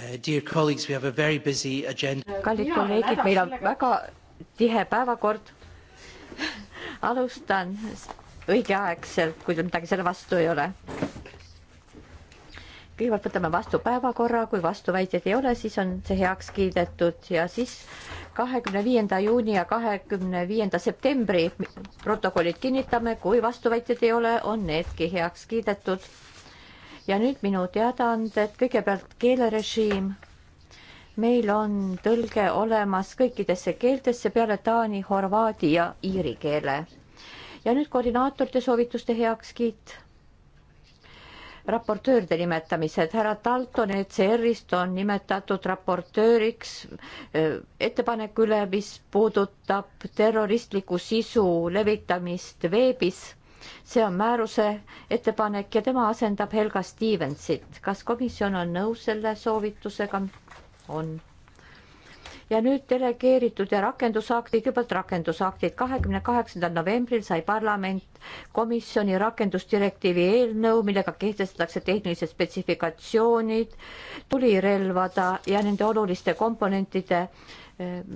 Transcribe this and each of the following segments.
Uh, kallid kolleegid, meil on väga tihe päevakord. alustan õigeaegselt, kui teil midagi selle vastu ei ole. kõigepealt võtame vastu päevakorra, kui vastuväiteid ei ole, siis on see heaks kiidetud ja siis kahekümne viienda juuni ja kahekümne viienda septembri protokollid kinnitame, kui vastuväiteid ei ole, on needki heaks kiidetud ja nüüd minu teadaanded, kõigepealt keelerežiim. meil on tõlge olemas kõikidesse keeltesse peale taani, horvaadi ja iiri keele. ja nüüd koordinaatorite soovituste heakskiit. raportööride nimetamised, härra Dalton ECR-ist on nimetatud raportööriks äh, ettepaneku üle, mis puudutab terroristliku sisu levitamist veebis see on määruse ettepanek ja tema asendab Helga Stevensit. kas komisjon on nõus selle soovitusega? on. ja nüüd delegeeritud ja rakendusaktid, kõigepealt rakendusaktid. kahekümne kaheksandal novembril sai parlament komisjoni rakendusdirektiivi eelnõu, millega kehtestatakse tehnilised spetsifikatsioonid tulirelvada ja nende oluliste komponentide äh,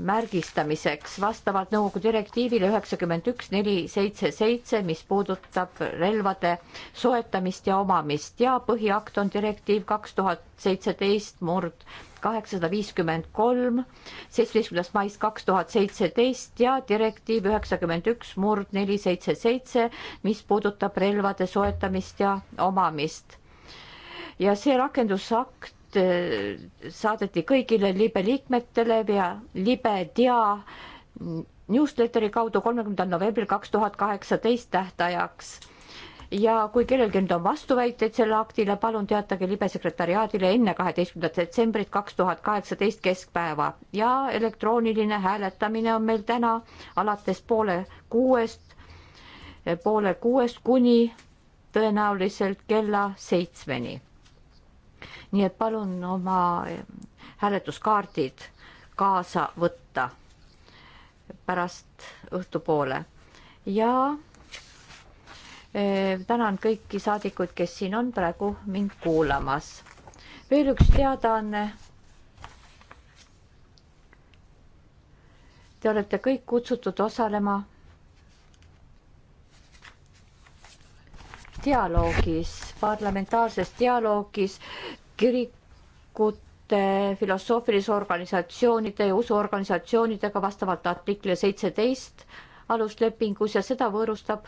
märgistamiseks vastavalt nõukogu direktiivile üheksakümmend üks neli seitse seitse, mis puudutab relvade soetamist ja omamist ja põhiakt on direktiiv kaks tuhat seitseteist murd kaheksasada viiskümmend kolm, seitsmeteistkümnendast maist kaks tuhat seitseteist ja direktiiv üheksakümmend üks murd neli seitse seitse, mis puudutab relvade soetamist ja omamist. ja see rakendusakt Äh, saadeti kõigile libe liikmetele ja libe dia newsletteri kaudu kolmekümnendal novembril kaks tuhat kaheksateist tähtajaks. ja kui kellelgi nüüd on vastuväiteid selle aktile, palun teatage libe sekretäriaadile enne kaheteistkümnendat detsembrit kaks tuhat kaheksateist keskpäeva ja elektrooniline hääletamine on meil täna alates poole kuuest, poole kuuest kuni tõenäoliselt kella seitsmeni nii et palun oma eh, hääletuskaardid kaasa võtta pärast õhtupoole ja eh, tänan kõiki saadikuid, kes siin on praegu mind kuulamas. veel üks teadaanne. Te olete kõik kutsutud osalema dialoogis, parlamentaarses dialoogis kirikute, filosoofilise organisatsioonide ja usuorganisatsioonidega vastavalt artikli seitseteist aluslepingus ja seda võõrustab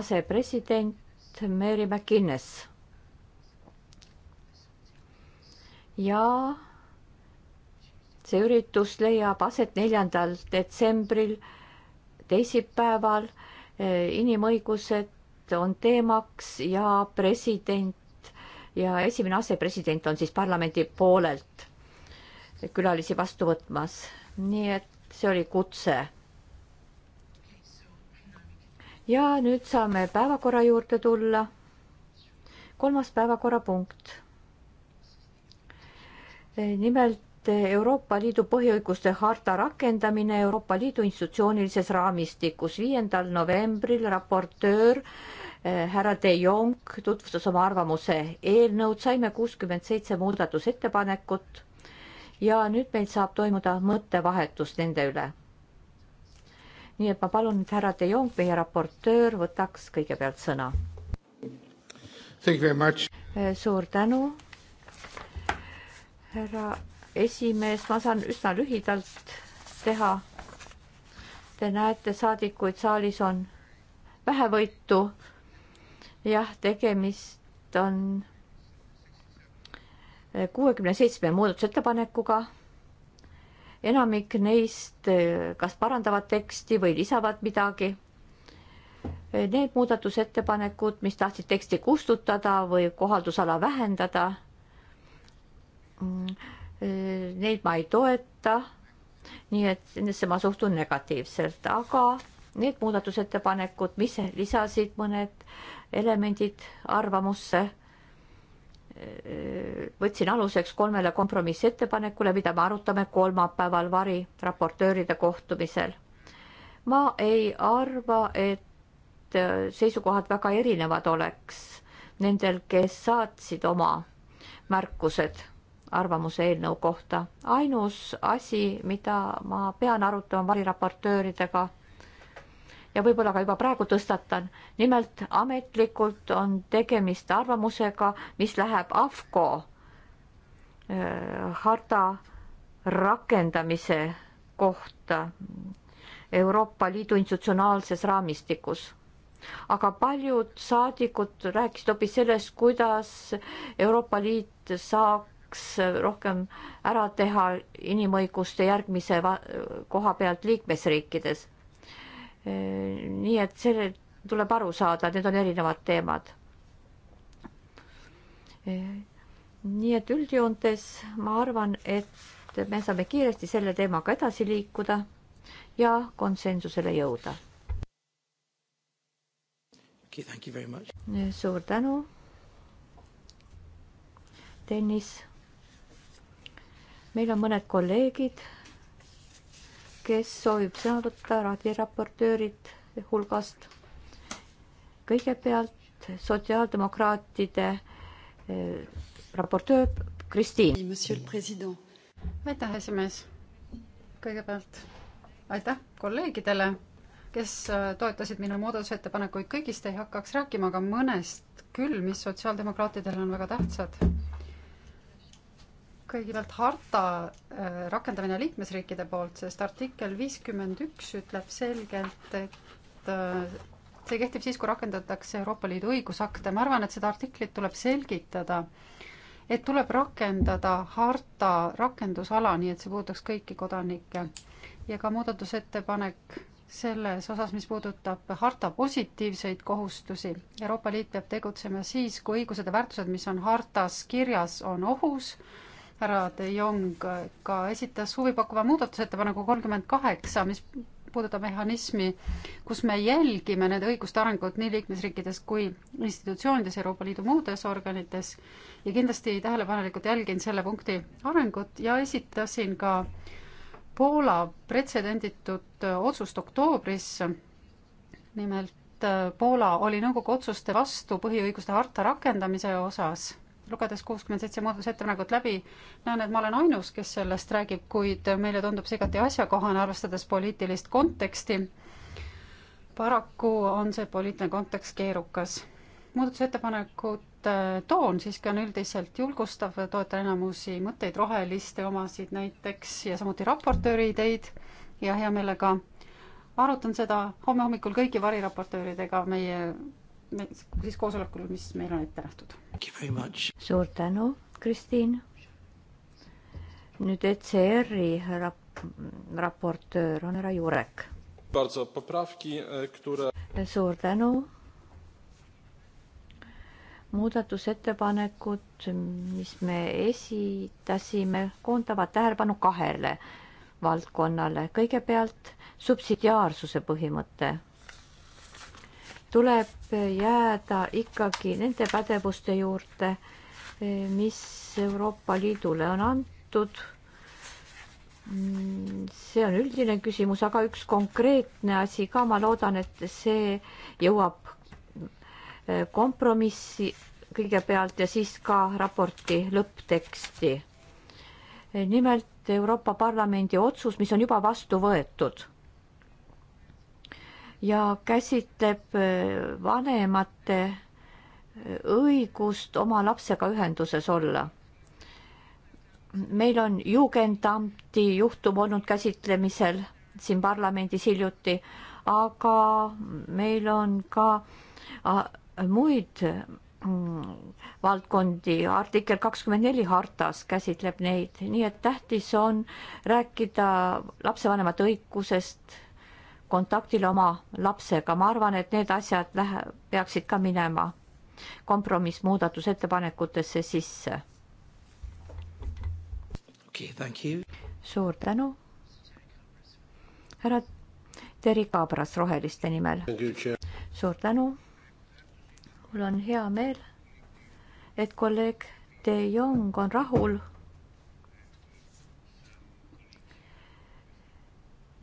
asepresident Mary McInnes. ja see üritus leiab aset neljandal detsembril teisipäeval. inimõigused on teemaks ja president ja esimene asepresident on siis parlamendi poolelt külalisi vastu võtmas. nii et see oli kutse. ja nüüd saame päevakorra juurde tulla. kolmas päevakorrapunkt. nimelt Euroopa Liidu põhiõiguste harta rakendamine Euroopa Liidu institutsioonilises raamistikus. viiendal novembril raportöör äh, Eh, härra De Jong tutvustas oma arvamuse eelnõud, saime kuuskümmend seitse muudatusettepanekut ja nüüd meil saab toimuda mõttevahetus nende üle. nii et ma palun, et härra De Jong, meie raportöör, võtaks kõigepealt sõna. Eh, suur tänu, härra esimees, ma saan üsna lühidalt teha. Te näete, saadikuid saalis on vähevõitu jah, tegemist on eh, kuuekümne seitsme muudatusettepanekuga. enamik neist eh, kas parandavad teksti või lisavad midagi. Eh, need muudatusettepanekud, mis tahtsid teksti kustutada või kohaldusala vähendada, mm, neid ma ei toeta. nii et nendesse ma suhtun negatiivselt, aga need muudatusettepanekud, mis lisasid mõned elemendid arvamusse, võtsin aluseks kolmele kompromissettepanekule, mida me arutame kolmapäeval variraportööride kohtumisel. ma ei arva, et seisukohad väga erinevad oleks nendel, kes saatsid oma märkused arvamuse eelnõu kohta. ainus asi, mida ma pean arutama variraportööridega ja võib-olla ka juba praegu tõstatan. nimelt ametlikult on tegemist arvamusega, mis läheb AFCO äh, harta rakendamise kohta Euroopa Liidu institutsionaalses raamistikus aga paljud saadikud rääkisid hoopis sellest, kuidas Euroopa Liit saaks rohkem ära teha inimõiguste järgmise koha pealt liikmesriikides nii et selle tuleb aru saada, need on erinevad teemad. nii et üldjoontes ma arvan, et me saame kiiresti selle teemaga edasi liikuda ja konsensusele jõuda okay,. suur tänu. Tõnis. meil on mõned kolleegid kes soovib sõna võtta raadiraportööride hulgast. kõigepealt sotsiaaldemokraatide eh, raportöör Kristiin. aitäh, esimees. kõigepealt aitäh kolleegidele, kes äh, toetasid minu muudatusettepanekuid, kõigist ei hakkaks rääkima, aga mõnest küll, mis sotsiaaldemokraatidele on väga tähtsad kõigepealt harta äh, rakendamine liikmesriikide poolt, sest artikkel viiskümmend üks ütleb selgelt, et äh, see kehtib siis, kui rakendatakse Euroopa Liidu õigusakte. ma arvan, et seda artiklit tuleb selgitada, et tuleb rakendada harta rakendusala, nii et see puudutaks kõiki kodanikke. ja ka muudatusettepanek selles osas, mis puudutab harta positiivseid kohustusi. Euroopa Liit peab tegutsema siis, kui õigused ja väärtused, mis on hartas kirjas, on ohus härra De Jong ka esitas huvipakkuva muudatusettepaneku kolmkümmend kaheksa, mis puudutab mehhanismi, kus me jälgime nende õiguste arengut nii liikmesriikides kui institutsioonides, Euroopa Liidu muudes organites ja kindlasti tähelepanelikult jälgin selle punkti arengut ja esitasin ka Poola pretsedenditud otsust oktoobris, nimelt Poola oli nõukogu otsuste vastu põhiõiguste harta rakendamise osas lugedes kuuskümmend seitse muudatusettepanekut läbi, näen, et ma olen ainus, kes sellest räägib, kuid meile tundub see igati asjakohane, arvestades poliitilist konteksti. paraku on see poliitiline kontekst keerukas. muudatusettepanekute toon siiski on üldiselt julgustav, toetan enamusi mõtteid, roheliste omasid näiteks ja samuti raportööri ideid ja hea meelega arutan seda homme hommikul kõigi variraportööridega meie siis koosolekul, mis meil on ette nähtud. suur tänu, Kristiin. nüüd ECR-i rap-, raportöör on härra Jurek. E, suur tänu. muudatusettepanekud, mis me esitasime, koondavad tähelepanu kahele valdkonnale. kõigepealt subsidiaarsuse põhimõte tuleb jääda ikkagi nende pädevuste juurde, mis Euroopa Liidule on antud. see on üldine küsimus, aga üks konkreetne asi ka, ma loodan, et see jõuab kompromissi kõigepealt ja siis ka raporti lõppteksti. nimelt Euroopa Parlamendi otsus, mis on juba vastu võetud ja käsitleb äh, vanemate äh, õigust oma lapsega ühenduses olla. meil on Jugendamti juhtum olnud käsitlemisel siin parlamendis hiljuti, aga meil on ka äh, muid mm, valdkondi, artikkel kakskümmend neli hartas käsitleb neid, nii et tähtis on rääkida lapsevanemate õigusest kontaktile oma lapsega, ma arvan, et need asjad lähe-, peaksid ka minema kompromissmuudatusettepanekutesse sisse okay,. suur tänu. härra Terri Kaabras Roheliste nimel. suur tänu. mul on hea meel, et kolleeg De Jong on rahul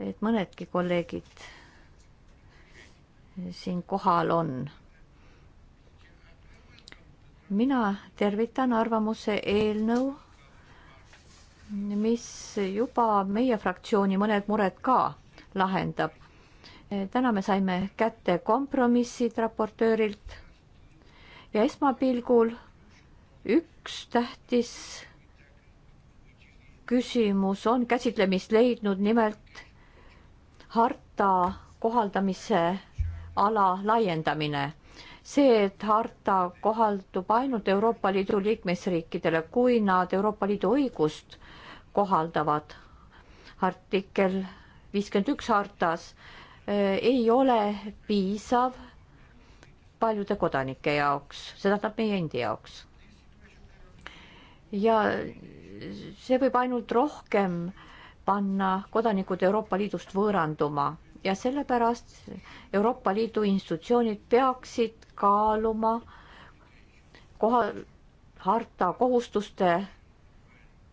et mõnedki kolleegid siin kohal on. mina tervitan arvamuse eelnõu, mis juba meie fraktsiooni mõned mured ka lahendab. täna me saime kätte kompromissid raportöörilt ja esmapilgul üks tähtis küsimus on käsitlemist leidnud, nimelt harta kohaldamise ala laiendamine. see, et harta kohaldub ainult Euroopa Liidu liikmesriikidele, kui nad Euroopa Liidu õigust kohaldavad. artikkel viiskümmend üks hartas eh, ei ole piisav paljude kodanike jaoks, see tähendab meie endi jaoks. ja see võib ainult rohkem äh, panna kodanikud Euroopa Liidust võõranduma ja sellepärast Euroopa Liidu institutsioonid peaksid kaaluma koha, harta kohustuste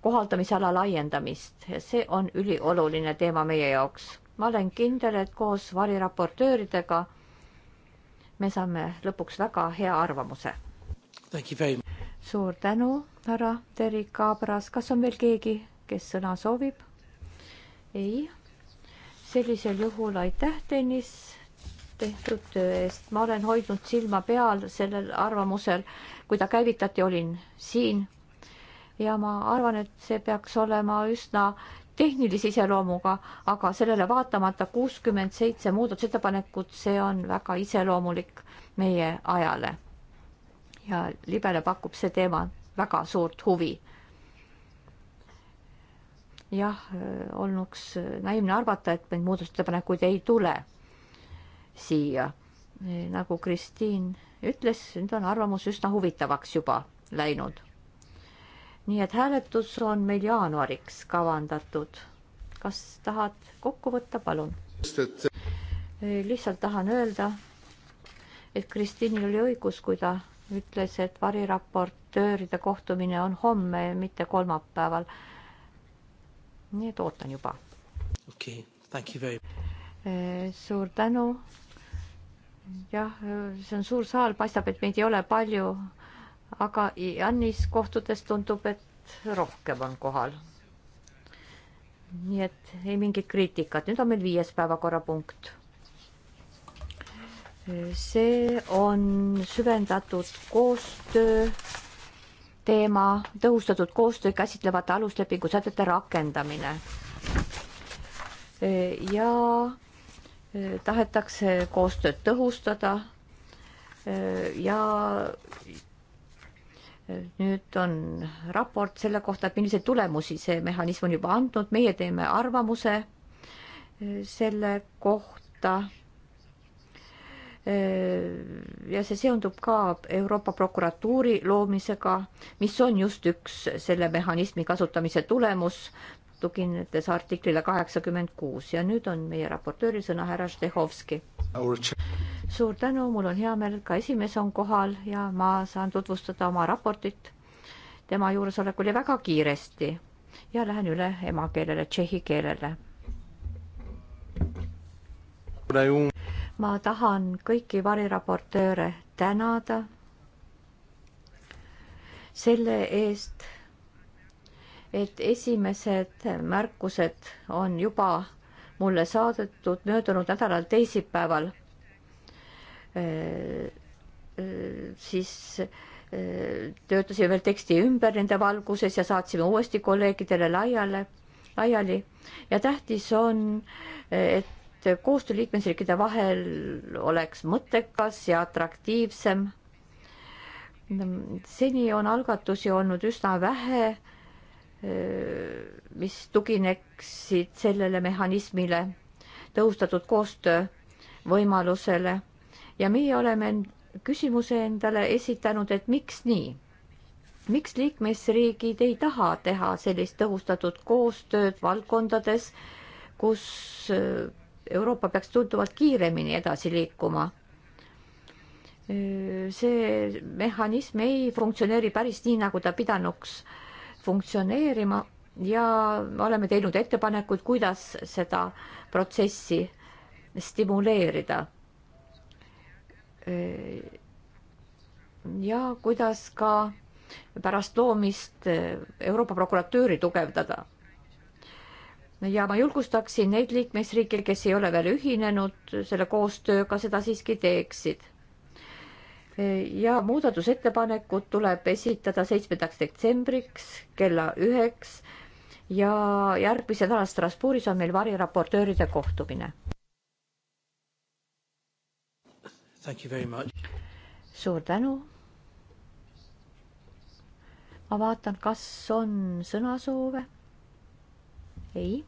kohaldamisala laiendamist ja see on ülioluline teema meie jaoks. ma olen kindel, et koos variraportööridega me saame lõpuks väga hea arvamuse. suur tänu, härra Terik Kaabras, kas on veel keegi, kes sõna soovib? ei. sellisel juhul aitäh, Tõnis, tehtud töö eest. ma olen hoidnud silma peal sellel arvamusel, kui ta käivitati, olin siin. ja ma arvan, et see peaks olema üsna tehnilise iseloomuga, aga sellele vaatamata kuuskümmend seitse muudatusettepanekut, see on väga iseloomulik meie ajale. ja libele pakub see teema väga suurt huvi jah, olnuks naiivne arvata, et neid muudatusettepanekuid ei tule siia. nagu Kristiin ütles, nüüd on arvamus üsna huvitavaks juba läinud. nii et hääletus on meil jaanuariks kavandatud. kas tahad kokku võtta, palun? lihtsalt tahan öelda, et Kristiinil oli õigus, kui ta ütles, et variraportööride kohtumine on homme, mitte kolmapäeval nii et ootan juba. okei okay,, thank you very much. Eh, suur tänu. jah, see on suur saal, paistab, et meid ei ole palju, aga Jannis kohtudes tundub, et rohkem on kohal. nii et ei mingit kriitikat, nüüd on meil viies päevakorrapunkt. Eh, see on süvendatud koostöö teema tõhustatud koostöö käsitlevate aluslepingu sätete rakendamine. ja e, tahetakse koostööd tõhustada. E, ja e, nüüd on raport selle kohta, et milliseid tulemusi see mehhanism on juba andnud, meie teeme arvamuse selle kohta ja see seondub ka Euroopa prokuratuuri loomisega, mis on just üks selle mehhanismi kasutamise tulemus, tuginedes artiklile kaheksakümmend kuus ja nüüd on meie raportööril sõna härra Štehovski. suur tänu, mul on hea meel, ka esimees on kohal ja ma saan tutvustada oma raportit tema juuresolekul ja väga kiiresti ja lähen üle emakeelele, tšehhi keelele ma tahan kõiki variraportööre tänada selle eest, et esimesed märkused on juba mulle saadetud möödunud nädalal teisipäeval. Äh, äh, siis äh, töötasime veel teksti ümber nende valguses ja saatsime uuesti kolleegidele laiale, laiali ja tähtis on, et et koostöö liikmesriikide vahel oleks mõttekas ja atraktiivsem. seni on algatusi olnud üsna vähe, mis tugineksid sellele mehhanismile, tõhustatud koostöö võimalusele ja meie oleme küsimuse endale esitanud, et miks nii? miks liikmesriigid ei taha teha sellist tõhustatud koostööd valdkondades, kus Euroopa peaks tunduvalt kiiremini edasi liikuma. see mehhanism ei funktsioneeri päris nii, nagu ta pidanuks funktsioneerima ja oleme teinud ettepanekuid, kuidas seda protsessi stimuleerida. ja kuidas ka pärast loomist Euroopa prokuratuuri tugevdada ja ma julgustaksin neid liikmesriike, kes ei ole veel ühinenud selle koostööga, seda siiski teeksid. ja muudatusettepanekud tuleb esitada seitsmendaks detsembriks kella üheks ja järgmisel nädalal Strasbourgis on meil variraportööride kohtumine. suur tänu. ma vaatan, kas on sõnasoove ei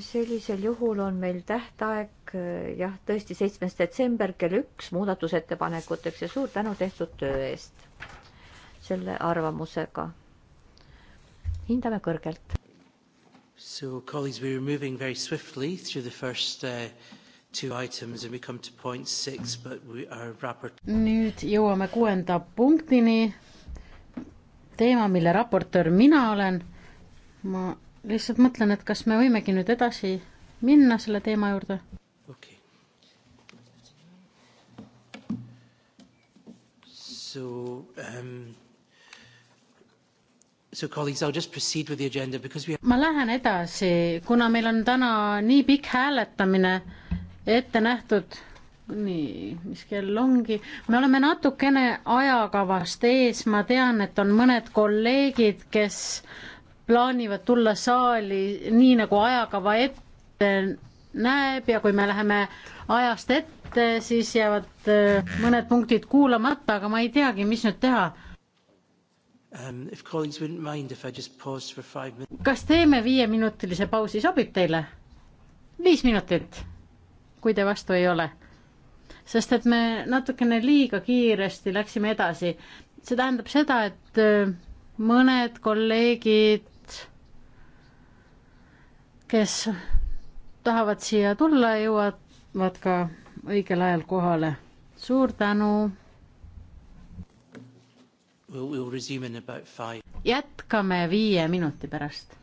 sellisel juhul on meil tähtaeg eh, jah, tõesti seitsmes detsember kell üks muudatusettepanekuteks ja suur tänu tehtud töö eest selle arvamusega. hindame kõrgelt. So colleagues, we are moving very swiftly through the first uh, two items and we come to point six, but we are rapport-. nüüd jõuame kuuenda punktini. teema, mille raportöör mina olen. ma lihtsalt mõtlen, et kas me võimegi nüüd edasi minna selle teema juurde okay.? So um, So colleagues, I'll just proceed with the agenda because we have... ma lähen edasi, kuna meil on täna nii pikk hääletamine ette nähtud, nii, mis kell ongi, me oleme natukene ajakavast ees, ma tean, et on mõned kolleegid, kes plaanivad tulla saali nii, nagu ajakava ette näeb ja kui me läheme ajast ette, siis jäävad äh, mõned punktid kuulamata, aga ma ei teagi, mis nüüd teha um,. kas teeme viieminutilise pausi, sobib teile? viis minutit, kui te vastu ei ole. sest et me natukene liiga kiiresti läksime edasi. see tähendab seda, et äh, mõned kolleegid kes tahavad siia tulla, jõuavad ka õigel ajal kohale. suur tänu. jätkame viie minuti pärast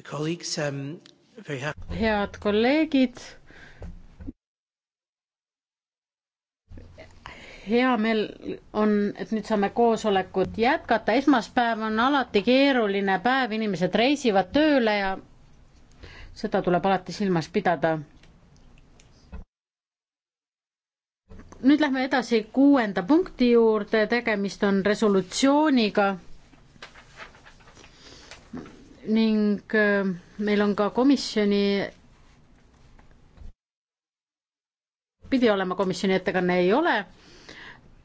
Um, head kolleegid. hea meel on, et nüüd saame koosolekut jätkata, esmaspäev on alati keeruline päev, inimesed reisivad tööle ja seda tuleb alati silmas pidada. nüüd lähme edasi kuuenda punkti juurde, tegemist on resolutsiooniga ning äh, meil on ka komisjoni, pidi olema komisjoni ettekanne, ei ole.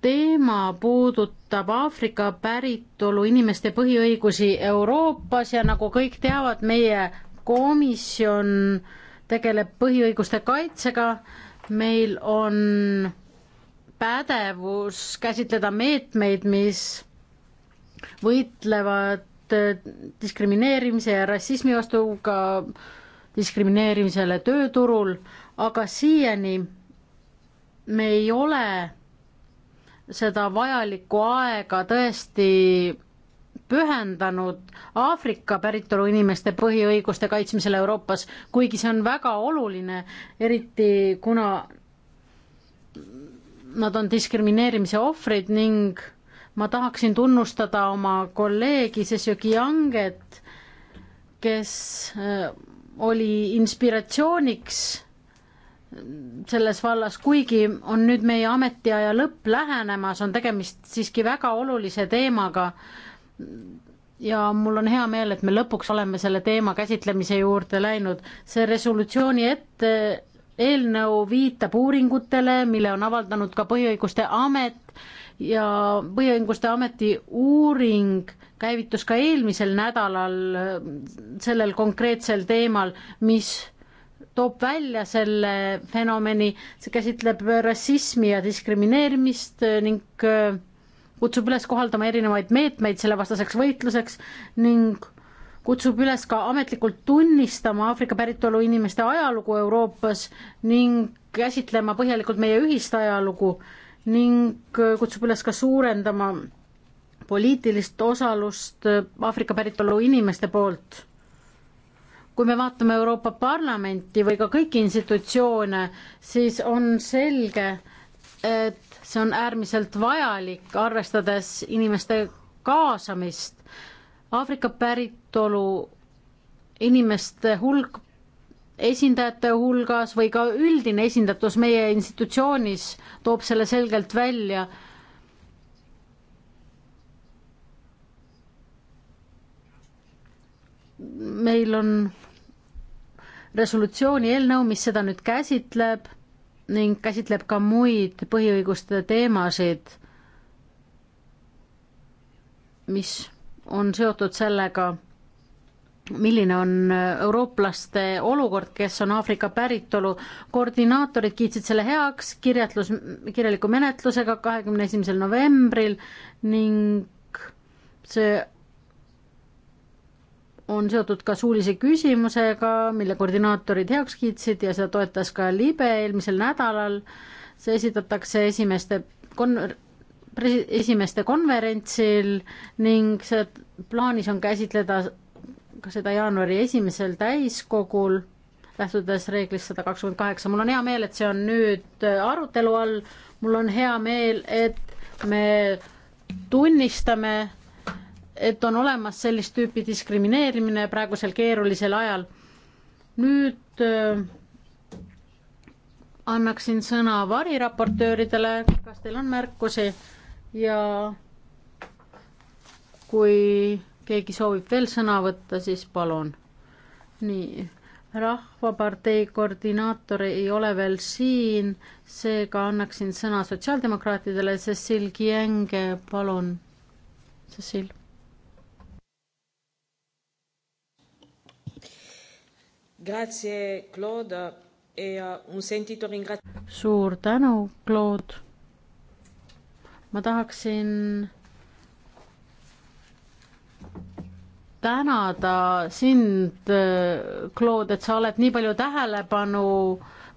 teema puudutab Aafrika päritolu inimeste põhiõigusi Euroopas ja nagu kõik teavad, meie komisjon tegeleb põhiõiguste kaitsega, meil on pädevus käsitleda meetmeid, mis võitlevad diskrimineerimise ja rassismi vastu, ka diskrimineerimisele tööturul, aga siiani me ei ole seda vajalikku aega tõesti pühendanud Aafrika päritolu inimeste põhiõiguste kaitsmisele Euroopas, kuigi see on väga oluline, eriti kuna nad on diskrimineerimise ohvrid ning ma tahaksin tunnustada oma kolleegi Sesjoki Janget, kes äh, oli inspiratsiooniks selles vallas, kuigi on nüüd meie ametiaja lõpp lähenemas, on tegemist siiski väga olulise teemaga. ja mul on hea meel, et me lõpuks oleme selle teema käsitlemise juurde läinud. see resolutsiooni ette eelnõu viitab uuringutele, mille on avaldanud ka Põhiõiguste Amet ja Põhiõiguste Ameti uuring käivitus ka eelmisel nädalal äh, sellel konkreetsel teemal, mis toob välja selle fenomeni, see käsitleb rassismi ja diskrimineerimist äh, ning äh, kutsub üles kohaldama erinevaid meetmeid sellevastaseks võitluseks ning kutsub üles ka ametlikult tunnistama Aafrika päritolu inimeste ajalugu Euroopas ning käsitlema põhjalikult meie ühist ajalugu ning äh, kutsub üles ka suurendama poliitilist osalust äh, Aafrika päritolu inimeste poolt. kui me vaatame Euroopa Parlamenti või ka kõiki institutsioone, siis on selge, et see on äärmiselt vajalik, arvestades inimeste kaasamist. Aafrika päritolu inimeste hulk esindajate hulgas või ka üldine esindatus meie institutsioonis toob selle selgelt välja. meil on resolutsiooni eelnõu, mis seda nüüd käsitleb ning käsitleb ka muid põhiõiguste teemasid, mis on seotud sellega milline on äh, eurooplaste olukord, kes on Aafrika päritolu. koordinaatorid kiitsid selle heaks kirjatlus, kirjaliku menetlusega kahekümne esimesel novembril ning see on seotud ka suulise küsimusega, mille koordinaatorid heaks kiitsid ja seda toetas ka libe eelmisel nädalal. see esitatakse esimeste kon-, presi-, esimeste konverentsil ning see plaanis on käsitleda ka seda jaanuari esimesel täiskogul, lähtudes reeglist sada kakskümmend kaheksa. mul on hea meel, et see on nüüd arutelu all, mul on hea meel, et me tunnistame, et on olemas sellist tüüpi diskrimineerimine praegusel keerulisel ajal. nüüd äh, annaksin sõna variraportööridele, kas teil on märkusi ja kui keegi soovib veel sõna võtta, siis palun. nii, Rahvapartei koordinaator ei ole veel siin, seega annaksin sõna sotsiaaldemokraatidele, Cecil Kienge, palun. Cecil. Grazie, Claude ja e, uh, un sentito ringra-. suur tänu, Claude. ma tahaksin tänada sind, Claude, et sa oled nii palju tähelepanu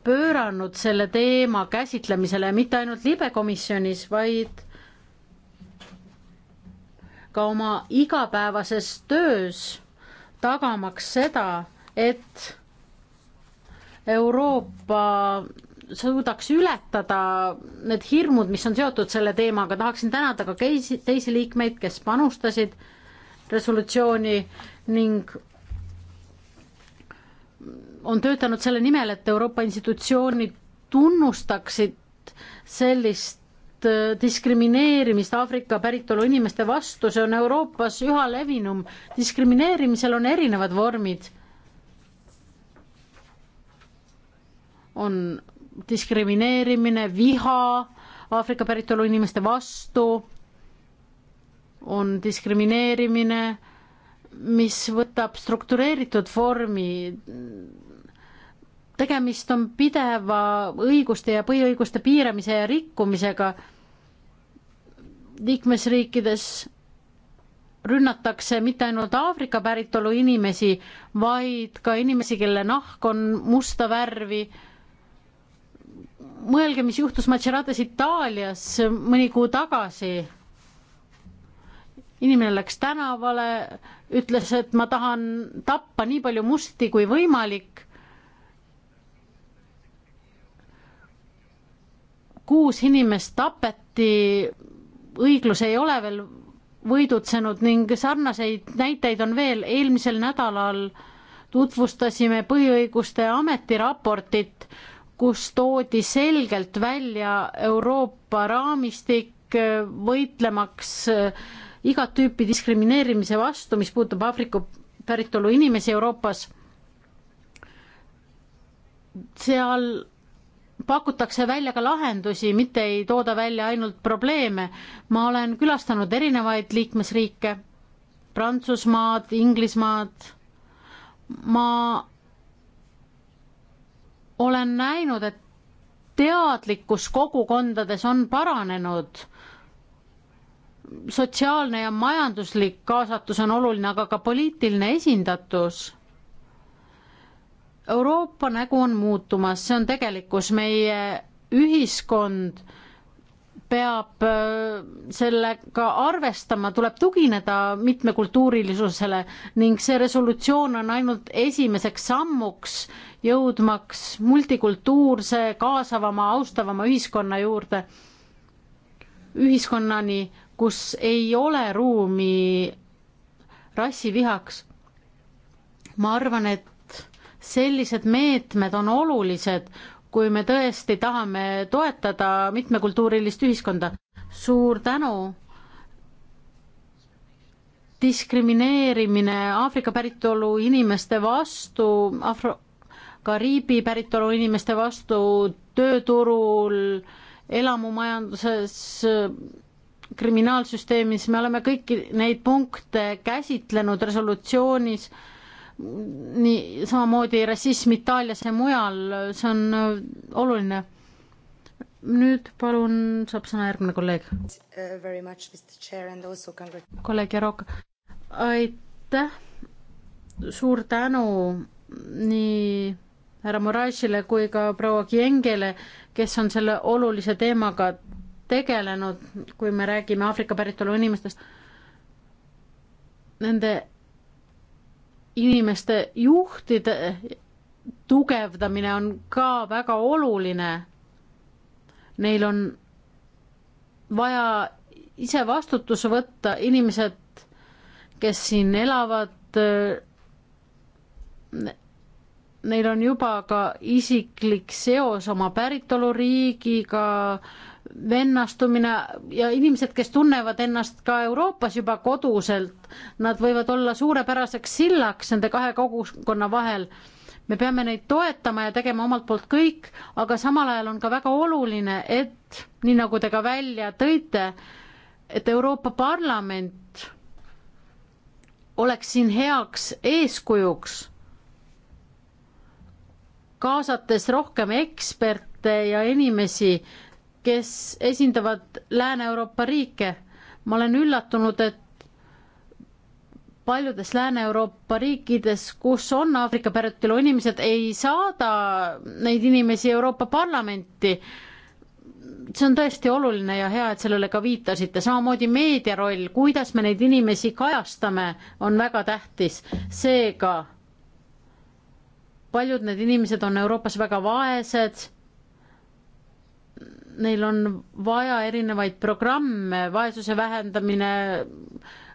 pööranud selle teema käsitlemisele mitte ainult libekomisjonis, vaid ka oma igapäevases töös, tagamaks seda, et Euroopa suudaks ületada need hirmud, mis on seotud selle teemaga, tahaksin tänada ka teisi liikmeid, kes panustasid resolutsiooni ning on töötanud selle nimel, et Euroopa institutsioonid tunnustaksid sellist äh, diskrimineerimist Aafrika päritolu inimeste vastu, see on Euroopas üha levinum. diskrimineerimisel on erinevad vormid. on diskrimineerimine, viha Aafrika päritolu inimeste vastu on diskrimineerimine, mis võtab struktureeritud vormi. tegemist on pideva õiguste ja põhiõiguste piiramise ja rikkumisega. liikmesriikides rünnatakse mitte ainult Aafrika päritolu inimesi, vaid ka inimesi, kelle nahk on musta värvi. mõelge, mis juhtus Maserates Itaalias mõni kuu tagasi inimene läks tänavale, ütles, et ma tahan tappa nii palju musti kui võimalik. kuus inimest tapeti, õiglus ei ole veel võidutsenud ning sarnaseid näiteid on veel. eelmisel nädalal tutvustasime põhiõiguste ametiraportit, kus toodi selgelt välja Euroopa raamistik võitlemaks äh, igat tüüpi diskrimineerimise vastu, mis puudutab Aafrika päritolu inimesi Euroopas. seal pakutakse välja ka lahendusi, mitte ei tooda välja ainult probleeme. ma olen külastanud erinevaid liikmesriike, Prantsusmaad, Inglismaad, ma olen näinud, et teadlikkus kogukondades on paranenud sotsiaalne ja majanduslik kaasatus on oluline, aga ka poliitiline esindatus. Euroopa nägu on muutumas, see on tegelikkus, meie ühiskond peab äh, sellega arvestama, tuleb tugineda mitmekultuurilisusele ning see resolutsioon on ainult esimeseks sammuks, jõudmaks multikultuurse, kaasavama, austavama ühiskonna juurde, ühiskonnani kus ei ole ruumi rassivihaks. ma arvan, et sellised meetmed on olulised, kui me tõesti tahame toetada mitmekultuurilist ühiskonda. suur tänu. diskrimineerimine Aafrika päritolu inimeste vastu, afro, Kariibi päritolu inimeste vastu tööturul, elamumajanduses kriminaalsüsteemis, me oleme kõiki neid punkte käsitlenud resolutsioonis, nii samamoodi rassism Itaalias ja mujal, see on äh, oluline. nüüd palun saab sõna järgmine kolleeg. kolleeg Jarok, aitäh, suur tänu nii härra Moraisile kui ka proua Kiengele, kes on selle olulise teemaga tegelenud, kui me räägime Aafrika päritolu inimestest, nende inimeste juhtide tugevdamine on ka väga oluline. Neil on vaja ise vastutuse võtta, inimesed, kes siin elavad, neil on juba ka isiklik seos oma päritoluriigiga, vennastumine ja inimesed, kes tunnevad ennast ka Euroopas juba koduselt, nad võivad olla suurepäraseks sillaks nende kahe kogukonna vahel. me peame neid toetama ja tegema omalt poolt kõik, aga samal ajal on ka väga oluline, et nii nagu te ka välja tõite, et Euroopa Parlament oleks siin heaks eeskujuks, kaasates rohkem eksperte ja inimesi kes esindavad Lääne-Euroopa riike. ma olen üllatunud, et paljudes Lääne-Euroopa riikides, kus on Aafrika päritolu inimesed, ei saada neid inimesi Euroopa Parlamenti. see on tõesti oluline ja hea, et sellele ka viitasite, samamoodi meedia roll, kuidas me neid inimesi kajastame, on väga tähtis, seega paljud need inimesed on Euroopas väga vaesed neil on vaja erinevaid programme, vaesuse vähendamine,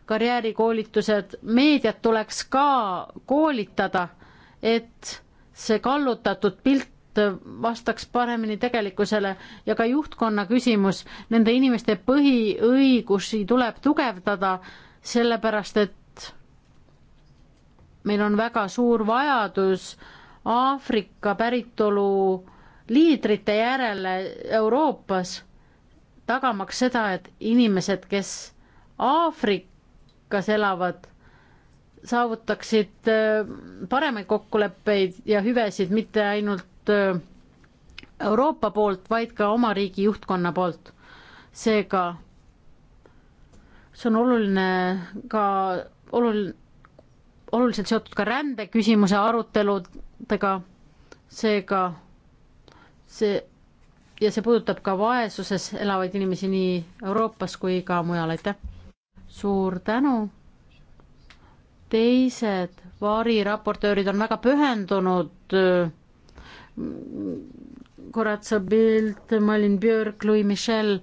karjäärikoolitused, meediat tuleks ka koolitada, et see kallutatud pilt vastaks paremini tegelikkusele ja ka juhtkonna küsimus, nende inimeste põhiõigusi tuleb tugevdada, sellepärast et meil on väga suur vajadus Aafrika päritolu äh, liidrite järele Euroopas, tagamaks seda, et inimesed, kes Aafrikas elavad, saavutaksid äh, paremaid kokkuleppeid ja hüvesid mitte ainult äh, Euroopa poolt, vaid ka oma riigi juhtkonna poolt. seega see on oluline ka oluline, oluliselt seotud ka rändeküsimuse aruteludega, seega see ja see puudutab ka vaesuses elavaid inimesi nii Euroopas kui ka mujal, aitäh! suur tänu! teised variraportöörid on väga pühendunud, äh, Koratsa Pilt, Malin Björk, Louis Michel,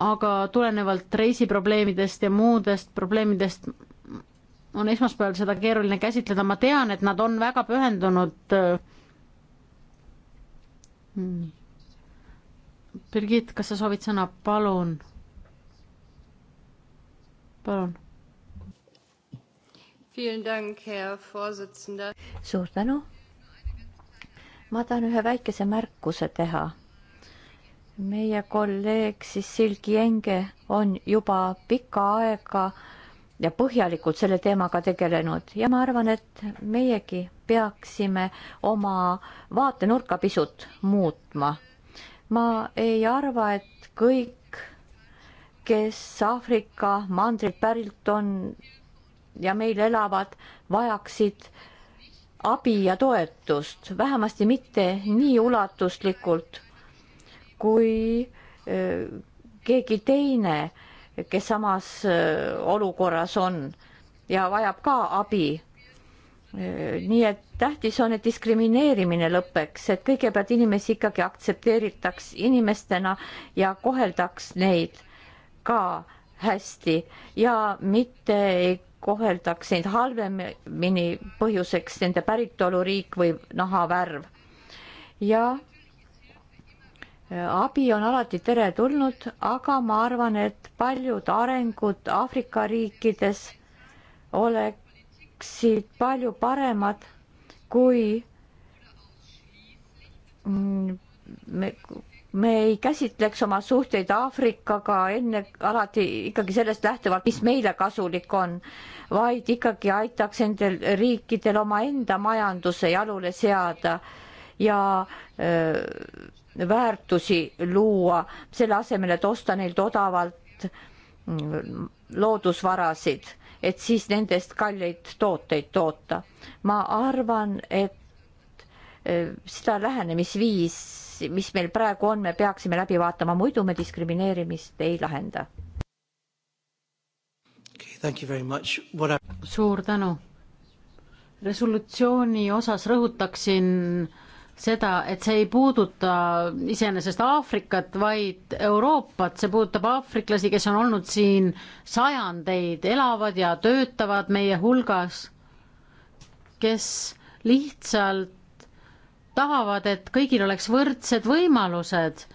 aga tulenevalt reisiprobleemidest ja muudest probleemidest on esmaspäeval seda keeruline käsitleda, ma tean, et nad on väga pühendunud äh, Hmm. Birgit, kas sa soovid sõna, palun? palun. suur tänu. ma tahan ühe väikese märkuse teha. meie kolleeg Sissil Kienge on juba pikka aega ja põhjalikult selle teemaga tegelenud ja ma arvan, et meiegi peaksime oma vaatenurka pisut muutma. ma ei arva, et kõik, kes Aafrika mandrilt pärit on ja meil elavad, vajaksid abi ja toetust, vähemasti mitte nii ulatuslikult kui keegi teine, kes samas olukorras on ja vajab ka abi Äh, nii et tähtis on, et diskrimineerimine lõpeks, et kõigepealt inimesi ikkagi aktsepteeritaks inimestena ja koheldaks neid ka hästi ja mitte ei koheldaks neid halvemini põhjuseks nende päritoluriik või nahavärv. ja äh, abi on alati teretulnud, aga ma arvan, et paljud arengud Aafrika riikides oleks oleksid palju paremad, kui me, me ei käsitleks oma suhteid Aafrikaga enne alati ikkagi sellest lähtuvalt, mis meile kasulik on, vaid ikkagi aitaks nendel riikidel omaenda majanduse jalule seada ja öö, väärtusi luua, selle asemel, et osta neilt odavalt loodusvarasid et siis nendest kalleid tooteid toota. ma arvan, et e, seda lähenemisviis, mis meil praegu on, me peaksime läbi vaatama, muidu me diskrimineerimist ei lahenda okay,. I... suur tänu. resolutsiooni osas rõhutaksin seda, et see ei puuduta iseenesest Aafrikat, vaid Euroopat, see puudutab aafriklasi, kes on olnud siin sajandeid, elavad ja töötavad meie hulgas, kes lihtsalt tahavad, et kõigil oleks võrdsed võimalused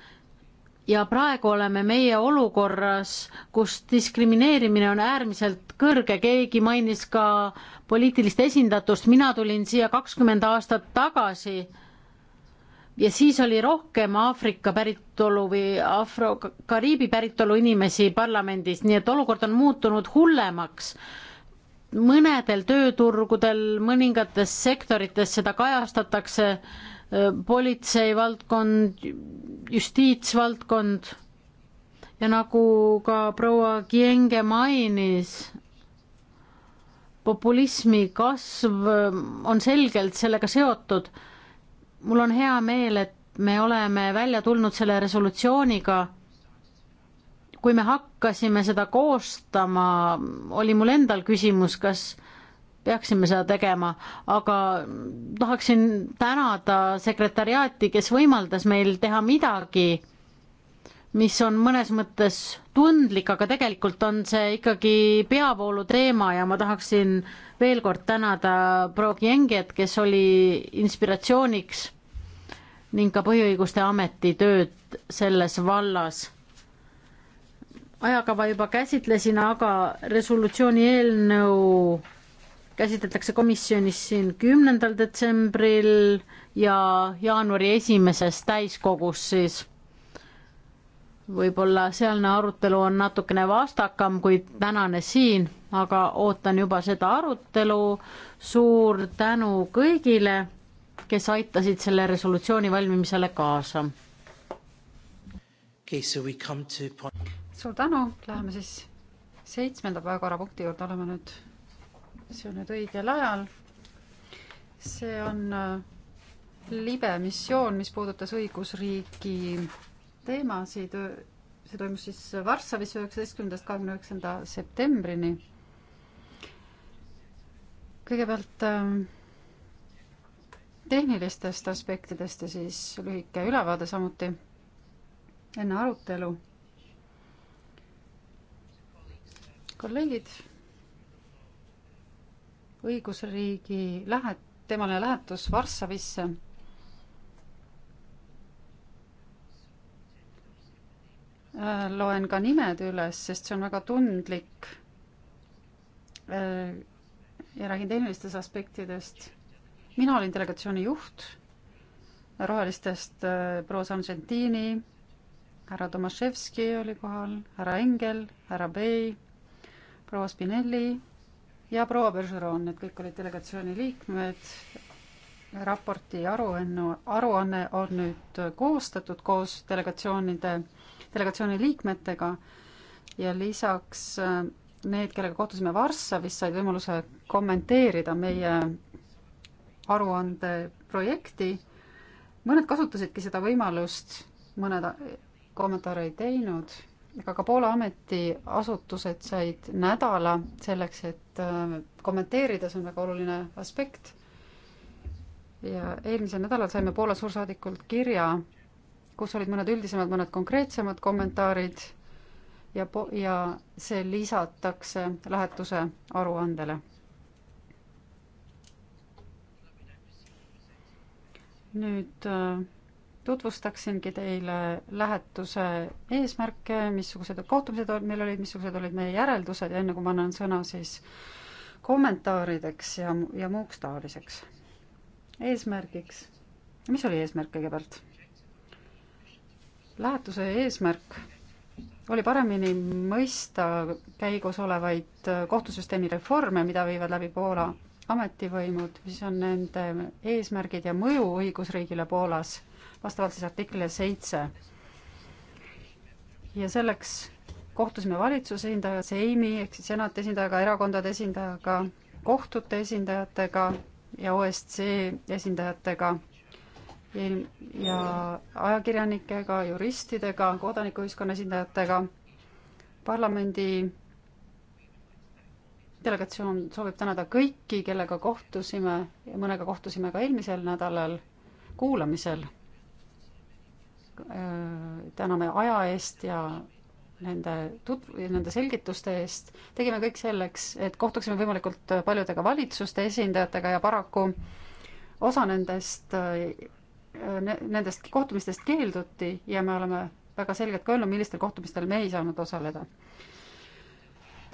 ja praegu oleme meie olukorras, kus diskrimineerimine on äärmiselt kõrge, keegi mainis ka poliitilist esindatust, mina tulin siia kakskümmend aastat tagasi ja siis oli rohkem Aafrika päritolu või Afro-Kariibi päritolu inimesi parlamendis, nii et olukord on muutunud hullemaks. mõnedel tööturgudel, mõningates sektorites seda kajastatakse, politseivaldkond, justiitsvaldkond ja nagu ka proua Kienge mainis, populismi kasv on selgelt sellega seotud mul on hea meel, et me oleme välja tulnud selle resolutsiooniga. kui me hakkasime seda koostama, oli mul endal küsimus, kas peaksime seda tegema, aga tahaksin tänada sekretäriaati, kes võimaldas meil teha midagi, mis on mõnes mõttes tundlik, aga tegelikult on see ikkagi peavoolu teema ja ma tahaksin veel kord tänada proua Kienget, kes oli inspiratsiooniks ning ka Põhiõiguste Ameti tööd selles vallas. ajakava juba käsitlesin, aga resolutsiooni eelnõu käsitletakse komisjonis siin kümnendal detsembril ja jaanuari esimeses täiskogus siis. võib-olla sealne arutelu on natukene vastakam kui tänane siin, aga ootan juba seda arutelu. suur tänu kõigile kes aitasid selle resolutsiooni valmimisele kaasa okay,. To... suur tänu, läheme siis seitsmenda päevakorrapunkti juurde, oleme nüüd, see on nüüd õigel ajal. see on äh, libe missioon, mis puudutas õigusriigi teemasid. see toimus siis Varssavis üheksateistkümnendast kahekümne üheksanda septembrini. kõigepealt äh, tehnilistest aspektidest ja siis lühike ülevaade samuti enne arutelu. kolleegid, õigusriigi lähet-, temale lähetus Varssavisse äh, loen ka nimed üles, sest see on väga tundlik. Äh, ja räägin tehnilistest aspektidest mina olin delegatsiooni juht rohelistest äh, proua Sargentini, härra Tomaševski oli kohal, härra Engel, härra Bey, proua Spinelli ja proua Bergeron, need kõik olid delegatsiooni liikmed. raporti aruanne, aruanne on nüüd koostatud koos delegatsioonide, delegatsiooni liikmetega ja lisaks äh, need, kellega kohtusime Varssavis, said võimaluse kommenteerida meie aruande projekti. mõned kasutasidki seda võimalust, mõned kommentaare ei teinud, aga ka Poola ametiasutused said nädala selleks, et äh, kommenteerida, see on väga oluline aspekt. ja eelmisel nädalal saime Poola suursaadikult kirja, kus olid mõned üldisemad, mõned konkreetsemad kommentaarid ja po-, ja see lisatakse lähetuse aruandele nüüd äh, tutvustaksingi teile lähetuse eesmärke, missugused kohtumised meil olid, missugused olid meie järeldused ja enne kui ma annan sõna siis kommentaarideks ja, ja muuks taoliseks. eesmärgiks, mis oli eesmärk kõigepealt? lähetuse eesmärk oli paremini mõista käigus olevaid äh, kohtusüsteemi reforme, mida viivad läbi Poola ametivõimud, mis on nende eesmärgid ja mõju õigusriigile Poolas, vastavalt siis artiklile seitse. ja selleks kohtusime valitsuse esindaja, Seimi ehk siis senati esindajaga, erakondade esindajaga, kohtute esindajatega ja OSCE esindajatega ja, ja ajakirjanikega, juristidega, kodanikuühiskonna esindajatega, parlamendi delegatsioon soovib tänada kõiki, kellega kohtusime ja mõnega kohtusime ka eelmisel nädalal kuulamisel. täname aja eest ja nende tut-, nende selgituste eest. tegime kõik selleks, et kohtuksime võimalikult paljudega valitsuste esindajatega ja paraku osa nendest ne,, nendest kohtumistest keelduti ja me oleme väga selgelt ka öelnud, millistel kohtumistel me ei saanud osaleda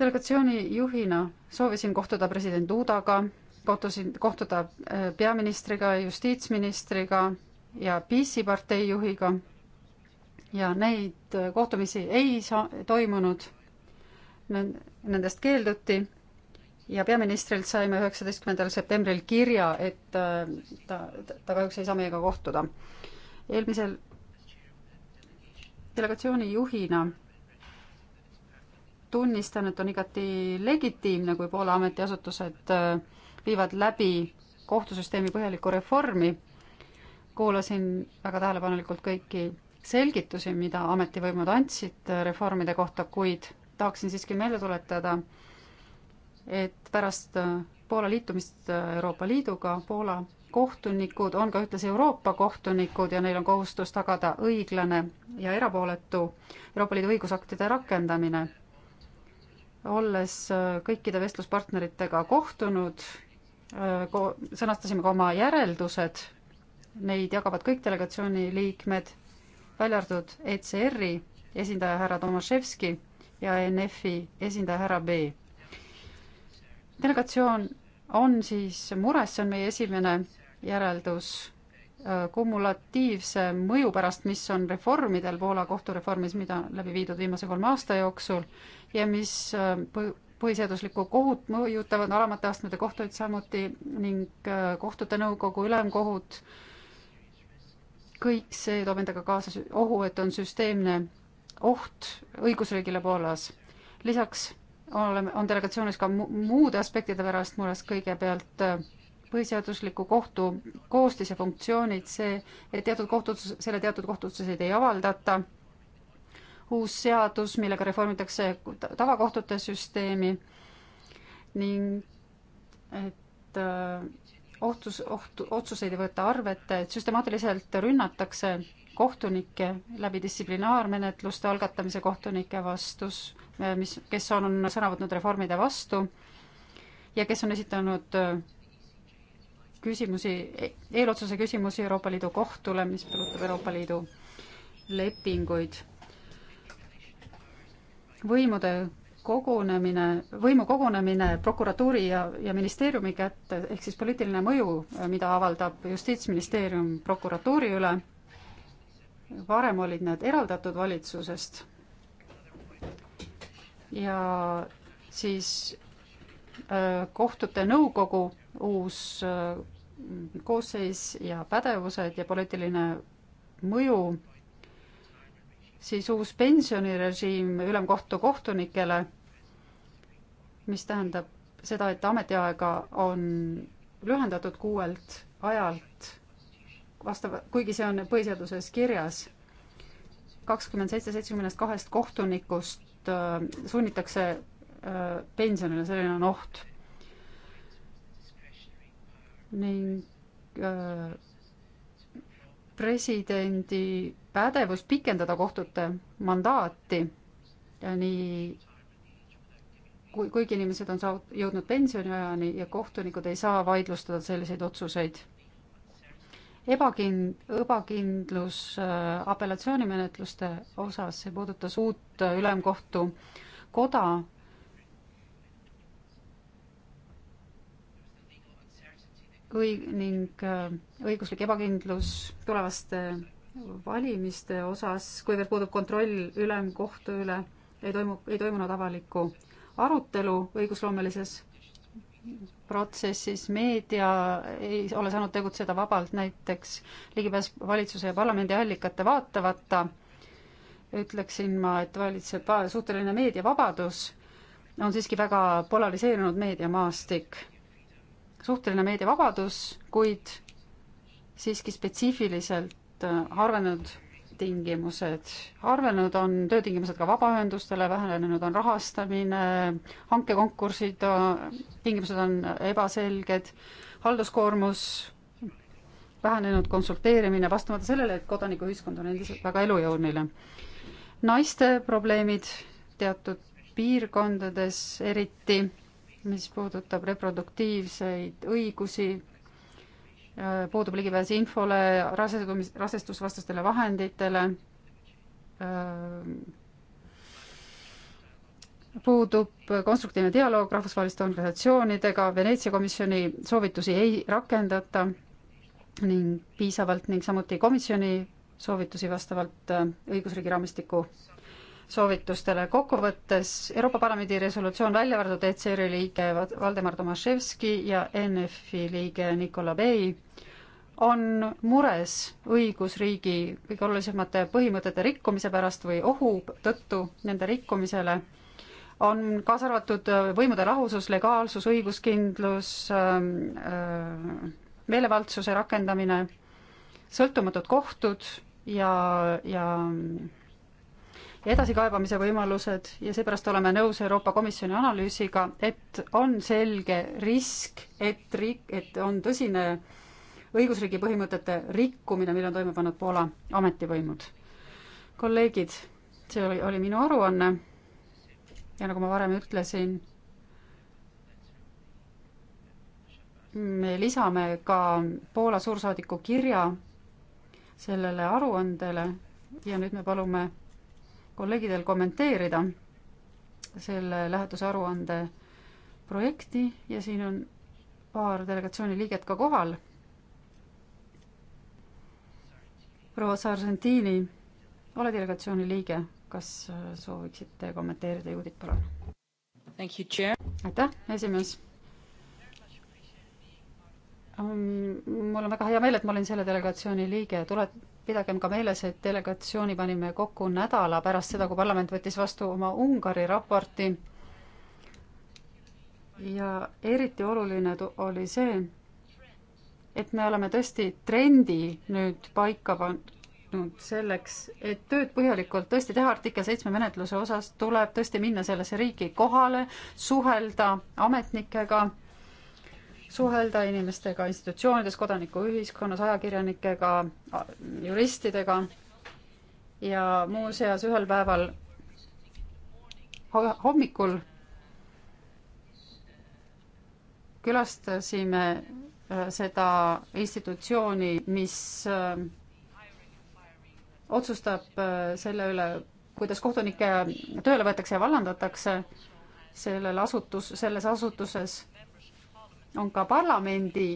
delegatsiooni juhina soovisin kohtuda president Udaga, kohtusin, kohtuda äh, peaministriga, justiitsministriga ja PC partei juhiga. ja neid äh, kohtumisi ei saa, toimunud. Nendest keelduti ja peaministrilt saime üheksateistkümnendal septembril kirja, et äh, ta, ta kahjuks ei saa meiega kohtuda. eelmisel delegatsiooni juhina tunnistan, et on igati legitiimne, kui Poola ametiasutused äh, viivad läbi kohtusüsteemi põhjalikku reformi. kuulasin väga tähelepanelikult kõiki selgitusi, mida ametivõimud andsid äh, reformide kohta, kuid tahaksin siiski meelde tuletada, et pärast äh, Poola liitumist Euroopa Liiduga Poola kohtunikud on ka ühtlasi Euroopa kohtunikud ja neil on kohustus tagada õiglane ja erapooletu Euroopa Liidu õigusaktide rakendamine olles äh, kõikide vestluspartneritega kohtunud, äh, ko-, sõnastasime ka oma järeldused, neid jagavad kõik delegatsiooni liikmed, välja arvatud ECR-i esindaja härra Tomaševski ja NF-i esindaja härra B. delegatsioon on siis mures, see on meie esimene järeldus Äh, kumulatiivse mõju pärast, mis on reformidel Poola kohtureformis, mida läbi viidud viimase kolme aasta jooksul ja mis äh, põhiseaduslikku kohut mõjutavad alamate astmete kohtuid samuti ning äh, kohtute nõukogu, ülemkohut, kõik see toob endaga kaasa ohu, et on süsteemne oht õigusriigile Poolas. lisaks oleme, on delegatsioonis ka muude aspektide pärast mures kõigepealt äh, põhiseadusliku kohtu koostise funktsioonid, see, et teatud kohtuotsus, selle teatud kohtuotsuseid ei avaldata, uus seadus, millega reformitakse tavakohtute süsteemi ning et äh, ohtus, oht, otsuseid ei võeta arvete, et süstemaatiliselt rünnatakse kohtunikke läbi distsiplinaarmenetluste algatamise kohtunike vastus, äh, mis, kes on sõna võtnud reformide vastu ja kes on esitanud äh, küsimusi, e-, eelotsuse küsimusi Euroopa Liidu kohtule, mis puudutab Euroopa Liidu lepinguid. võimude kogunemine, võimu kogunemine prokuratuuri ja, ja ministeeriumi kätte, ehk siis poliitiline mõju, mida avaldab Justiitsministeerium prokuratuuri üle, varem olid need eraldatud valitsusest ja siis äh, kohtute nõukogu uus äh, koosseis ja pädevused ja poliitiline mõju, siis uus pensionirežiim ülemkohtu kohtunikele, mis tähendab seda, et ametiaega on lühendatud kuuelt ajalt vastav, kuigi see on põhiseaduses kirjas, kakskümmend seitse seitsmekümnest kahest kohtunikust äh, sunnitakse äh, pensionile, selline on oht ning äh, presidendi pädevus pikendada kohtute mandaati ja nii kui, kuigi inimesed on saavut-, jõudnud pensioniajani ja kohtunikud ei saa vaidlustada selliseid otsuseid. Ebakind-, ebakindlus äh, apellatsioonimenetluste osas, see puudutas uut äh, ülemkohtu koda, õi- ning äh, õiguslik ebakindlus tulevaste valimiste osas, kuivõrd puudub kontroll ülemkohtu üle, ei toimu, ei toimunud avalikku arutelu õigusloomelises protsessis, meedia ei ole saanud tegutseda vabalt, näiteks ligipääs valitsuse ja parlamendi allikate vaatamata, ütleksin ma, et valitseb suhteline meediavabadus, on siiski väga polariseerunud meediamaastik suhteline meediavabadus, kuid siiski spetsiifiliselt äh, harvenenud tingimused. harvenenud on töötingimused ka vabaühendustele, vähenenud on rahastamine, hankekonkursid, äh, tingimused on ebaselged, halduskoormus vähenenud konsulteerimine, vastamata sellele, et kodanikuühiskond on endiselt väga elujõuline. naiste probleemid teatud piirkondades eriti mis puudutab reproduktiivseid õigusi, äh, puudub ligipääs infole, rasedumis, rasestusvastastele vahenditele, äh, puudub konstruktiivne dialoog rahvusvaheliste organisatsioonidega, Veneetsia komisjoni soovitusi ei rakendata ning piisavalt ning samuti komisjoni soovitusi vastavalt äh, õigusriigi raamistiku soovitustele. kokkuvõttes Euroopa Parlamendi resolutsioon välja arvatud ECR-i liige Valdemar Tomaševski ja NF-i liige Nikola Bey on mures õigusriigi kõige olulisemate põhimõtete rikkumise pärast või ohu tõttu nende rikkumisele, on kaasa arvatud võimude lahusus, legaalsus, õiguskindlus, ähm, äh, meelevaldsuse rakendamine, sõltumatud kohtud ja, ja ja edasikaebamise võimalused ja seepärast oleme nõus Euroopa Komisjoni analüüsiga, et on selge risk, et riik, et on tõsine õigusriigi põhimõtete rikkumine, mille on toime pannud Poola ametivõimud. kolleegid, see oli, oli minu aruanne ja nagu ma varem ütlesin, me lisame ka Poola suursaadiku kirja sellele aruandele ja nüüd me palume kolleegidel kommenteerida selle lähetuse aruande projekti ja siin on paar delegatsiooni liiget ka kohal. proua Sargentini, ole delegatsiooni liige, kas sooviksite kommenteerida, Judit, palun? aitäh, esimees mul on väga hea meel, et ma olin selle delegatsiooni liige, tule, pidagem ka meeles, et delegatsiooni panime kokku nädala pärast seda, kui parlament võttis vastu oma Ungari raporti. ja eriti oluline oli see, et me oleme tõesti trendi nüüd paika pannud selleks, et tööd põhjalikult tõesti teha artikkel seitsme menetluse osas, tuleb tõesti minna sellesse riiki kohale, suhelda ametnikega suhelda inimestega institutsioonides, kodanikuühiskonnas, ajakirjanikega, juristidega ja muuseas ühel päeval hommikul külastasime äh, seda institutsiooni, mis äh, otsustab äh, selle üle, kuidas kohtunikke tööle võetakse ja vallandatakse sellel asutus, selles asutuses on ka parlamendi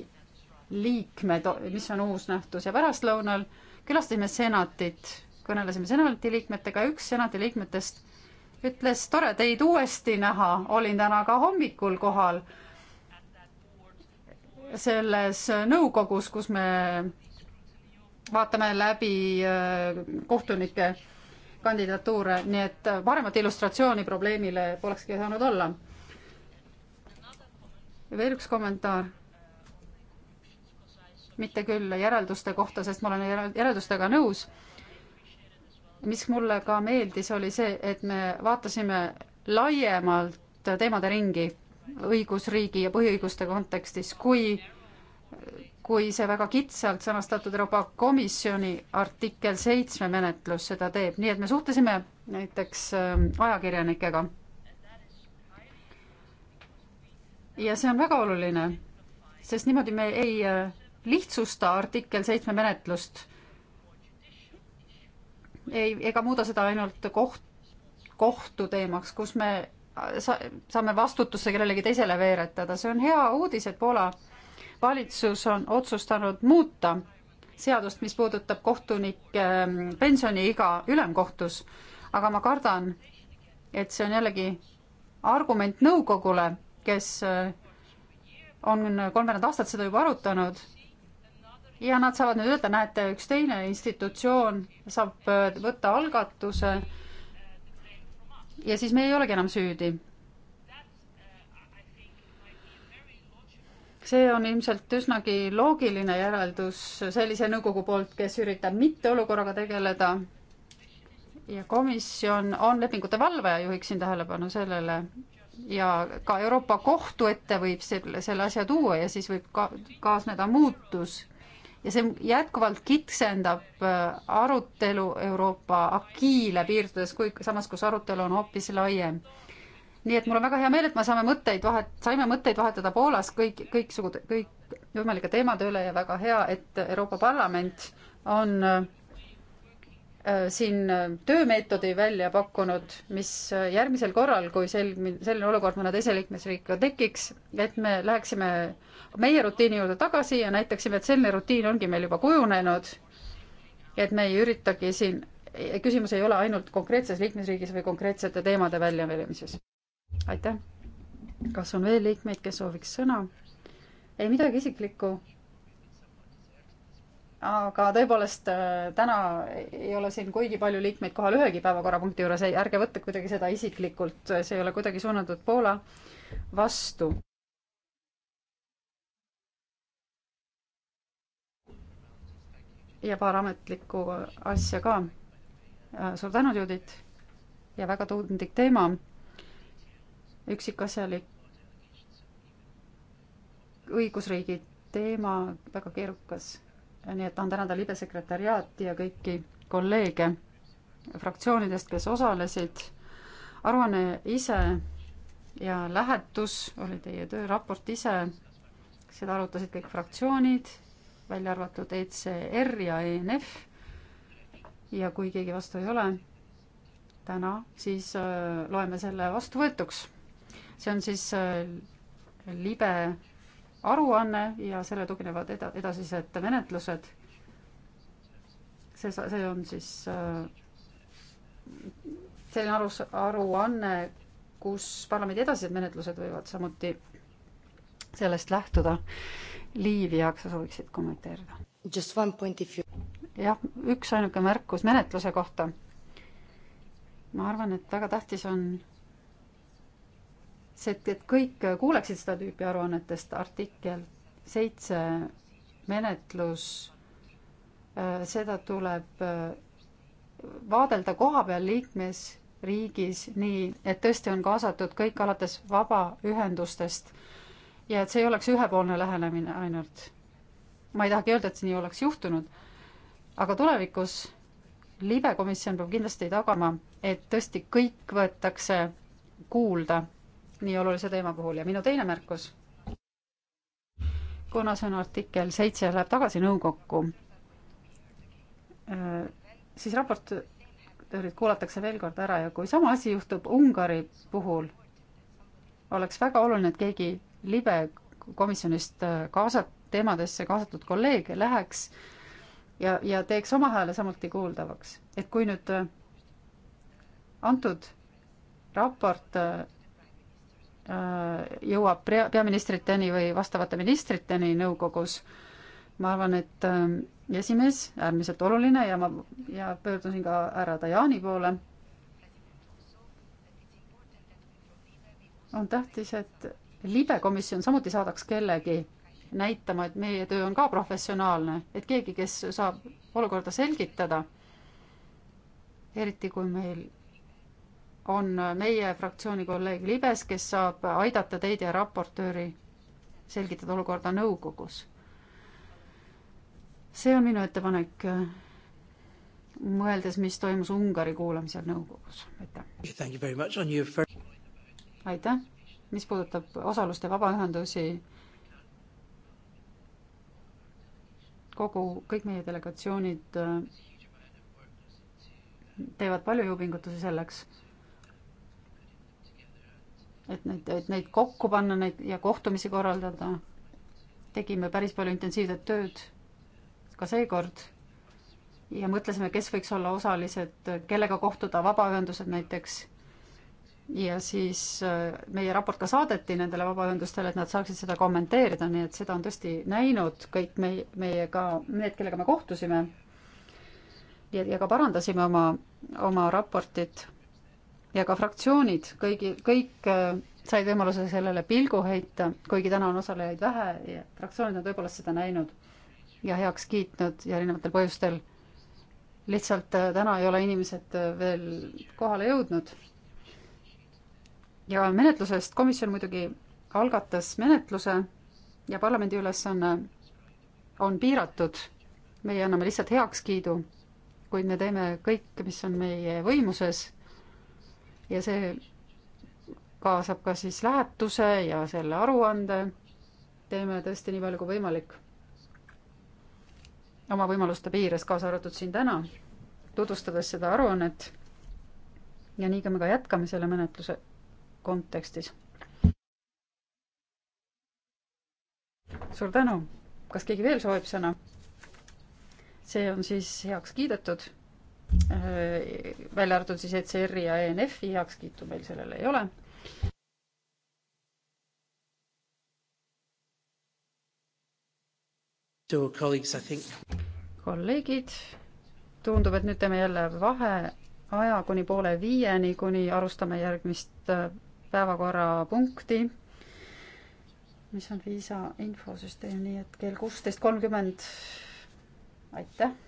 liikmed, mis on uus nähtus ja pärastlõunal külastasime senatit, kõnelesime senati liikmetega ja üks senati liikmetest ütles, tore teid uuesti näha, olin täna ka hommikul kohal selles nõukogus, kus me vaatame läbi äh, kohtunike kandidatuure, nii et paremat illustratsiooni probleemile polekski saanud olla veel üks kommentaar. mitte küll järelduste kohta, sest ma olen järeldustega nõus. mis mulle ka meeldis, oli see, et me vaatasime laiemalt teemade ringi õigusriigi ja põhiõiguste kontekstis, kui kui see väga kitsalt sõnastatud Euroopa Komisjoni artikkel seitsme menetlus seda teeb, nii et me suhtlesime näiteks ähm, ajakirjanikega ja see on väga oluline, sest niimoodi me ei äh, lihtsusta artikkel seitsme menetlust. ei, ega muuda seda ainult koht, kohtu teemaks, kus me äh, sa, saame vastutuse kellelegi teisele veeretada, see on hea uudis, et Poola valitsus on otsustanud muuta seadust, mis puudutab kohtunike ähm, pensioniiga ülemkohtus, aga ma kardan, et see on jällegi argument nõukogule kes äh, on kolmveerand aastat seda juba arutanud ja nad saavad nüüd öelda, näete, üks teine institutsioon saab äh, võtta algatuse ja siis me ei olegi enam süüdi. see on ilmselt üsnagi loogiline järeldus sellise nõukogu poolt, kes üritab mitte olukorraga tegeleda. ja komisjon on lepingute valveja, juhiksin tähelepanu sellele, ja ka Euroopa Kohtu ette võib selle, selle asja tuua ja siis võib ka kaasneda muutus. ja see jätkuvalt kitsendab äh, arutelu Euroopa akiile piirdudes, kui samas, kus arutelu on hoopis laiem. nii et mul on väga hea meel, et me saame mõtteid vahet, saime mõtteid vahetada Poolas kõik, kõiksugude, kõik võimalike teemade üle ja väga hea, et Euroopa Parlament on äh, Äh, siin äh, töömeetodi välja pakkunud, mis äh, järgmisel korral, kui sel-, selline olukord mõne teise liikmesriigiga tekiks, et me läheksime meie rutiini juurde tagasi ja näitaksime, et selline rutiin ongi meil juba kujunenud, et me ei üritagi siin, küsimus ei ole ainult konkreetses liikmesriigis või konkreetsete teemade väljavelimises. aitäh! kas on veel liikmeid, kes sooviks sõna? ei midagi isiklikku aga tõepoolest äh, täna ei ole siin kuigi palju liikmeid kohal ühegi päevakorrapunkti juures, ei, ärge võtke kuidagi seda isiklikult, äh, see ei ole kuidagi suunatud Poola vastu. ja paar ametlikku asja ka. Äh, suur tänu, Judit! ja väga tundlik teema, üksikasjalik õigusriigi teema, väga keerukas nii et tahan tänada libesekretäriaati ja kõiki kolleege fraktsioonidest, kes osalesid. aruanne ise ja lähetus oli teie tööraport ise, seda arutasid kõik fraktsioonid, välja arvatud ECR ja ENF. ja kui keegi vastu ei ole täna, siis äh, loeme selle vastuvõetuks. see on siis äh, libe aruanne ja selle tuginevad eda-, edasised menetlused. see, see on siis äh, selline arus, aruanne, kus parlamendi edasised menetlused võivad samuti sellest lähtuda. Liivi jaoks sa sooviksid kommenteerida? jah, üksainuke märkus menetluse kohta. ma arvan, et väga tähtis on see, et, et kõik kuuleksid seda tüüpi aruannetest, artikkel seitse menetlus, seda tuleb äh, vaadelda kohapeal liikmesriigis nii, et tõesti on kaasatud kõik alates vabaühendustest ja et see ei oleks ühepoolne lähenemine ainult. ma ei tahagi öelda, et see nii oleks juhtunud, aga tulevikus libekomisjon peab kindlasti tagama, et tõesti kõik võetakse kuulda nii olulise teema puhul ja minu teine märkus, kuna see on artikkel seitse ja läheb tagasi nõukokku, äh, siis raportöörid kuulatakse veel kord ära ja kui sama asi juhtub Ungari puhul, oleks väga oluline, et keegi libe komisjonist äh, kaasa, teemadesse kaasatud kolleeg läheks ja, ja teeks oma hääle samuti kuuldavaks. et kui nüüd äh, antud raport Äh, jõuab prea, peaministriteni või vastavate ministriteni nõukogus. ma arvan, et äh, esimees, äärmiselt oluline ja ma, ja pöördusin ka härra Dajani poole. on tähtis, et libekomisjon samuti saadaks kellegi näitama, et meie töö on ka professionaalne, et keegi, kes saab olukorda selgitada, eriti kui meil on meie fraktsiooni kolleeg Libes, kes saab aidata teid ja raportööri selgitada olukorda nõukogus. see on minu ettepanek, mõeldes, mis toimus Ungari kuulamisel nõukogus, aitäh. aitäh, mis puudutab osaluste vabaühendusi, kogu, kõik meie delegatsioonid äh, teevad palju jõupingutusi selleks et neid, et neid kokku panna, neid ja kohtumisi korraldada. tegime päris palju intensiivset tööd ka seekord ja mõtlesime, kes võiks olla osalised, kellega kohtuda, vabaühendused näiteks. ja siis äh, meie raport ka saadeti nendele vabaühendustele, et nad saaksid seda kommenteerida, nii et seda on tõesti näinud kõik meie, meie ka, need, kellega me kohtusime. ja, ja ka parandasime oma, oma raportit ja ka fraktsioonid, kõigi, kõik äh, said võimaluse sellele pilgu heita, kuigi täna on osalejaid vähe ja fraktsioonid on tõepoolest seda näinud ja heaks kiitnud ja erinevatel põhjustel. lihtsalt äh, täna ei ole inimesed äh, veel kohale jõudnud. ja menetlusest, komisjon muidugi algatas menetluse ja parlamendi ülesanne on, on piiratud. meie anname lihtsalt heakskiidu, kuid me teeme kõik, mis on meie võimuses ja see kaasab ka siis lähetuse ja selle aruande. teeme tõesti nii palju kui võimalik. oma võimaluste piires, kaasa arvatud siin täna, tutvustades seda aruannet. ja nii ka me ka jätkame selle menetluse kontekstis. suur tänu. kas keegi veel soovib sõna? see on siis heaks kiidetud Äh, välja arvatud siis ECR-i ja ENF-i heakskiitu meil sellele ei ole. kolleegid, tundub, et nüüd teeme jälle vaheaja kuni poole viieni, kuni alustame järgmist äh, päevakorrapunkti, mis on viisa infosüsteem, nii et kell kuusteist kolmkümmend. aitäh!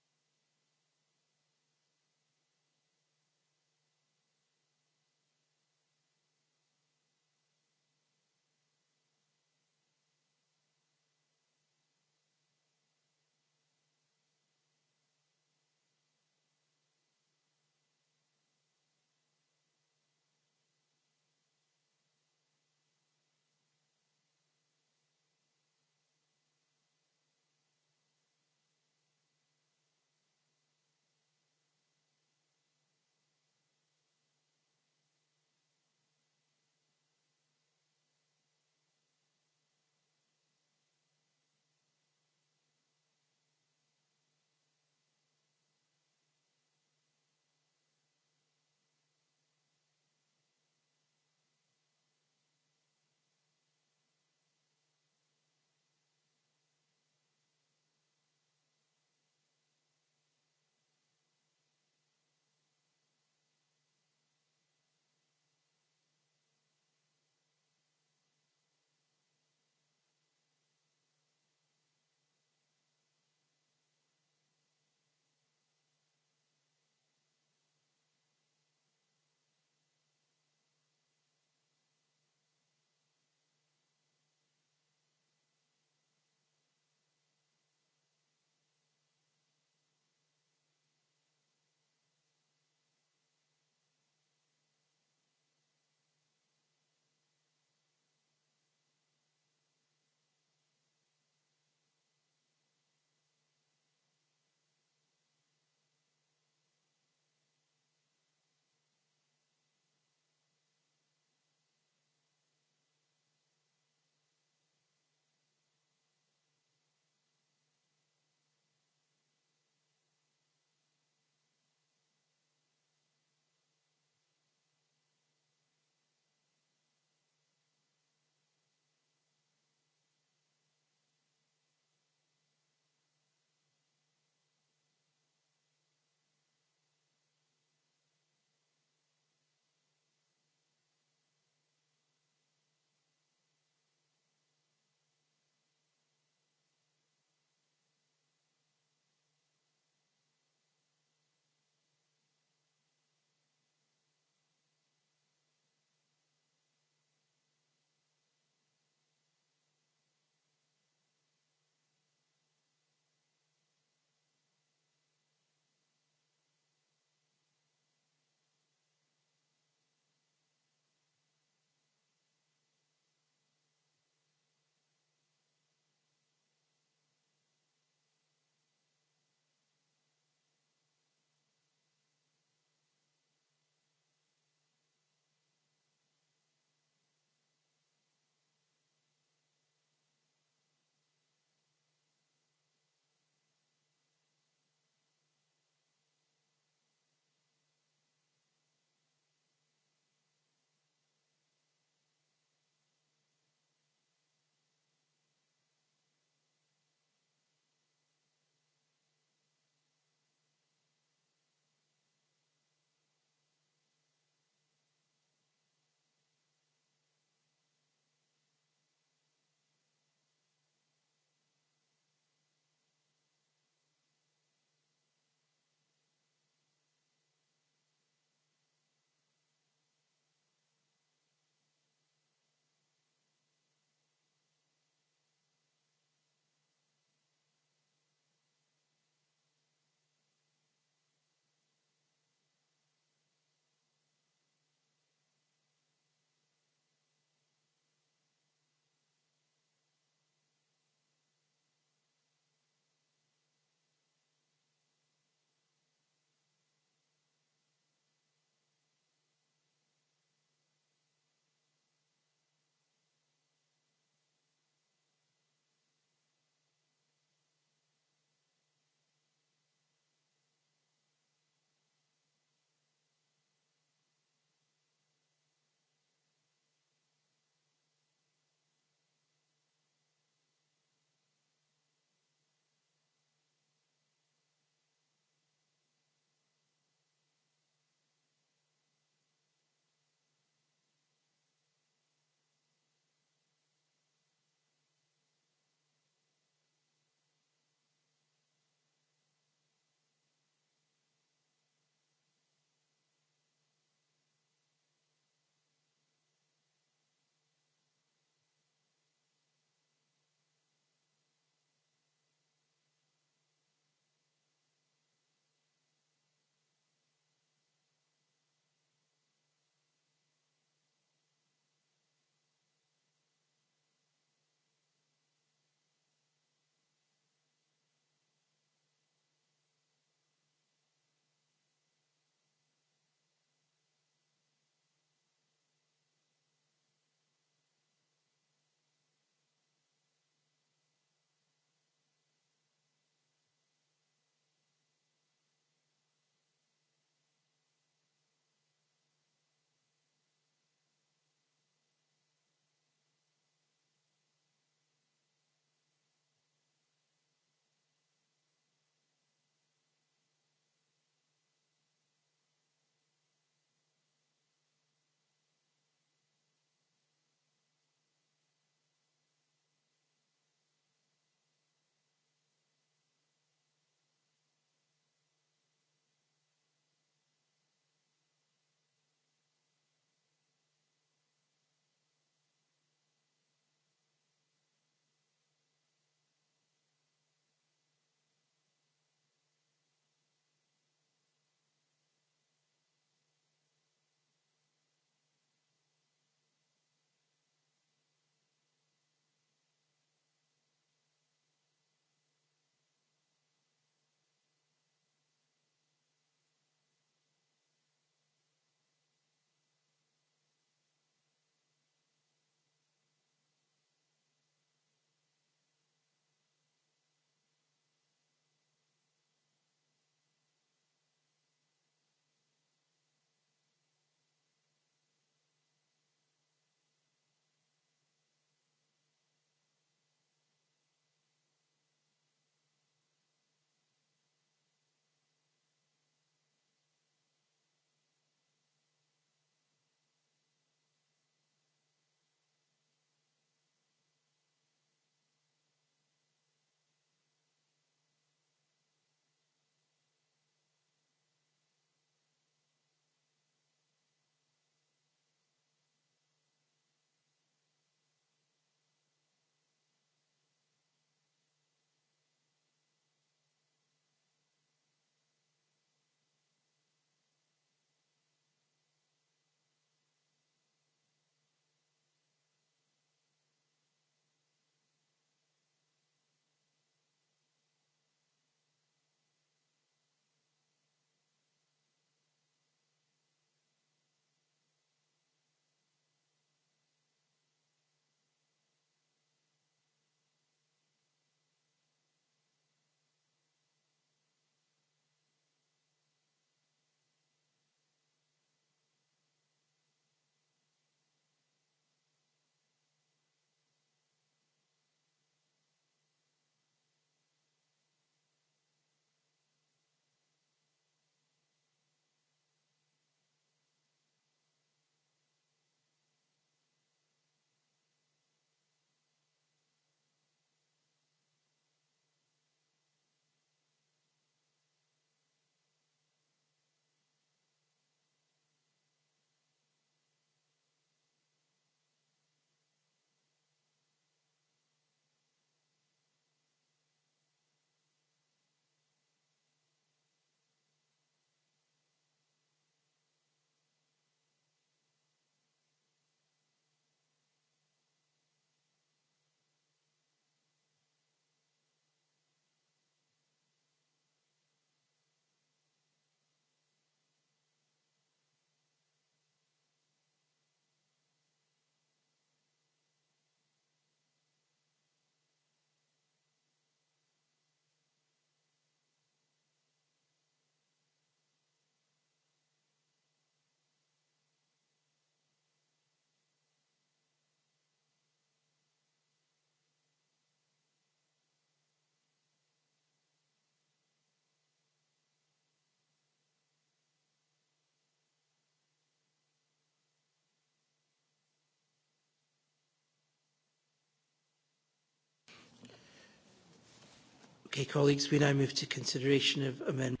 Okay, colleagues, we now move to consideration of amendment.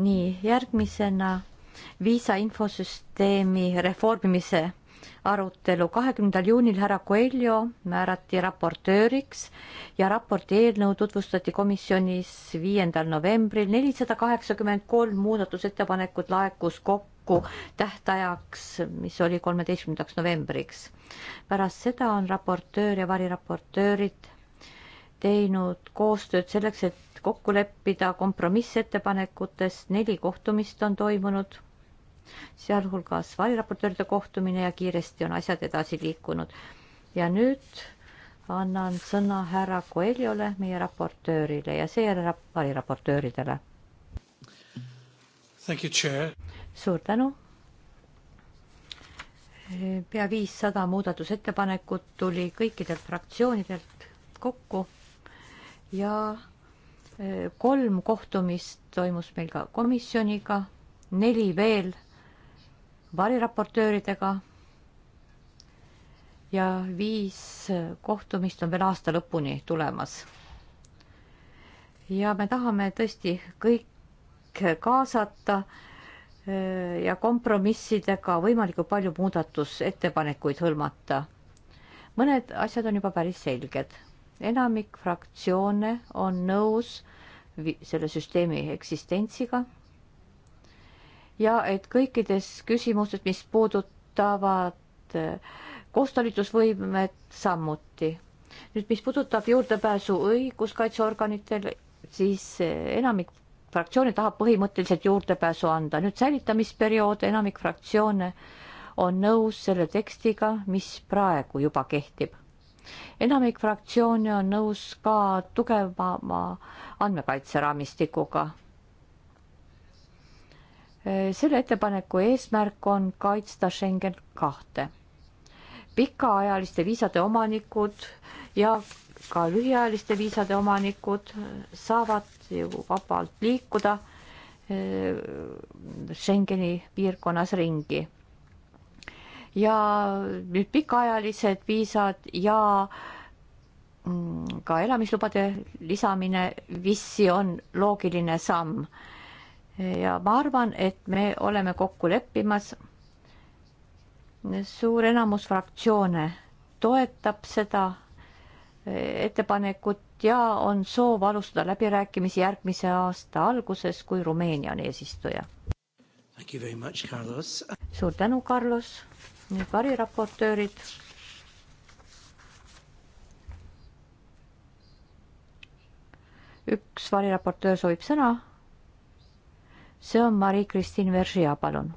nii, järgmisena viisa infosüsteemi reformimise arutelu. kahekümnendal juunil härra Coelho määrati raportööriks ja raporti eelnõu tutvustati komisjonis viiendal novembril. nelisada kaheksakümmend kolm muudatusettepanekut laekus kokku tähtajaks, mis oli kolmeteistkümnendaks novembriks. pärast seda on raportöör ja variraportöörid teinud koostööd selleks, et kokku leppida kompromissettepanekutes, neli kohtumist on toimunud, sealhulgas variraportööride kohtumine ja kiiresti on asjad edasi liikunud. ja nüüd annan sõna härra Koeljole, meie raportöörile ja seejärel variraportööridele. suur tänu. pea viissada muudatusettepanekut tuli kõikidelt fraktsioonidelt kokku ja e, kolm kohtumist toimus meil ka komisjoniga, neli veel variraportööridega ja viis kohtumist on veel aasta lõpuni tulemas. ja me tahame tõesti kõik kaasata e, ja kompromissidega võimalikult palju muudatusettepanekuid hõlmata. mõned asjad on juba päris selged enamik fraktsioone on nõus selle süsteemi eksistentsiga ja et kõikides küsimustes, mis puudutavad eh, koostalitusvõimet samuti. nüüd, mis puudutab juurdepääsu õiguskaitseorganitele, siis eh, enamik fraktsioone tahab põhimõtteliselt juurdepääsu anda. nüüd säilitamisperiood, enamik fraktsioone on nõus selle tekstiga, mis praegu juba kehtib enamik fraktsioone on nõus ka tugevama andmekaitseraamistikuga selle ettepaneku eesmärk on kaitsta Schengen kahte. pikaajaliste viisade omanikud ja ka lühiajaliste viisade omanikud saavad ju vabalt liikuda eh, Schengeni piirkonnas ringi ja nüüd pikaajalised viisad ja mm, ka elamislubade lisamine vissi on loogiline samm. ja ma arvan, et me oleme kokku leppimas. suur enamus fraktsioone toetab seda eh, ettepanekut ja on soov alustada läbirääkimisi järgmise aasta alguses, kui Rumeenia on eesistuja. suur tänu, Carlos nüüd variraportöörid. üks variraportöör soovib sõna. see on Marie-Christine Veržia, palun.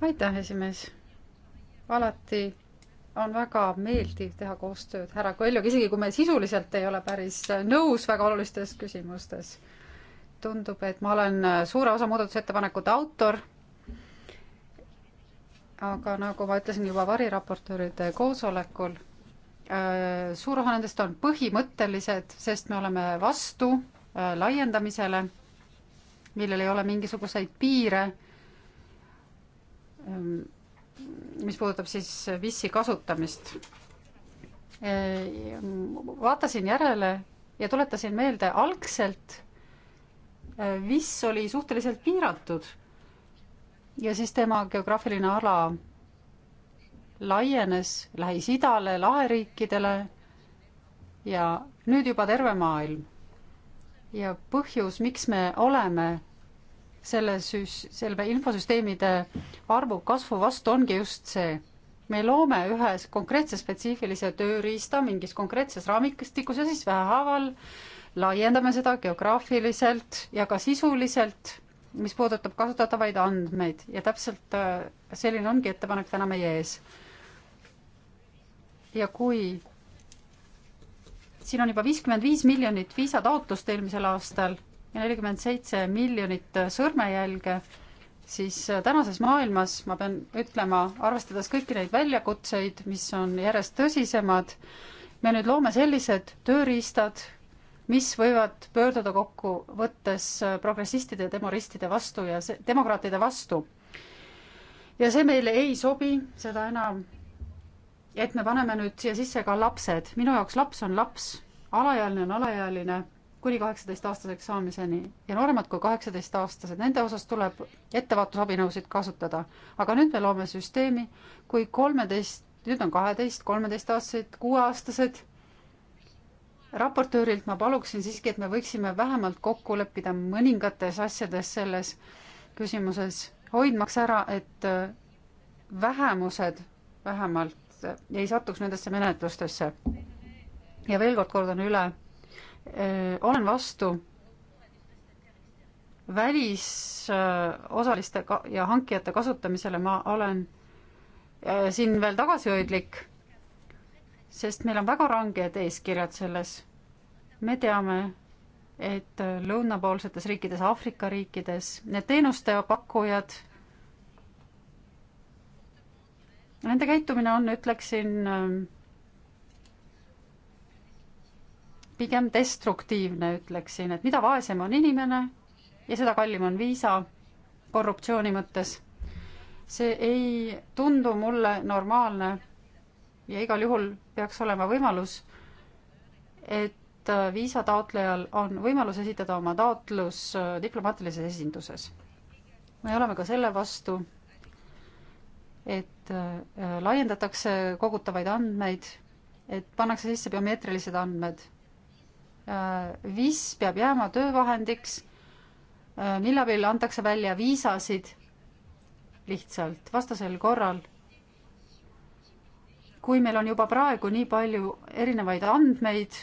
aitäh, esimees. alati on väga meeldiv teha koostööd härra Koljuga, isegi kui me sisuliselt ei ole päris nõus väga olulistes küsimustes tundub, et ma olen suure osa muudatusettepanekute autor aga nagu ma ütlesin juba variraportööride koosolekul, äh, suur osa nendest on põhimõttelised, sest me oleme vastu äh, laiendamisele, millel ei ole mingisuguseid piire, ähm, mis puudutab siis VIS-i kasutamist. Äh, vaatasin järele ja tuletasin meelde, algselt VIS oli suhteliselt piiratud ja siis tema geograafiline ala laienes Lähis-Idale, laheriikidele ja nüüd juba terve maailm. ja põhjus, miks me oleme selle süs-, selle infosüsteemide arvu kasvu vastu, ongi just see. me loome ühes konkreetse spetsiifilise tööriista mingis konkreetses raamistikus ja siis vähehaaval laiendame seda geograafiliselt ja ka sisuliselt mis puudutab kasutatavaid andmeid ja täpselt äh, selline ongi ettepanek täna meie ees. ja kui siin on juba viiskümmend viis miljonit viisataotlust eelmisel aastal ja nelikümmend seitse miljonit sõrmejälge, siis äh, tänases maailmas ma pean ütlema, arvestades kõiki neid väljakutseid, mis on järjest tõsisemad, me nüüd loome sellised tööriistad, mis võivad pöörduda kokkuvõttes äh, progressistide ja demoristide vastu ja see, demokraatide vastu. ja see meile ei sobi, seda enam, et me paneme nüüd siia sisse ka lapsed. minu jaoks laps on laps, alaealine on alaealine kuni kaheksateistaastaseks saamiseni ja nooremad kui kaheksateistaastased, nende osas tuleb ettevaatusabinõusid kasutada. aga nüüd me loome süsteemi, kui kolmeteist, nüüd on kaheteist, kolmeteistaastaseid, kuueaastased raportöörilt ma paluksin siiski, et me võiksime vähemalt kokku leppida mõningates asjades selles küsimuses, hoidmaks ära, et äh, vähemused vähemalt äh, ei satuks nendesse menetlustesse. ja veel kord kordan üle, äh, olen vastu välisosaliste ja hankijate kasutamisele, ma olen siin veel tagasihoidlik sest meil on väga ranged eeskirjad selles. me teame, et lõunapoolsetes riikides, Aafrika riikides, need teenustepakkujad, nende käitumine on, ütleksin, pigem destruktiivne, ütleksin, et mida vaesem on inimene ja seda kallim on viisa korruptsiooni mõttes. see ei tundu mulle normaalne ja igal juhul peaks olema võimalus, et äh, viisataotlejal on võimalus esitada oma taotlus äh, diplomaatilises esinduses. me oleme ka selle vastu, et äh, laiendatakse kogutavaid andmeid, et pannakse sisse biomeetrilised andmed. viis peab jääma töövahendiks, mille abil antakse välja viisasid lihtsalt, vastasel korral kui meil on juba praegu nii palju erinevaid andmeid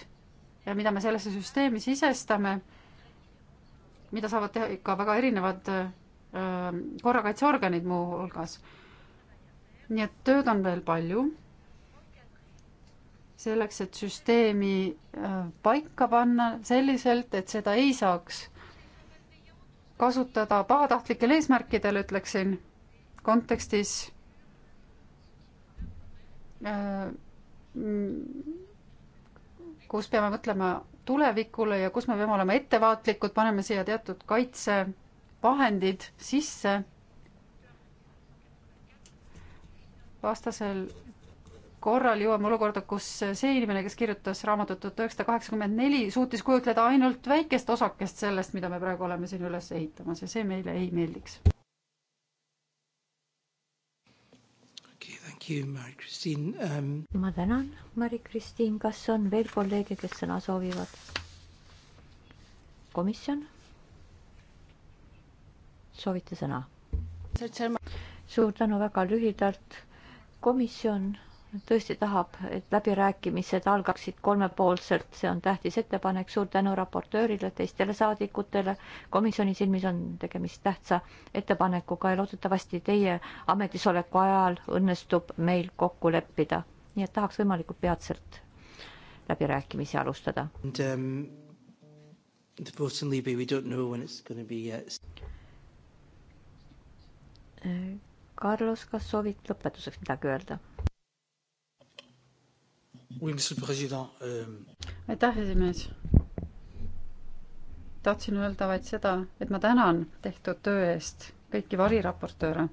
ja mida me sellesse süsteemi sisestame, mida saavad teha ikka väga erinevad korrakaitseorganid muuhulgas. nii et tööd on veel palju. selleks, et süsteemi paika panna selliselt, et seda ei saaks kasutada pahatahtlikel eesmärkidel, ütleksin, kontekstis Äh, kus peame mõtlema tulevikule ja kus me peame olema ettevaatlikud, paneme siia teatud kaitsevahendid sisse. vastasel korral jõuame olukorda, kus see inimene, kes kirjutas raamatut tuhat üheksasada kaheksakümmend neli, suutis kujutleda ainult väikest osakest sellest, mida me praegu oleme siin üles ehitamas ja see meile ei meeldiks. Um... ma tänan, Mari-Kristiin, kas on veel kolleege, kes sõna soovivad? komisjon? soovite sõna? suur tänu väga lühidalt. komisjon tõesti tahab, et läbirääkimised algaksid kolmepoolselt, see on tähtis ettepanek, suur tänu raportöörile, teistele saadikutele, komisjoni silmis on tegemist tähtsa ettepanekuga ja loodetavasti teie ametisoleku ajal õnnestub meil kokku leppida. nii et tahaks võimalikult peatselt läbirääkimisi alustada. Um, äh, Carlos, kas soovid lõpetuseks midagi öelda? Euh, aitäh, esimees. tahtsin öelda vaid seda, et ma tänan tehtud töö eest kõiki variraportööre.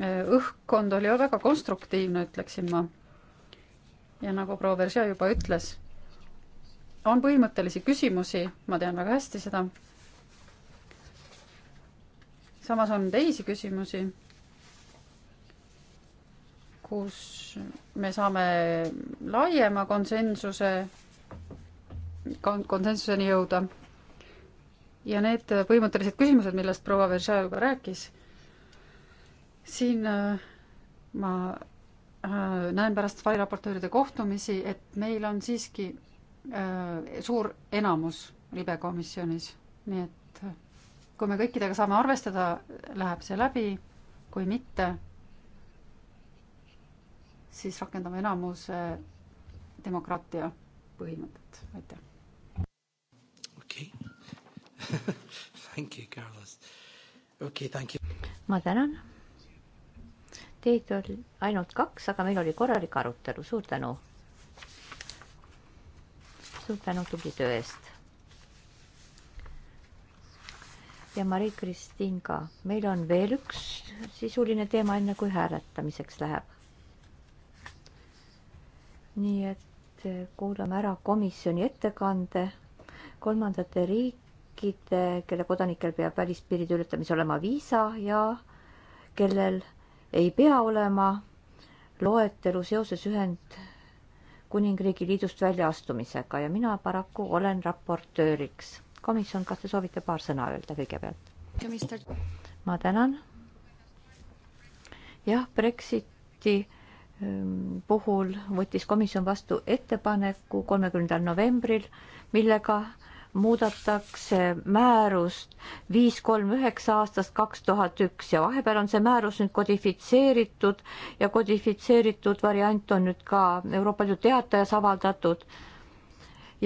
Äh, õhkkond oli väga konstruktiivne, ütleksin ma. ja nagu proua Veržia juba ütles, on põhimõttelisi küsimusi, ma tean väga hästi seda. samas on teisi küsimusi kus me saame laiema konsensuse, konsensuseni jõuda. ja need põhimõttelised küsimused, millest proua Veržea juba rääkis, siin äh, ma äh, näen pärast variraportööride kohtumisi, et meil on siiski äh, suur enamus libekomisjonis, nii et kui me kõikidega saame arvestada, läheb see läbi, kui mitte siis rakendame enamuse demokraatia põhimõtet, aitäh. okei okay. thank you, Carlos. okei okay,, thank you. ma tänan. Teid oli ainult kaks, aga meil oli korralik arutelu, suur tänu. suur tänu tubli töö eest. ja Mari-Kristiin ka. meil on veel üks sisuline teema, enne kui hääletamiseks läheb nii et eh, kuulame ära komisjoni ettekande kolmandate riikide, kelle kodanikel peab välispiiride ületamise olema viisa ja kellel ei pea olema loetelu seoses Ühendkuningriigi Liidust väljaastumisega ja mina paraku olen raportööriks. komisjon, kas te soovite paar sõna öelda kõigepealt? ma tänan. jah, Brexiti Ehm, puhul võttis komisjon vastu ettepaneku kolmekümnendal novembril, millega muudetakse määrust viis kolm üheksa aastast kaks tuhat üks ja vahepeal on see määrus nüüd kodifitseeritud ja kodifitseeritud variant on nüüd ka Euroopa Liidu teatajas avaldatud.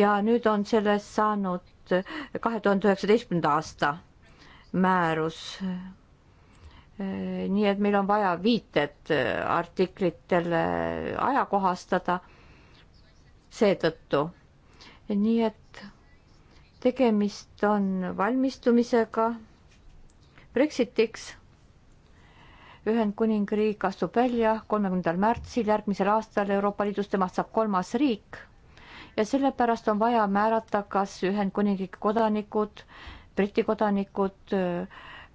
ja nüüd on sellest saanud kahe tuhande üheksateistkümnenda aasta määrus Äh, nii et meil on vaja viited äh, artiklitele ajakohastada seetõttu. nii et tegemist on valmistumisega Brexitiks. Ühendkuningriik astub välja kolmekümnendal märtsil järgmisel aastal Euroopa Liidus, temast saab kolmas riik ja sellepärast on vaja määrata, kas Ühendkuningriigi kodanikud, Briti kodanikud äh,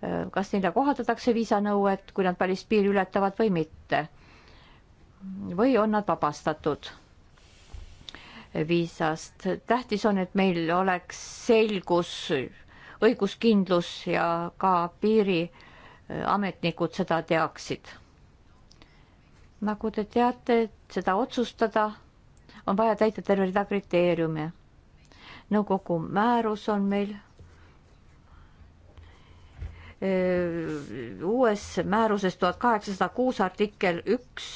Äh, kas neile kohaldatakse viisanõuet, kui nad välispiiri ületavad või mitte. või on nad vabastatud viisast. tähtis on, et meil oleks selgus, õiguskindlus ja ka piiriametnikud äh, seda teaksid. nagu te teate, et seda otsustada on vaja täita terve rida kriteeriume. nõukogu määrus on meil uues määruses tuhat kaheksasada kuus artikkel üks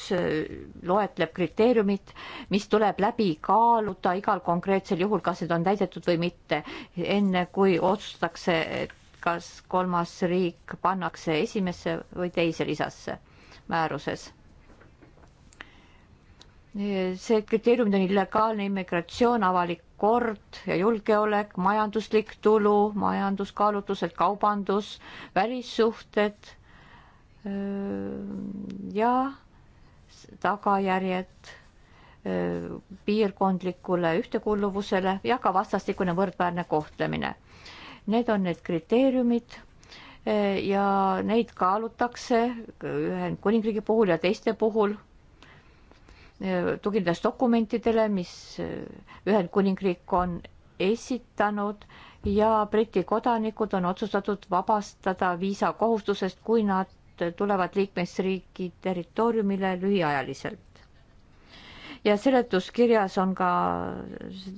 loetleb kriteeriumid, mis tuleb läbi kaaluda igal konkreetsel juhul, kas need on täidetud või mitte, enne kui otsustatakse, et kas kolmas riik pannakse esimesse või teise lisasse määruses see kriteerium on illegaalne immigratsioon, avalik kord ja julgeolek, majanduslik tulu, majanduskaalutlused, kaubandus, välissuhted ja tagajärjed piirkondlikule ühtekuuluvusele ja ka vastastikune võrdväärne kohtlemine. Need on need kriteeriumid ja neid kaalutakse Ühendkuningriigi puhul ja teiste puhul Äh, tuginedes dokumentidele, mis äh, Ühendkuningriik on esitanud ja Briti kodanikud on otsustatud vabastada viisakohustusest, kui nad tulevad liikmesriigi territooriumile lühiajaliselt. ja seletuskirjas on ka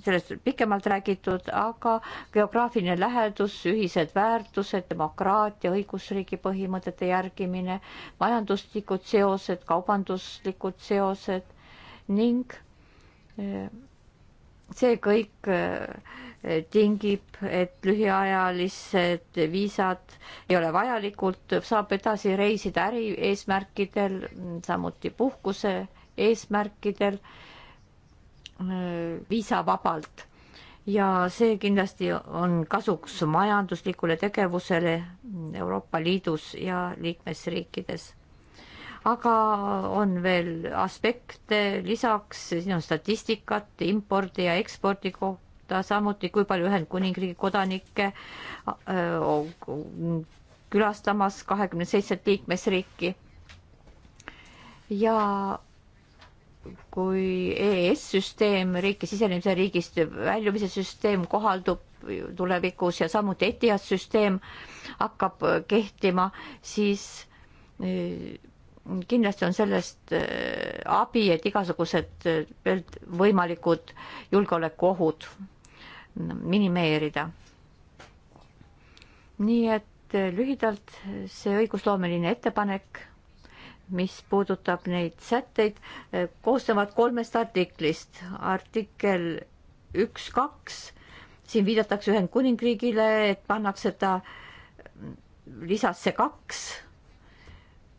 sellest pikemalt räägitud, aga geograafiline lähedus, ühised väärtused, demokraatia, õigusriigi põhimõtete järgimine, majanduslikud seosed, kaubanduslikud seosed ning eh, see kõik eh, tingib, et lühiajalised viisad ei ole vajalikud, saab edasi reisida ärieesmärkidel, samuti puhkuse eesmärkidel eh, viisavabalt. ja see kindlasti on kasuks majanduslikule tegevusele Euroopa Liidus ja liikmesriikides aga on veel aspekte lisaks, siin on statistikat impordi ja ekspordi kohta, samuti kui palju Ühendkuningriigi kodanikke äh, külastamas kahekümne seitset liikmesriiki. ja kui EES-süsteem, riiki sisenemise riigist väljumise süsteem kohaldub tulevikus ja samuti ETIAS süsteem hakkab kehtima, siis äh, kindlasti on sellest äh, abi, et igasugused äh, võimalikud julgeolekuohud minimeerida. nii et äh, lühidalt see õigusloomeline ettepanek, mis puudutab neid sätteid, koosnevad kolmest artiklist. artikkel üks, kaks, siin viidatakse Ühendkuningriigile, et pannakse ta lisasse kaks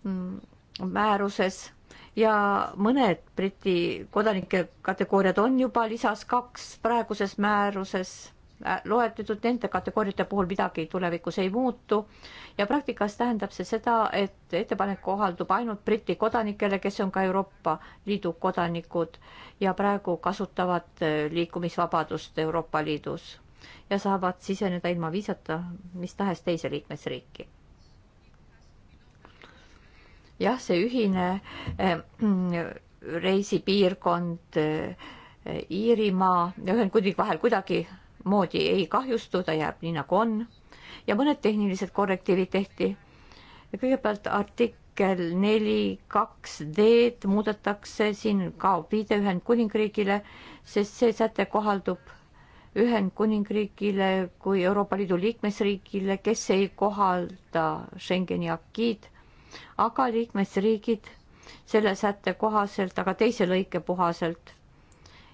mm määruses ja mõned Briti kodanike kategooriad on juba lisas kaks praeguses määruses äh, loetletud nende kategooriate puhul midagi tulevikus ei muutu ja praktikas tähendab see seda, et ettepanek kohaldub ainult Briti kodanikele, kes on ka Euroopa Liidu kodanikud ja praegu kasutavad äh, liikumisvabadust Euroopa Liidus ja saavad siseneda ilma viisata mis tahes teise liikmesriiki jah, see ühine eh, mm, reisipiirkond eh, Iirimaa ja Ühendkuningriigi vahel kuidagimoodi ei kahjustu, ta jääb nii nagu on ja mõned tehnilised korrektiivid tehti. kõigepealt artikkel neli kaks D-d muudetakse, siin kaob viide Ühendkuningriigile, sest see säte kohaldub Ühendkuningriigile kui Euroopa Liidu liikmesriigile, kes ei kohalda Schengeni akiid aga liikmesriigid selle sätte kohaselt, aga teise lõike kohaselt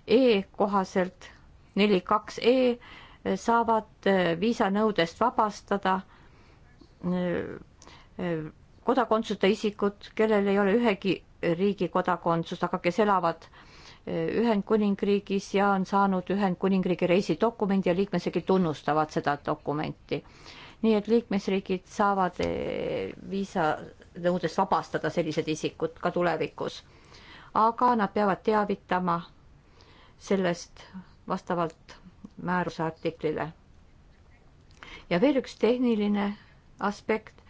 E kohaselt neli kaks E saavad äh, viisanõudest vabastada äh, äh, kodakondsuta isikud, kellel ei ole ühegi riigi kodakondsust, aga kes elavad Ühendkuningriigis ja on saanud Ühendkuningriigi reisidokumendi ja liikmesriigid tunnustavad seda dokumenti. nii et liikmesriigid saavad viisa nõudest vabastada sellised isikud ka tulevikus. aga nad peavad teavitama sellest vastavalt määruse artiklile. ja veel üks tehniline aspekt,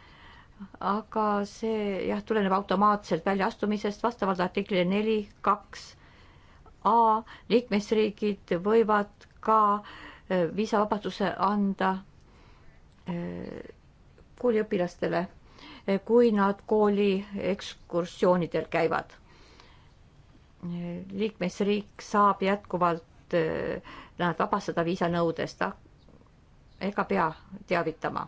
aga see jah, tuleneb automaatselt väljaastumisest vastavalt artiklile neli kaks A liikmesriigid võivad ka eh, viisavabaduse anda eh, kooliõpilastele kui nad kooli ekskursioonidel käivad. liikmesriik saab jätkuvalt eh, nad vabastada viisanõudest, ah, ega pea teavitama.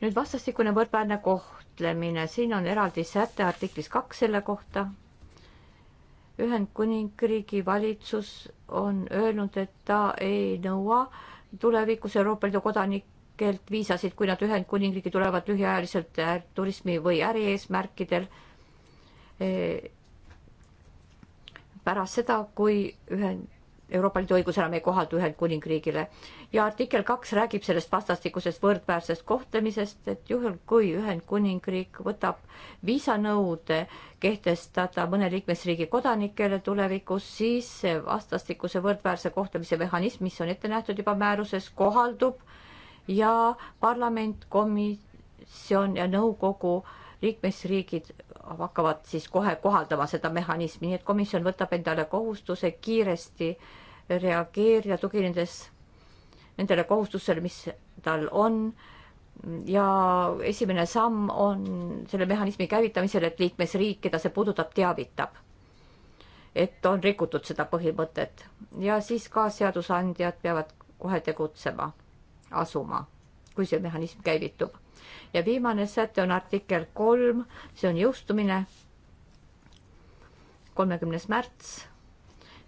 nüüd vastastikune võrdväärne kohtlemine, siin on eraldi säte artiklis kaks selle kohta Ühendkuningriigi valitsus on öelnud, et ta ei nõua tulevikus Euroopa Liidu kodanik, keelt viisasid, kui nad Ühendkuningriigi tulevad lühiajaliselt eh, turismi või ärieesmärkidel. Eh, pärast seda, kui ühend, Euroopa Liidu õigus enam ei kohaldu Ühendkuningriigile ja artikkel kaks räägib sellest vastastikusest võrdväärsest kohtlemisest, et juhul kui Ühendkuningriik võtab viisanõude kehtestada mõne liikmesriigi kodanikele tulevikus, siis see vastastikuse võrdväärse kohtlemise mehhanism, mis on ette nähtud juba määruses, kohaldub äh, ja parlament, komisjon ja nõukogu liikmesriigid hakkavad siis kohe kohaldama seda mehhanismi, nii et komisjon võtab endale kohustuse kiiresti reageerida, tuginedes nendele kohustustele, mis tal on. ja esimene samm on selle mehhanismi käivitamisel, et liikmesriik, keda see puudutab, teavitab, et on rikutud seda põhimõtet ja siis ka seadusandjad peavad kohe tegutsema asuma, kui see mehhanism käivitub. ja viimane säte on artikkel kolm, see on jõustumine. kolmekümnes märts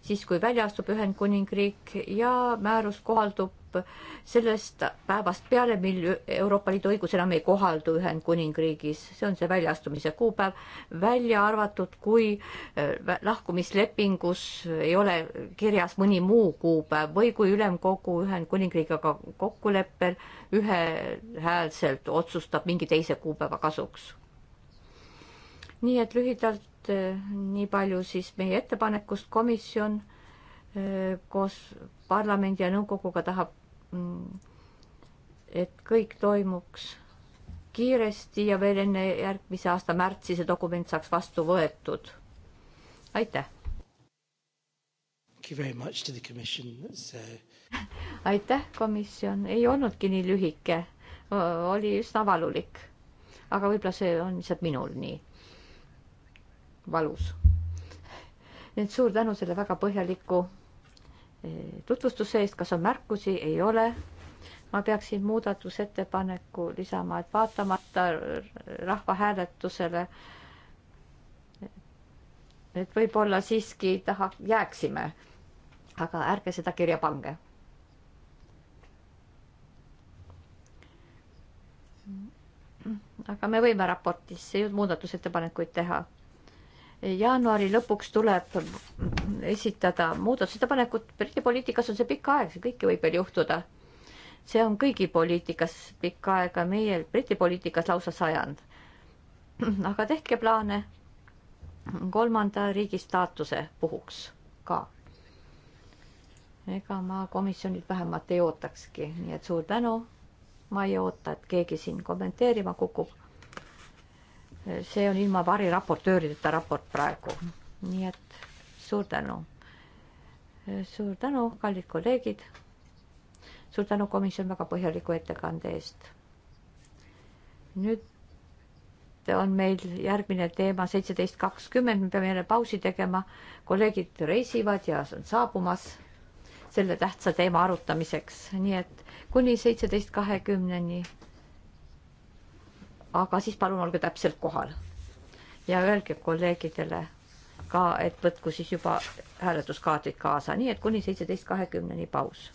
siis, kui välja astub Ühendkuningriik ja määrus kohaldub sellest päevast peale, mil Euroopa Liidu õigus enam ei kohaldu Ühendkuningriigis, see on see väljaastumise kuupäev, välja arvatud, kui äh, lahkumislepingus ei ole kirjas mõni muu kuupäev või kui ülemkogu Ühendkuningriigiga kokkuleppel ühehäälselt otsustab mingi teise kuupäeva kasuks. nii et lühidalt Äh, nii palju siis meie ettepanekust, komisjon äh, koos parlamendi ja nõukoguga tahab, mm, et kõik toimuks kiiresti ja veel enne järgmise aasta märtsi see dokument saaks vastu võetud. aitäh. Uh, aitäh, komisjon, ei olnudki nii lühike, oli üsna valulik. aga võib-olla see on lihtsalt minul nii valus. nii et suur tänu selle väga põhjaliku eh, tutvustuse eest, kas on märkusi, ei ole. ma peaksin muudatusettepaneku lisama, et vaatamata rahvahääletusele, et võib-olla siiski taha, jääksime, aga ärge seda kirja pange. aga me võime raportisse ju muudatusettepanekuid teha jaanuari lõpuks tuleb esitada muudatusettepanekud. Briti poliitikas on see pikk aeg, kõike võib veel juhtuda. see on kõigi poliitikas pikka aega, meie Briti poliitikas lausa sajand. aga tehke plaane kolmanda riigi staatuse puhuks ka. ega ma komisjonilt vähemalt ei ootakski, nii et suur tänu. ma ei oota, et keegi siin kommenteerima kukub see on ilma variraportöörideta raport praegu, nii et suur tänu. suur tänu, kallid kolleegid. suur tänu, komisjon, väga põhjaliku ettekande eest. nüüd on meil järgmine teema seitseteist kakskümmend, me peame jälle pausi tegema. kolleegid reisivad ja on saabumas selle tähtsa teema arutamiseks, nii et kuni seitseteist kahekümneni aga siis palun olge täpselt kohal ja öelge kolleegidele ka, et võtku siis juba hääletuskaardid kaasa, nii et kuni seitseteist kahekümneni paus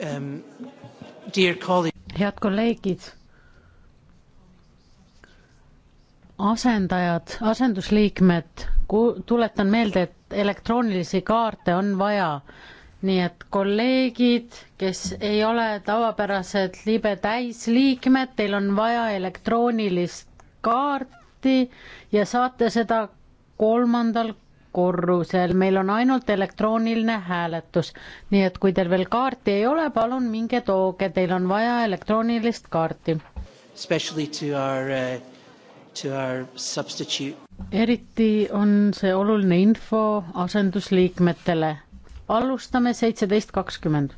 um,. head kolleegid, asendajad, asendusliikmed, tuletan meelde, et elektroonilisi kaarte on vaja. nii et kolleegid, kes ei ole tavapärased libe täisliikmed, teil on vaja elektroonilist kaarti ja saate seda kolmandal korrusel, meil on ainult elektrooniline hääletus. nii et kui teil veel kaarti ei ole, palun minge tooge, teil on vaja elektroonilist kaarti. Uh, eriti on see oluline info asendusliikmetele. alustame seitseteist kakskümmend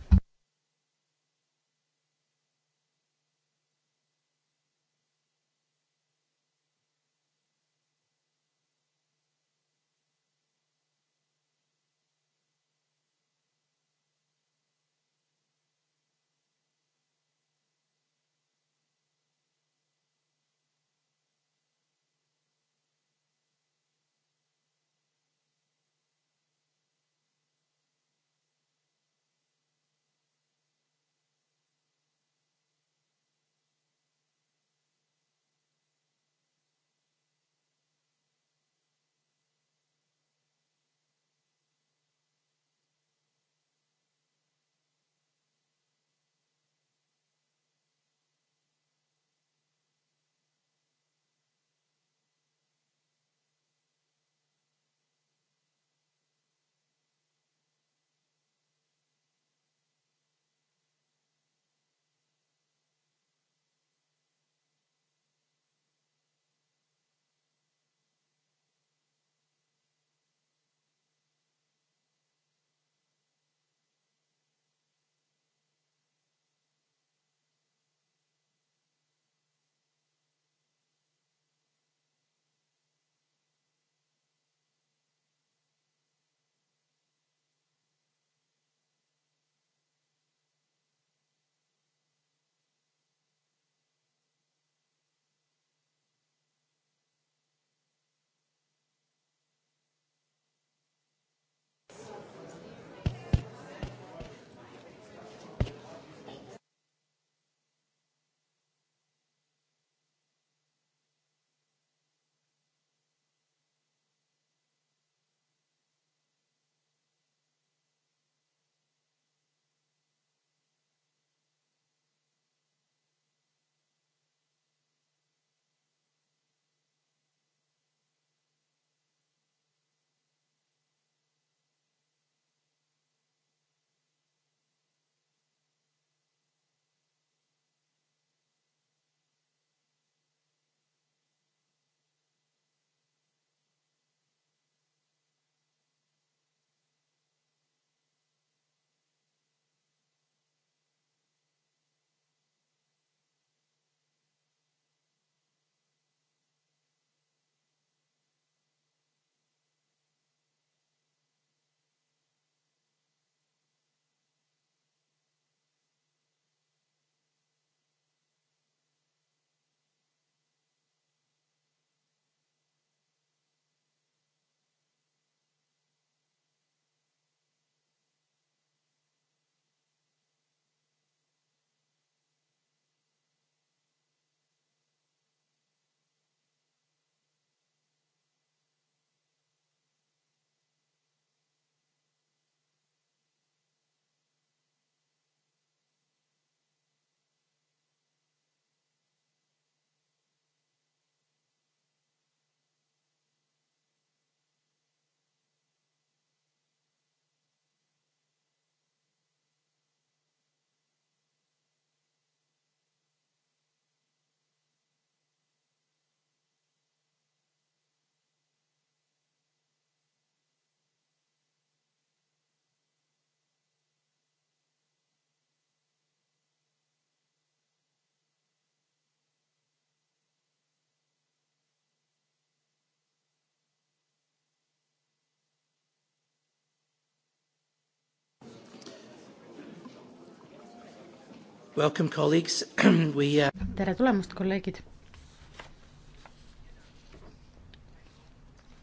Welcome, colleagues. We, uh... tere tulemast, kolleegid.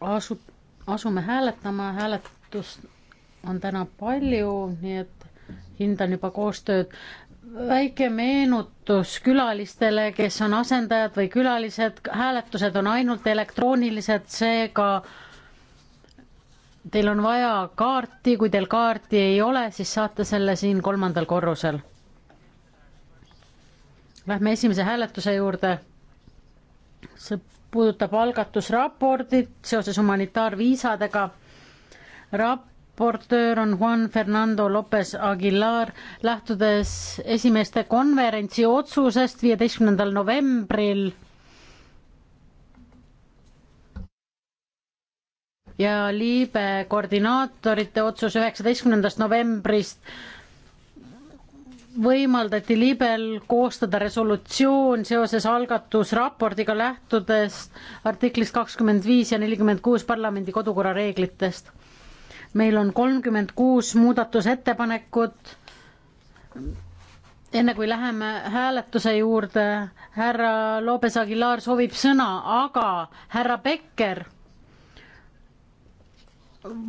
asub, asume hääletama, hääletust on täna palju, nii et hindan juba koostööd. väike meenutus külalistele, kes on asendajad või külalised, hääletused on ainult elektroonilised, seega teil on vaja kaarti, kui teil kaarti ei ole, siis saate selle siin kolmandal korrusel Lähme esimese hääletuse juurde. see puudutab algatusraportit seoses humanitaarviisadega. raportöör on Juan Fernando Lopez Aguilar, lähtudes esimeste konverentsi otsusest viieteistkümnendal novembril. ja liibe koordinaatorite otsus üheksateistkümnendast novembrist võimaldati libel koostada resolutsioon seoses algatusraportiga lähtudes artiklist kakskümmend viis ja nelikümmend kuus parlamendi kodukorra reeglitest. meil on kolmkümmend kuus muudatusettepanekut. enne kui läheme hääletuse juurde, härra Lopez Aguilar soovib sõna, aga härra Becker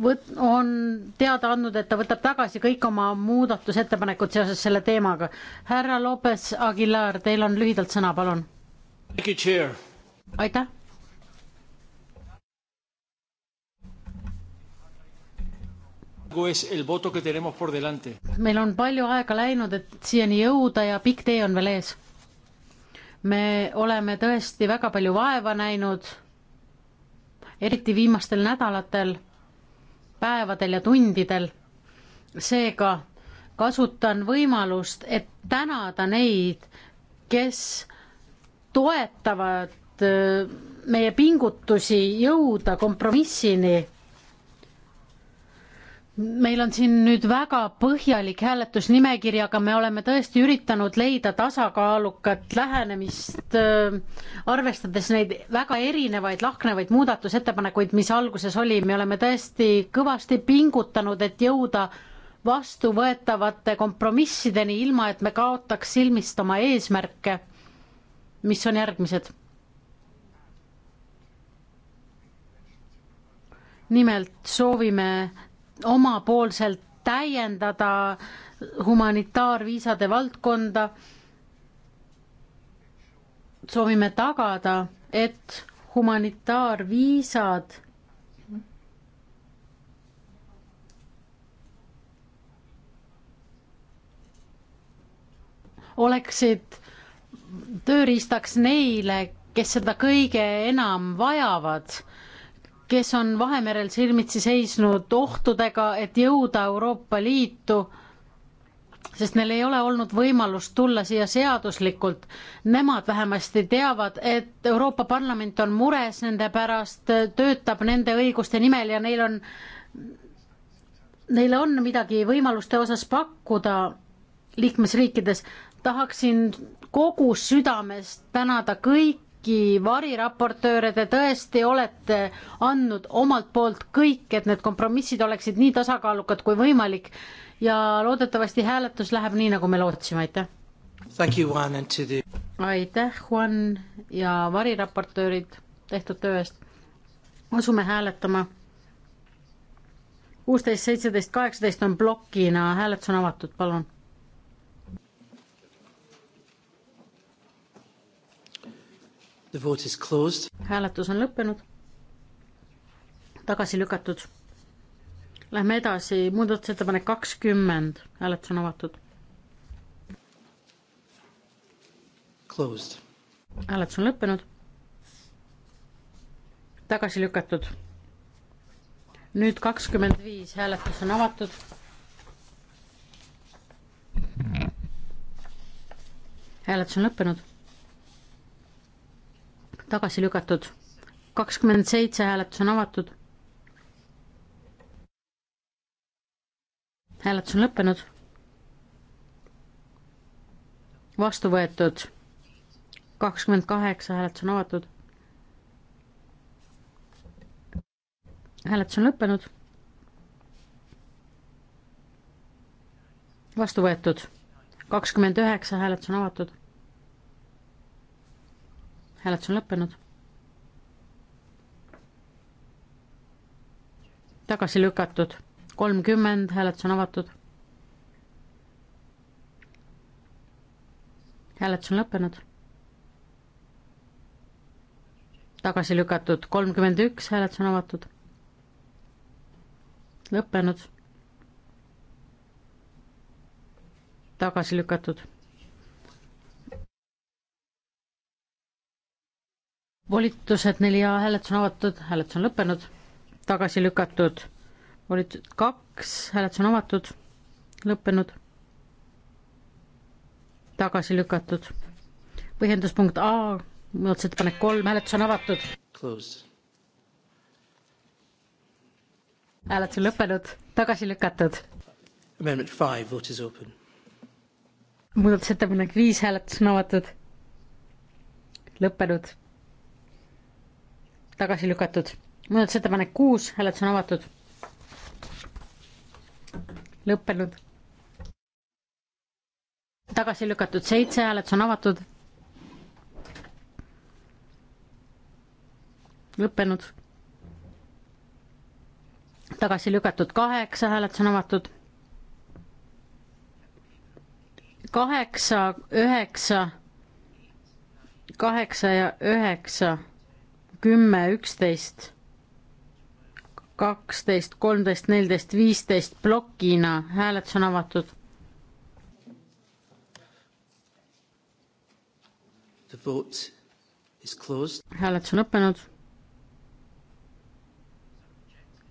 võt-, on teada andnud, et ta võtab tagasi kõik oma muudatusettepanekud seoses selle teemaga. härra Lopez Aguilar, teil on lühidalt sõna, palun. aitäh. meil on palju aega läinud, et siiani jõuda ja pikk tee on veel ees. me oleme tõesti väga palju vaeva näinud, eriti viimastel nädalatel päevadel ja tundidel. seega kasutan võimalust, et tänada neid, kes toetavad äh, meie pingutusi jõuda kompromissini meil on siin nüüd väga põhjalik hääletusnimekiri, aga me oleme tõesti üritanud leida tasakaalukat lähenemist, äh, arvestades neid väga erinevaid lahknevaid muudatusettepanekuid, mis alguses oli, me oleme tõesti kõvasti pingutanud, et jõuda vastuvõetavate kompromissideni, ilma et me kaotaks silmist oma eesmärke, mis on järgmised. nimelt soovime omapoolselt täiendada humanitaarviisade valdkonda. soovime tagada, et humanitaarviisad oleksid tööriistaks neile, kes seda kõige enam vajavad kes on Vahemerel silmitsi seisnud ohtudega, et jõuda Euroopa Liitu, sest neil ei ole olnud võimalust tulla siia seaduslikult. Nemad vähemasti teavad, et Euroopa Parlament on mures nende pärast, töötab nende õiguste nimel ja neil on, neile on midagi võimaluste osas pakkuda liikmesriikides. tahaksin kogu südamest tänada kõiki, kõiki variraportööre te tõesti olete andnud omalt poolt kõik, et need kompromissid oleksid nii tasakaalukad kui võimalik ja loodetavasti hääletus läheb nii, nagu me lootsime, aitäh! The... aitäh, Juan ja variraportöörid tehtud töö eest. asume hääletama. kuusteist, seitseteist, kaheksateist on plokina, hääletus on avatud, palun hääletus on lõppenud. tagasi lükatud. Lähme edasi, muudatusettepanek kakskümmend, hääletus on avatud. hääletus on lõppenud. tagasi lükatud. nüüd kakskümmend viis, hääletus on avatud. hääletus on lõppenud tagasi lükatud. kakskümmend seitse hääletus on avatud. hääletus on lõppenud. vastu võetud. kakskümmend kaheksa hääletus on avatud. hääletus on lõppenud. vastu võetud. kakskümmend üheksa hääletus on avatud hääletus on lõppenud. tagasi lükatud, kolmkümmend, hääletus on avatud. hääletus on lõppenud. tagasi lükatud, kolmkümmend üks, hääletus on avatud. lõppenud. tagasi lükatud volitused neli ja hääletus on avatud, hääletus on lõppenud, tagasi lükatud, volitused kaks, hääletus on avatud, lõppenud, tagasi lükatud. põhjenduspunkt A, muudatusettepanek kolm, hääletus on avatud. hääletus on lõppenud, tagasi lükatud. Amendment five, vote is open. muudatusettepanek viis, hääletus on avatud, lõppenud tagasi lükatud. muudatusettepanek kuus, hääletus on avatud. lõppenud. tagasi lükatud seitse, hääletus on avatud. lõppenud. tagasi lükatud kaheksa, hääletus on avatud. kaheksa, üheksa, kaheksa ja üheksa kümme, üksteist, kaksteist, kolmteist, neliteist, viisteist plokina, hääletus on avatud. hääletus on lõppenud.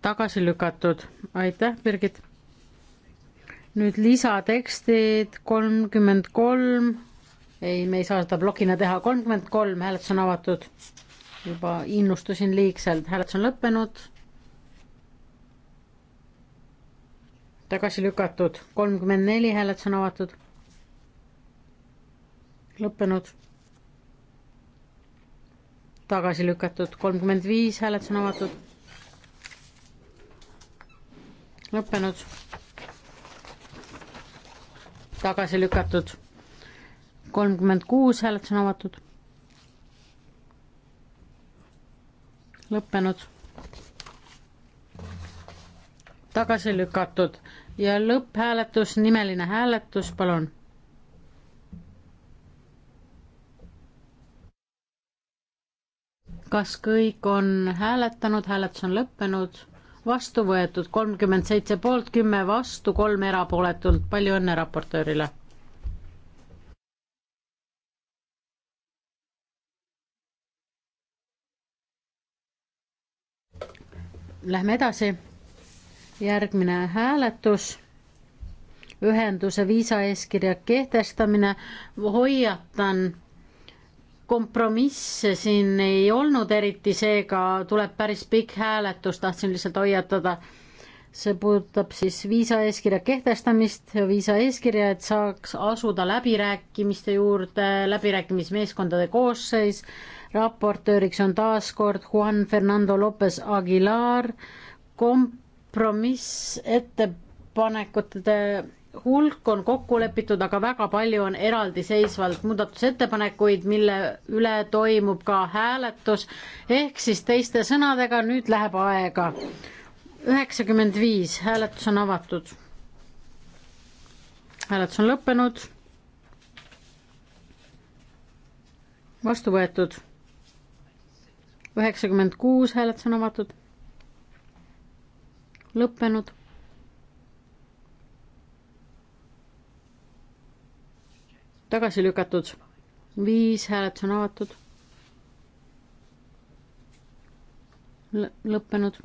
tagasi lükatud, aitäh, Birgit. nüüd lisatekstid kolmkümmend kolm, ei, me ei saa seda plokina teha, kolmkümmend kolm, hääletus on avatud juba innustusin liigselt, hääletus on lõppenud. tagasi lükatud, kolmkümmend neli hääletus on avatud. lõppenud. tagasi lükatud, kolmkümmend viis hääletus on avatud lõppenud. tagasi lükatud. kolmkümmend kuus hääletus on avatud. lõppenud, tagasi lükatud ja lõpphääletus, nimeline hääletus, palun. kas kõik on hääletanud, hääletus on lõppenud, vastu võetud kolmkümmend seitse poolt, kümme vastu, kolm erapooletult, palju õnne raportöörile Lähme edasi. järgmine hääletus. ühenduse viisaeeskirja kehtestamine. hoiatan, kompromisse siin ei olnud eriti, seega tuleb päris pikk hääletus, tahtsin lihtsalt hoiatada see puudutab siis viisaeeskirja kehtestamist, viisaeeskirja, et saaks asuda läbirääkimiste juurde, läbirääkimismeeskondade koosseis raportööriks on taas kord Juan Fernando Lopez Aguilar. kompromissettepanekute hulk on kokku lepitud, aga väga palju on eraldiseisvalt muudatusettepanekuid, mille üle toimub ka hääletus. ehk siis teiste sõnadega, nüüd läheb aega. üheksakümmend viis, hääletus on avatud. hääletus on lõppenud. vastu võetud üheksakümmend kuus hääletus on avatud. lõppenud. tagasi lükatud. viis hääletus on avatud. lõppenud.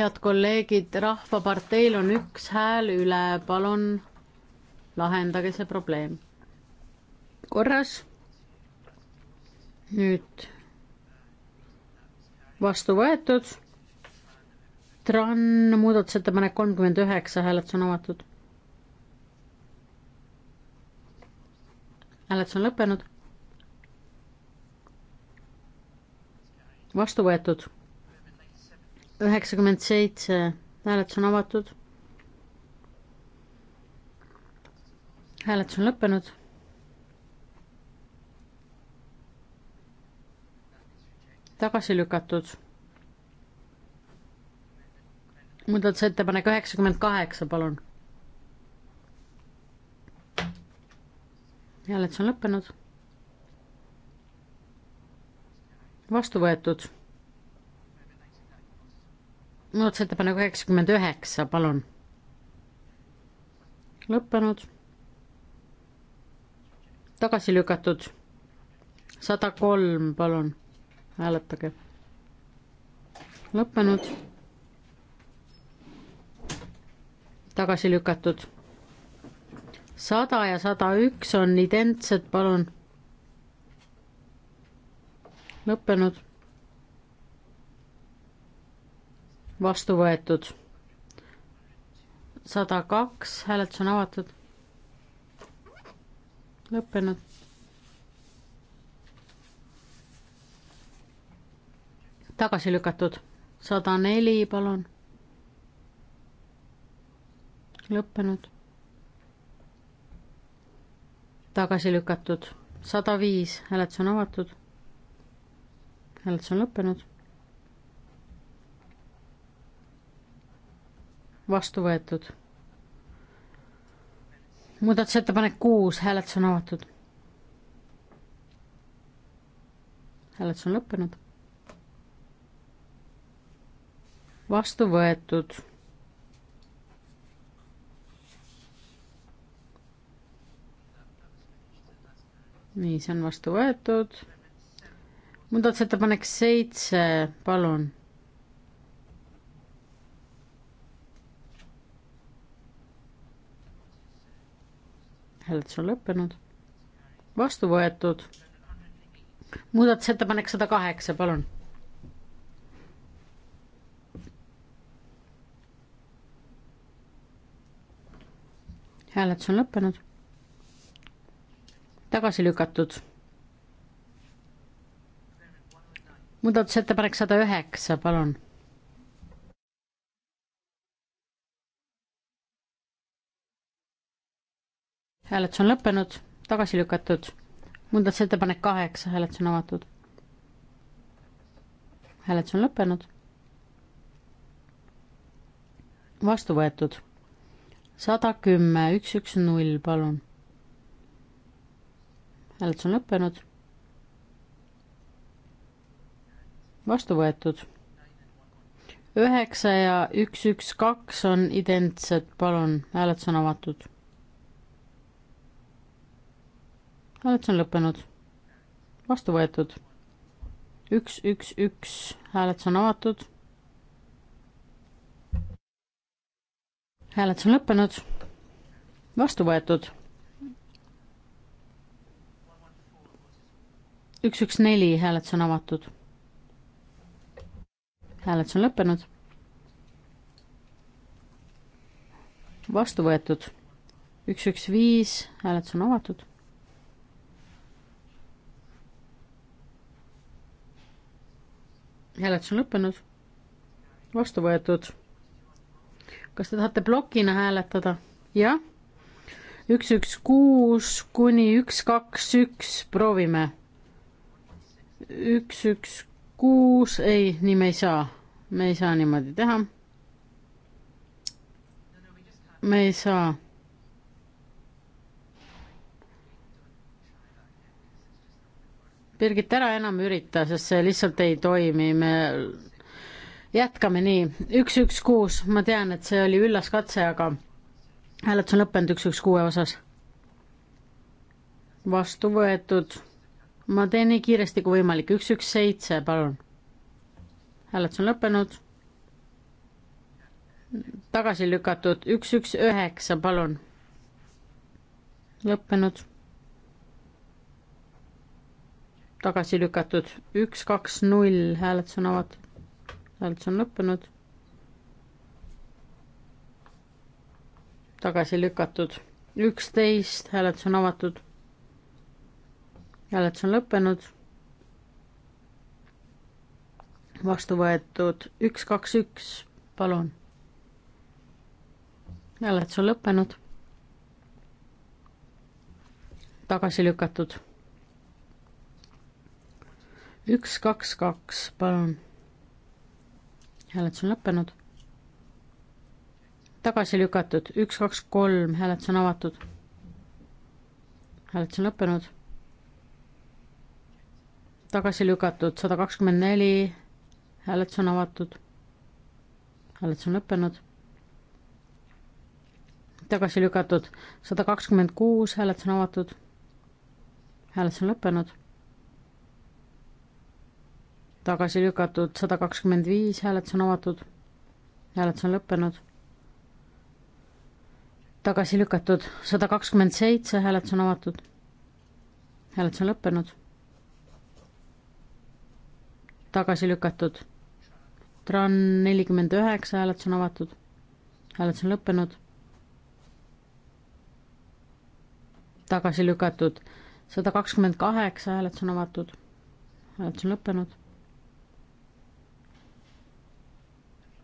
head kolleegid, Rahvaparteil on üks hääl üle, palun lahendage see probleem. korras nüüd vastu võetud. TRAN muudatusettepanek kolmkümmend üheksa, hääletus on avatud. hääletus on lõppenud. vastu võetud. üheksakümmend seitse, hääletus on avatud. hääletus on lõppenud tagasi lükatud. muudatusettepanek üheksakümmend kaheksa, palun. hääletus on lõppenud. vastu võetud. muudatusettepanek üheksakümmend üheksa, palun. lõppenud. tagasi lükatud. sada kolm, palun hääletage. lõppenud. tagasi lükatud. sada ja sada üks on identsed, palun. lõppenud. vastu võetud. sada kaks, hääletus on avatud. lõppenud tagasi lükatud. sada neli, palun. lõppenud. tagasi lükatud. sada viis, hääletus on avatud. hääletus on lõppenud. vastu võetud. muudatusettepanek kuus, hääletus on avatud hääletus on lõppenud vastu võetud. nii, see on vastu võetud. muudatusettepanek seitse, palun hääletus on lõppenud. vastu võetud. muudatusettepanek sada kaheksa, palun. hääletus on lõppenud. tagasi lükatud. muudatusettepanek sada üheksa, palun. hääletus on lõppenud, tagasi lükatud. muudatusettepanek kaheksa, hääletus on avatud. hääletus on lõppenud. vastu võetud sada kümme, üks, üks, null, palun. hääletus on lõppenud. vastu võetud. üheksa ja üks, üks, kaks on identsed, palun, hääletus on avatud. hääletus on lõppenud. vastu võetud. üks, üks, üks, hääletus on avatud hääletus on lõppenud, vastu võetud. üks, üks, neli, hääletus on avatud. hääletus on lõppenud. vastu võetud. üks, üks, viis, hääletus on avatud hääletus on lõppenud, vastu võetud kas te tahate plokina hääletada? jah. üks, üks, kuus kuni üks, kaks, üks, proovime. üks, üks, kuus, ei, nii me ei saa, me ei saa niimoodi teha. me ei saa Birgit, ära enam ürita, sest see lihtsalt ei toimi, me jätkame nii, üks, üks, kuus, ma tean, et see oli üllas katse, aga hääletus on lõppenud üks, üks, kuue osas. vastu võetud. ma teen nii kiiresti kui võimalik, üks, üks, seitse, palun. hääletus on lõppenud. tagasi lükatud, üks, üks, üheksa, palun. lõppenud. tagasi lükatud, üks, kaks, null, hääletus on avatud hääletus on lõppenud. tagasi lükatud. üksteist, hääletus on avatud. hääletus on lõppenud. vastu võetud üks, kaks, üks, palun. hääletus on lõppenud. tagasi lükatud üks, kaks, kaks, palun hääletus on lõppenud. tagasi lükatud, üks, kaks, kolm, hääletus on avatud. hääletus on lõppenud. tagasi lükatud, sada kakskümmend neli, hääletus on avatud. hääletus on lõppenud. tagasi lükatud, sada kakskümmend kuus, hääletus on avatud. hääletus on lõppenud tagasi lükatud sada kakskümmend viis, hääletus on avatud, hääletus on lõppenud. tagasi lükatud sada kakskümmend seitse, hääletus on avatud, hääletus on lõppenud. tagasi lükatud TRAN nelikümmend üheksa, hääletus on avatud, hääletus on lõppenud. tagasi lükatud sada kakskümmend kaheksa, hääletus on avatud, hääletus on lõppenud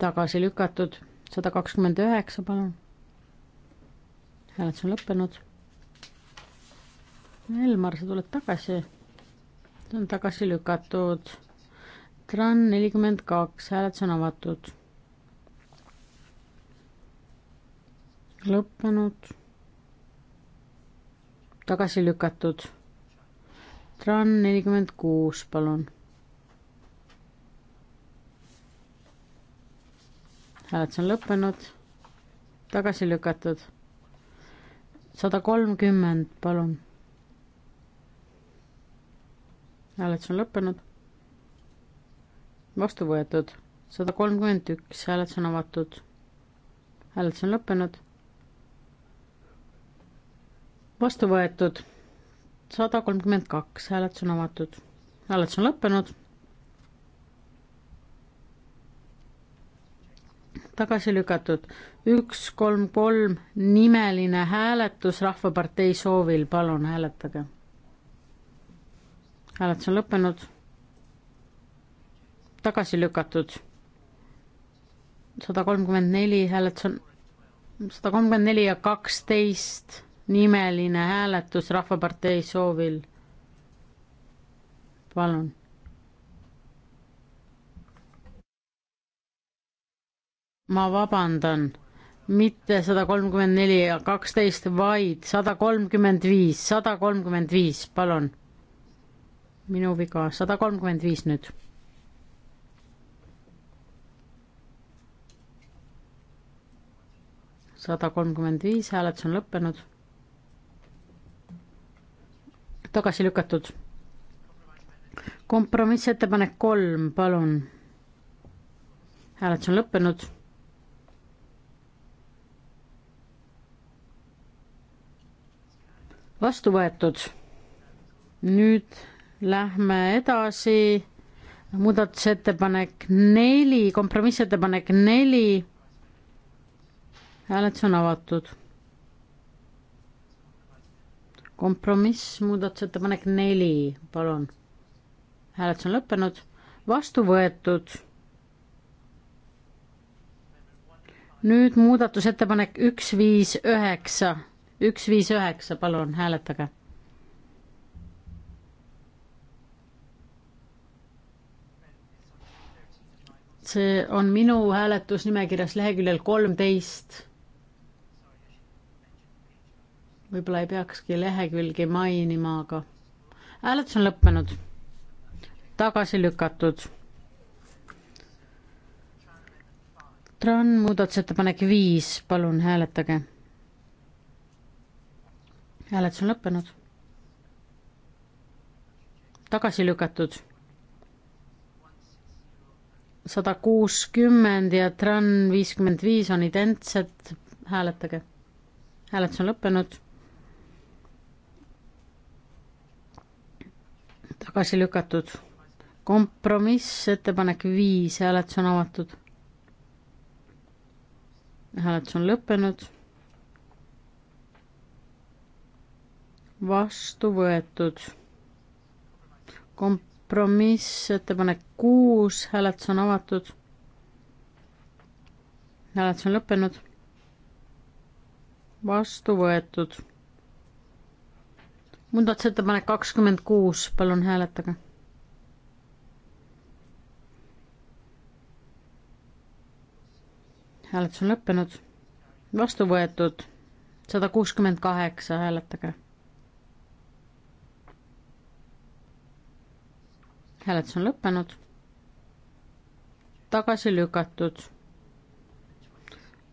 tagasi lükatud, sada kakskümmend üheksa, palun. hääletus on lõppenud. Elmar, sa tuled tagasi. see on tagasi lükatud. Tran nelikümmend kaks, hääletus on avatud. lõppenud. tagasi lükatud. Tran nelikümmend kuus, palun hääletus on lõppenud, tagasi lükatud. sada kolmkümmend, palun. hääletus on lõppenud, vastu võetud, sada kolmkümmend üks, hääletus on avatud, hääletus on lõppenud vastu võetud sada kolmkümmend kaks, hääletus on avatud. hääletus on lõppenud tagasi lükatud. üks, kolm, kolm, nimeline hääletus Rahvapartei soovil, palun hääletage. hääletus on lõppenud. tagasi lükatud. sada kolmkümmend neli hääletus on, sada kolmkümmend neli ja kaksteist nimeline hääletus Rahvapartei soovil. palun ma vabandan, mitte sada kolmkümmend neli ja kaksteist, vaid sada kolmkümmend viis, sada kolmkümmend viis, palun. minu viga, sada kolmkümmend viis nüüd sada kolmkümmend viis, hääletus on lõppenud. tagasi lükatud. kompromissettepanek kolm, palun. hääletus on lõppenud vastu võetud. nüüd lähme edasi. muudatusettepanek neli, kompromissettepanek neli. hääletus on avatud. kompromiss, muudatusettepanek neli, palun. hääletus on lõppenud, vastu võetud. nüüd muudatusettepanek üks, viis, üheksa üks, viis, üheksa, palun hääletage. see on minu hääletusnimekirjas leheküljel kolmteist. võib-olla ei peakski lehekülgi mainima, aga hääletus on lõppenud, tagasi lükatud Tran muudatusettepanek viis, palun hääletage hääletus on lõppenud. tagasi lükatud. sada kuuskümmend ja TRAN viiskümmend viis on identsed, hääletage. hääletus on lõppenud. tagasi lükatud. kompromiss, ettepanek viis, hääletus on avatud. hääletus on lõppenud vastu võetud. kompromissettepanek kuus, hääletus on avatud. hääletus on lõppenud. vastu võetud. muudatusettepanek kakskümmend kuus, palun hääletage. hääletus on lõppenud. vastu võetud. sada kuuskümmend kaheksa, hääletage hääletus on lõppenud. tagasi lükatud.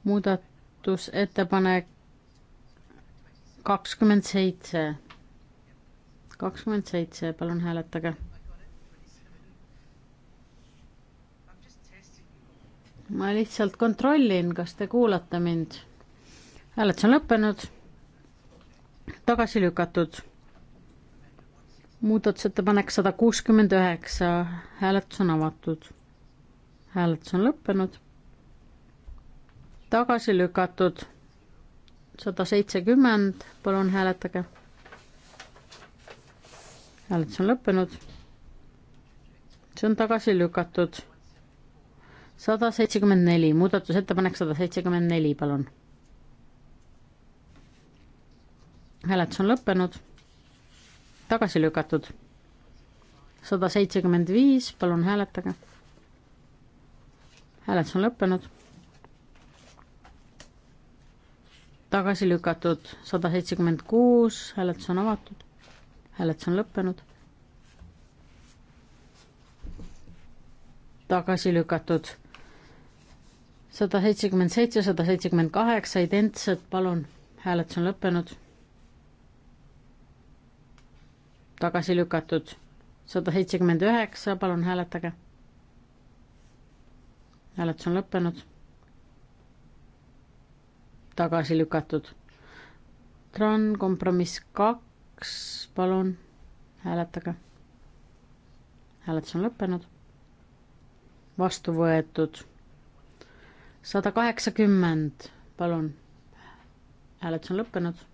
muudatusettepanek kakskümmend seitse. kakskümmend seitse, palun hääletage. ma lihtsalt kontrollin, kas te kuulate mind. hääletus on lõppenud. tagasi lükatud muudatusettepanek sada kuuskümmend üheksa, hääletus on avatud. hääletus on lõppenud. tagasi lükatud sada seitsekümmend, palun hääletage. hääletus on lõppenud. see on tagasi lükatud sada seitsekümmend neli, muudatusettepanek sada seitsekümmend neli, palun. hääletus on lõppenud tagasi lükatud. sada seitsekümmend viis, palun hääletage. hääletus on lõppenud. tagasi lükatud sada seitsekümmend kuus, hääletus on avatud, hääletus on lõppenud. tagasi lükatud sada seitsekümmend seitse, sada seitsekümmend kaheksa, identsed, palun, hääletus on lõppenud tagasi lükatud. sada seitsekümmend üheksa, palun hääletage. hääletus on lõppenud. tagasi lükatud. Tran kompromiss kaks, palun hääletage. hääletus on lõppenud. vastu võetud. sada kaheksakümmend, palun. hääletus on lõppenud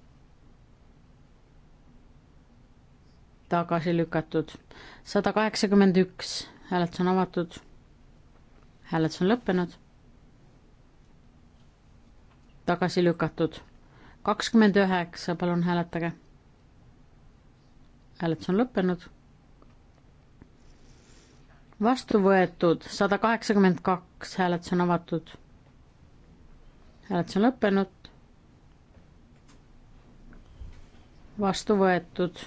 tagasi lükatud. sada kaheksakümmend üks, hääletus on avatud. hääletus on lõppenud. tagasi lükatud. kakskümmend üheksa, palun hääletage. hääletus on lõppenud. vastu võetud sada kaheksakümmend kaks, hääletus on avatud. hääletus on lõppenud. vastu võetud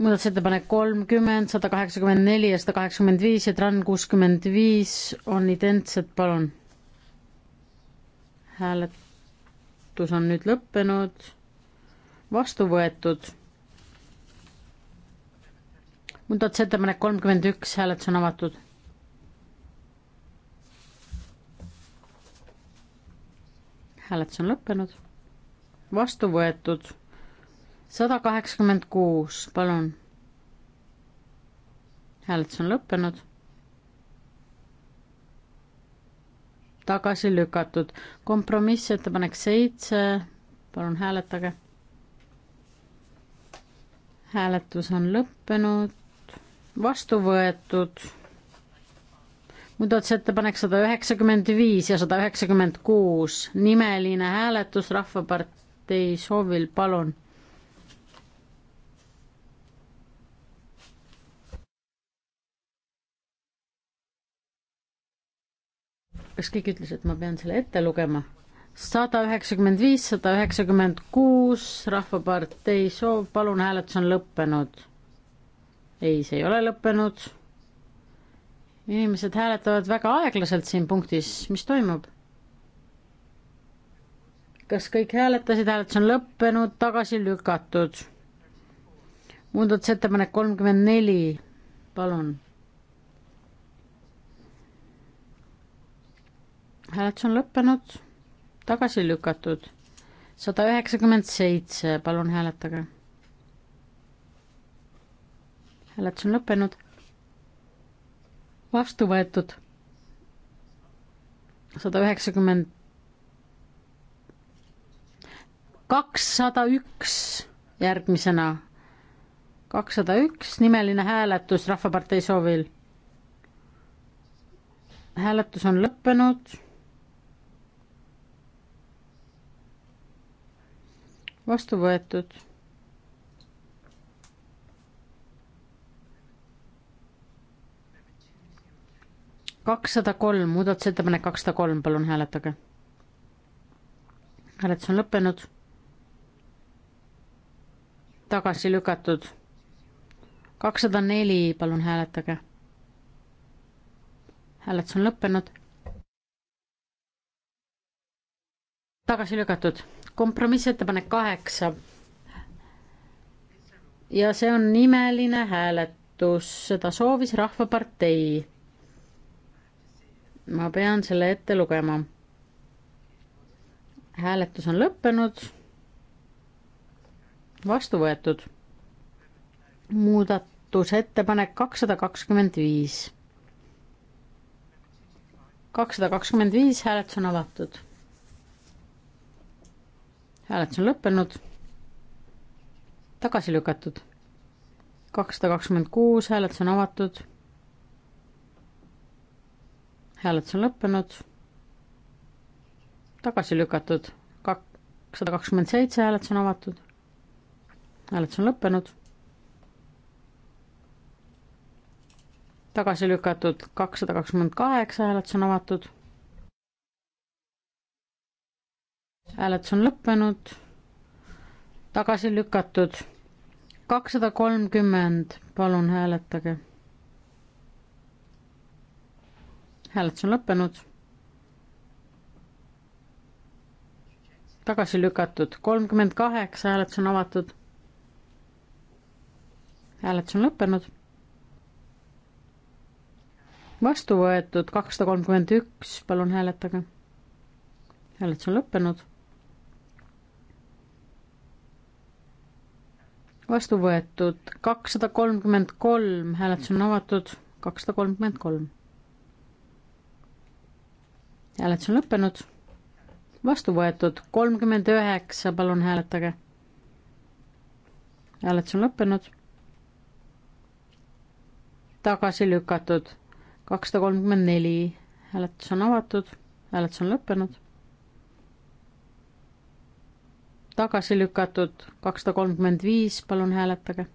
muudatusettepanek kolmkümmend, sada kaheksakümmend neli ja sada kaheksakümmend viis ja TRAN kuuskümmend viis on identsed, palun. hääletus on nüüd lõppenud, vastu võetud. muudatusettepanek kolmkümmend üks, hääletus on avatud hääletus on lõppenud. vastu võetud sada kaheksakümmend kuus, palun. hääletus on lõppenud. tagasi lükatud. kompromissettepanek seitse, palun hääletage. hääletus on lõppenud, vastu võetud muudatusettepanek sada üheksakümmend viis ja sada üheksakümmend kuus, nimeline hääletus Rahvapartei soovil, palun kas keegi ütles, et ma pean selle ette lugema? sada üheksakümmend viis, sada üheksakümmend kuus, Rahvapartei soov, palun, hääletus on lõppenud. ei, see ei ole lõppenud. inimesed hääletavad väga aeglaselt siin punktis, mis toimub? kas kõik hääletasid, hääletus on lõppenud, tagasi lükatud. muudatusettepanek kolmkümmend neli, palun hääletus on lõppenud, tagasi lükatud. sada üheksakümmend seitse, palun hääletage. hääletus on lõppenud, vastu võetud. sada üheksakümmend kakssada üks järgmisena, kakssada üks nimeline hääletus Rahvapartei soovil. hääletus on lõppenud vastu võetud. kakssada kolm, muudatusettepanek kakssada kolm, palun hääletage. hääletus on lõppenud. tagasi lükatud. kakssada neli, palun hääletage. hääletus on lõppenud. tagasi lükatud kompromissettepanek kaheksa. ja see on nimeline hääletus, seda soovis Rahvapartei. ma pean selle ette lugema. hääletus on lõppenud. vastu võetud. muudatusettepanek kakssada kakskümmend viis. kakssada kakskümmend viis hääletus on avatud hääletus on lõppenud. tagasi lükatud. kakssada kakskümmend kuus, hääletus on avatud. hääletus on lõppenud. tagasi lükatud. kakssada kakskümmend seitse, hääletus on avatud. hääletus on lõppenud tagasi lükatud kakssada kakskümmend kaheksa hääletus on avatud. hääletus on lõppenud, tagasi lükatud. kakssada kolmkümmend, palun hääletage. hääletus on lõppenud. tagasi lükatud, kolmkümmend kaheksa, hääletus on avatud. hääletus on lõppenud vastu võetud kakssada kolmkümmend üks, palun hääletage. hääletus on lõppenud. vastu võetud, kakssada kolmkümmend kolm, hääletus on avatud, kakssada kolmkümmend kolm. hääletus on lõppenud, vastu võetud, kolmkümmend üheksa, palun hääletage. hääletus on lõppenud, tagasi lükatud, kakssada kolmkümmend neli, hääletus on avatud, hääletus on lõppenud tagasi lükatud, kakssada kolmkümmend viis, palun hääletage.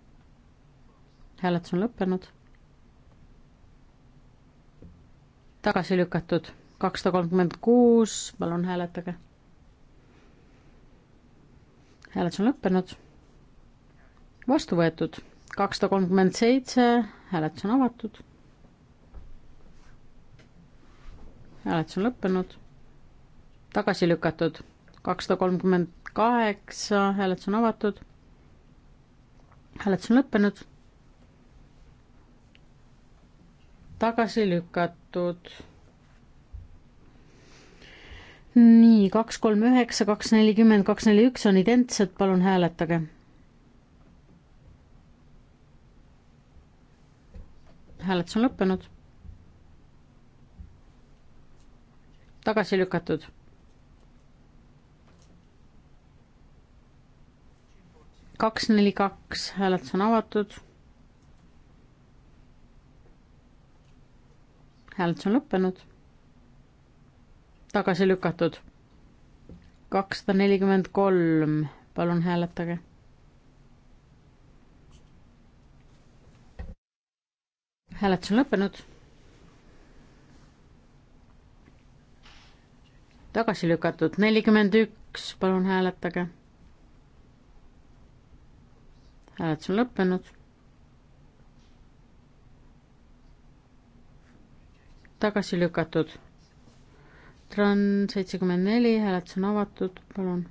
hääletus on lõppenud. tagasi lükatud, kakssada kolmkümmend kuus, palun hääletage. hääletus on lõppenud. vastu võetud, kakssada kolmkümmend seitse, hääletus on avatud. hääletus on lõppenud. tagasi lükatud, kakssada kolmkümmend kaheksa, hääletus on avatud. hääletus on lõppenud. tagasi lükatud. nii, kaks, kolm, üheksa, kaks, nelikümmend, kaks, neli, üks on identsed, palun hääletage. hääletus on lõppenud. tagasi lükatud kaks, neli, kaks, hääletus on avatud. hääletus on lõppenud. tagasi lükatud. kakssada nelikümmend kolm, palun hääletage. hääletus on lõppenud. tagasi lükatud, nelikümmend üks, palun hääletage hääletus on lõppenud. tagasi lükatud. Tran seitsekümmend neli, hääletus on avatud, palun.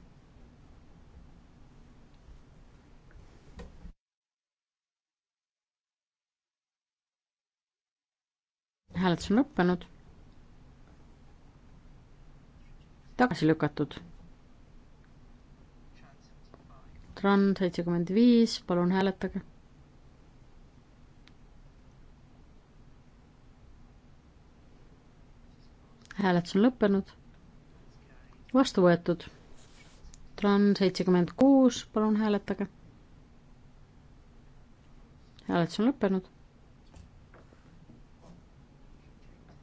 hääletus on lõppenud. tagasi lükatud Tran seitsekümmend viis, palun hääletage. hääletus on lõppenud. vastu võetud. Tran seitsekümmend kuus, palun hääletage. hääletus on lõppenud.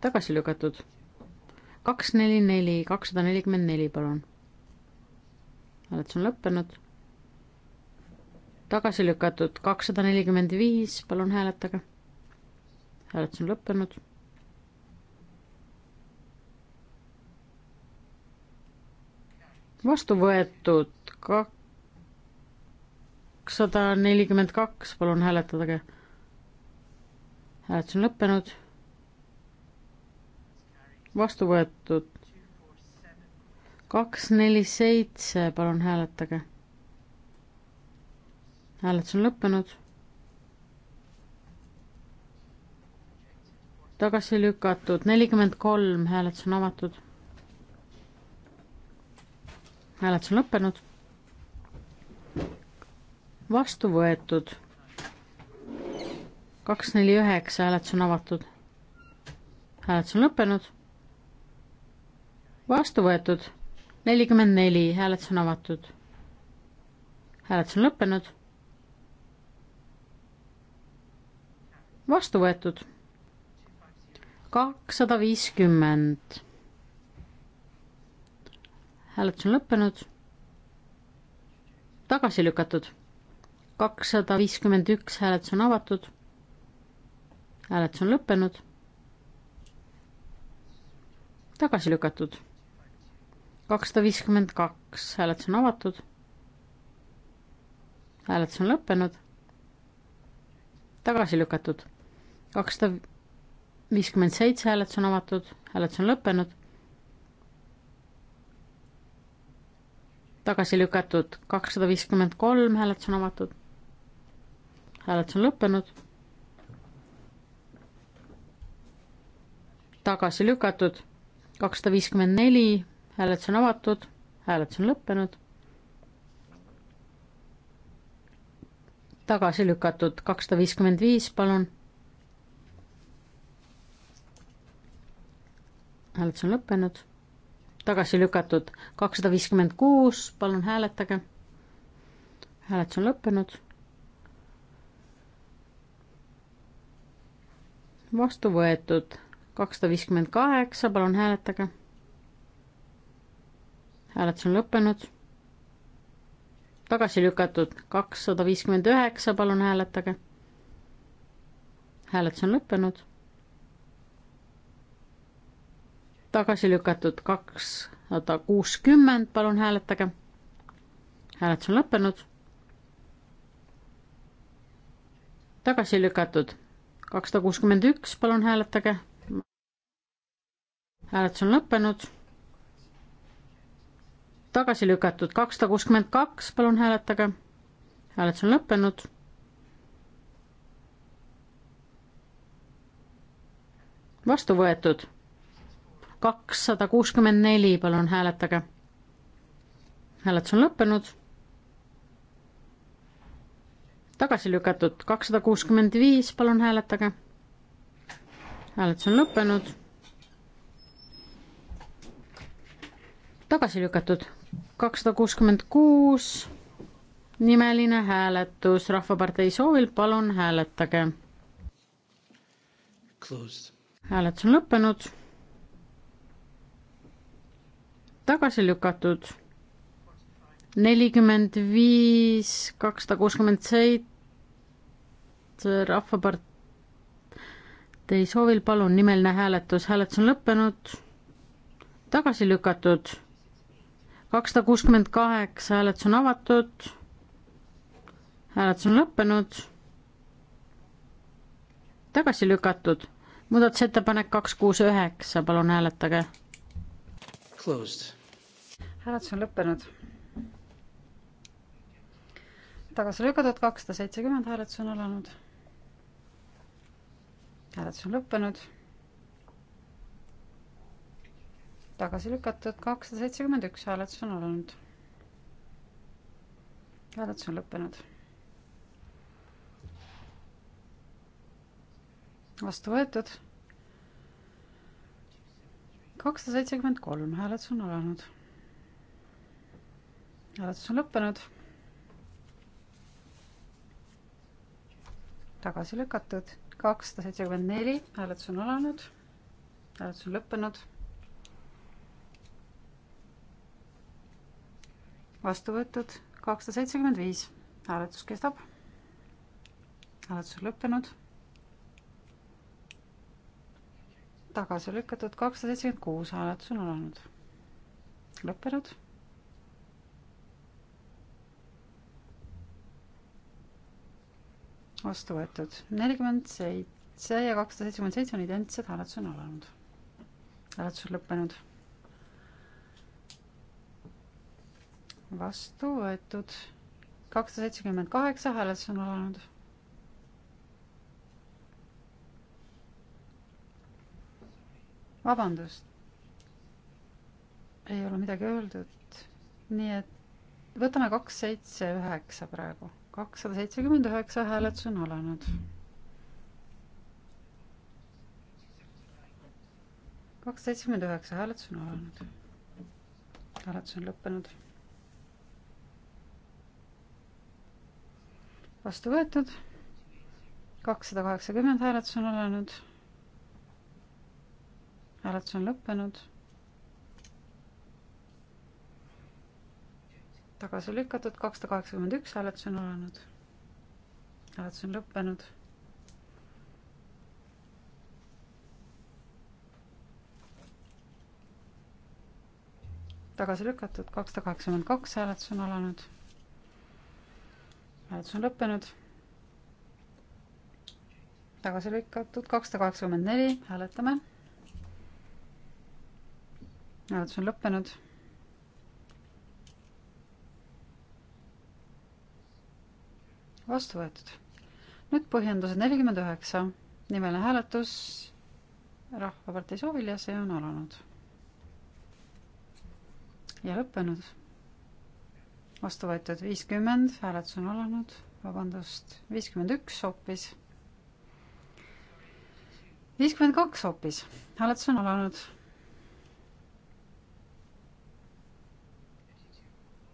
tagasi lükatud. kaks, neli, neli, kakssada nelikümmend neli, palun hääletus on lõppenud tagasi lükatud kakssada nelikümmend viis, palun hääletage. hääletus on lõppenud. vastu võetud kakssada nelikümmend kaks, palun hääletage. hääletus on lõppenud. vastu võetud kaks, neli, seitse, palun hääletage hääletus on lõppenud. tagasi lükatud, nelikümmend kolm, hääletus on avatud. hääletus on lõppenud. vastu võetud. kaks, neli, üheksa, hääletus on avatud. hääletus on lõppenud. vastu võetud nelikümmend neli, hääletus on avatud. hääletus on lõppenud vastu võetud. kakssada viiskümmend. hääletus on lõppenud. tagasi lükatud. kakssada viiskümmend üks hääletus on avatud. hääletus on lõppenud. tagasi lükatud. kakssada viiskümmend kaks hääletus on avatud. hääletus on lõppenud tagasi lükatud kakssada viiskümmend seitse hääletus on avatud, hääletus on lõppenud. tagasi lükatud kakssada viiskümmend kolm, hääletus on avatud. hääletus on lõppenud. tagasi lükatud kakssada viiskümmend neli, hääletus on avatud, hääletus on lõppenud. tagasi lükatud kakssada viiskümmend viis, palun hääletus on lõppenud, tagasi lükatud kakssada viiskümmend kuus, palun hääletage. hääletus on lõppenud. vastu võetud kakssada viiskümmend kaheksa, palun hääletage. hääletus on lõppenud. tagasi lükatud kakssada viiskümmend üheksa, palun hääletage. hääletus on lõppenud tagasi lükatud kakssada kuuskümmend, palun hääletage. hääletus on lõppenud. tagasi lükatud kakssada kuuskümmend üks, palun hääletage. hääletus on lõppenud. tagasi lükatud kakssada kuuskümmend kaks, palun hääletage. hääletus on lõppenud. vastu võetud kakssada kuuskümmend neli, palun hääletage. hääletus on lõppenud. tagasi lükatud kakssada kuuskümmend viis, palun hääletage. hääletus on lõppenud. tagasi lükatud kakssada kuuskümmend kuus, nimeline hääletus Rahvapartei soovil, palun hääletage. hääletus on lõppenud tagasi lükatud. nelikümmend viis, kakssada kuuskümmend seitse Rahvapartei soovil, palun, nimeline hääletus, hääletus on lõppenud, tagasi lükatud, kakssada kuuskümmend kaheksa, hääletus on avatud, hääletus on lõppenud, tagasi lükatud, muudatusettepanek kaks kuus üheksa, palun hääletage hääletus on lõppenud. tagasi lükatud kakssada seitsekümmend, hääletus on alanud. hääletus on lõppenud. tagasi lükatud kakssada seitsekümmend üks, hääletus on alanud. hääletus on lõppenud vastu võetud kakssada seitsekümmend kolm, hääletus on alanud. hääletus on lõppenud. tagasi lükatud, kakssada seitsekümmend neli, hääletus on alanud, hääletus on lõppenud. vastu võetud kakssada seitsekümmend viis, hääletus kestab. hääletus on lõppenud tagasi lükatud kakssada seitsekümmend kuus, hääletus on alanud. lõppenud. vastu võetud nelikümmend seitse ja kakssada seitsekümmend seitse on identsed, hääletus on alanud. hääletus on lõppenud. vastu võetud kakssada seitsekümmend kaheksa, hääletus on alanud vabandust, ei ole midagi öeldud, nii et võtame kaks, seitse, üheksa praegu, kakssada seitsekümmend üheksa hääletus on alanud. kaks seitsekümmend üheksa hääletus on alanud. hääletus on lõppenud. vastu võetud kakssada kaheksakümmend hääletus on alanud hääletus on lõppenud. tagasi lükatud, kakssada kaheksakümmend üks hääletus on alanud. hääletus on lõppenud. tagasi lükatud, kakssada kaheksakümmend kaks hääletus on alanud. hääletus on lõppenud tagasi lükatud, kakssada kaheksakümmend neli, hääletame hääletus on lõppenud. vastu võetud. nüüd põhjendused nelikümmend üheksa, nimeline hääletus Rahvapartei soovil ja see on alanud. ja lõppenud. vastu võetud viiskümmend, hääletus on alanud, vabandust, viiskümmend üks hoopis. viiskümmend kaks hoopis, hääletus on alanud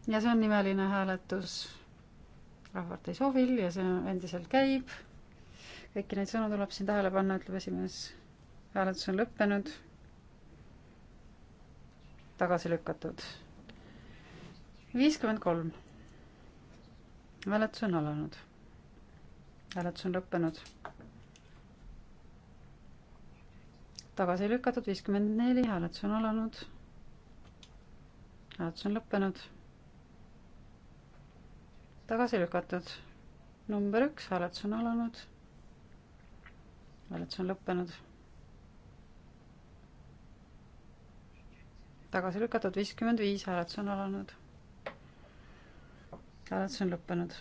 ja see on nimeline hääletus. rahvalt ei soovil ja see endiselt käib. kõiki neid sõnu tuleb siin tähele panna, ütleb esimees. hääletus on lõppenud. tagasi lükatud. viiskümmend kolm. hääletus on alanud. hääletus on lõppenud. tagasi lükatud, viiskümmend neli, hääletus on alanud. hääletus on lõppenud tagasi lükatud. number üks, hääletus on alanud. hääletus on lõppenud. tagasi lükatud viiskümmend viis, hääletus on alanud. hääletus on lõppenud.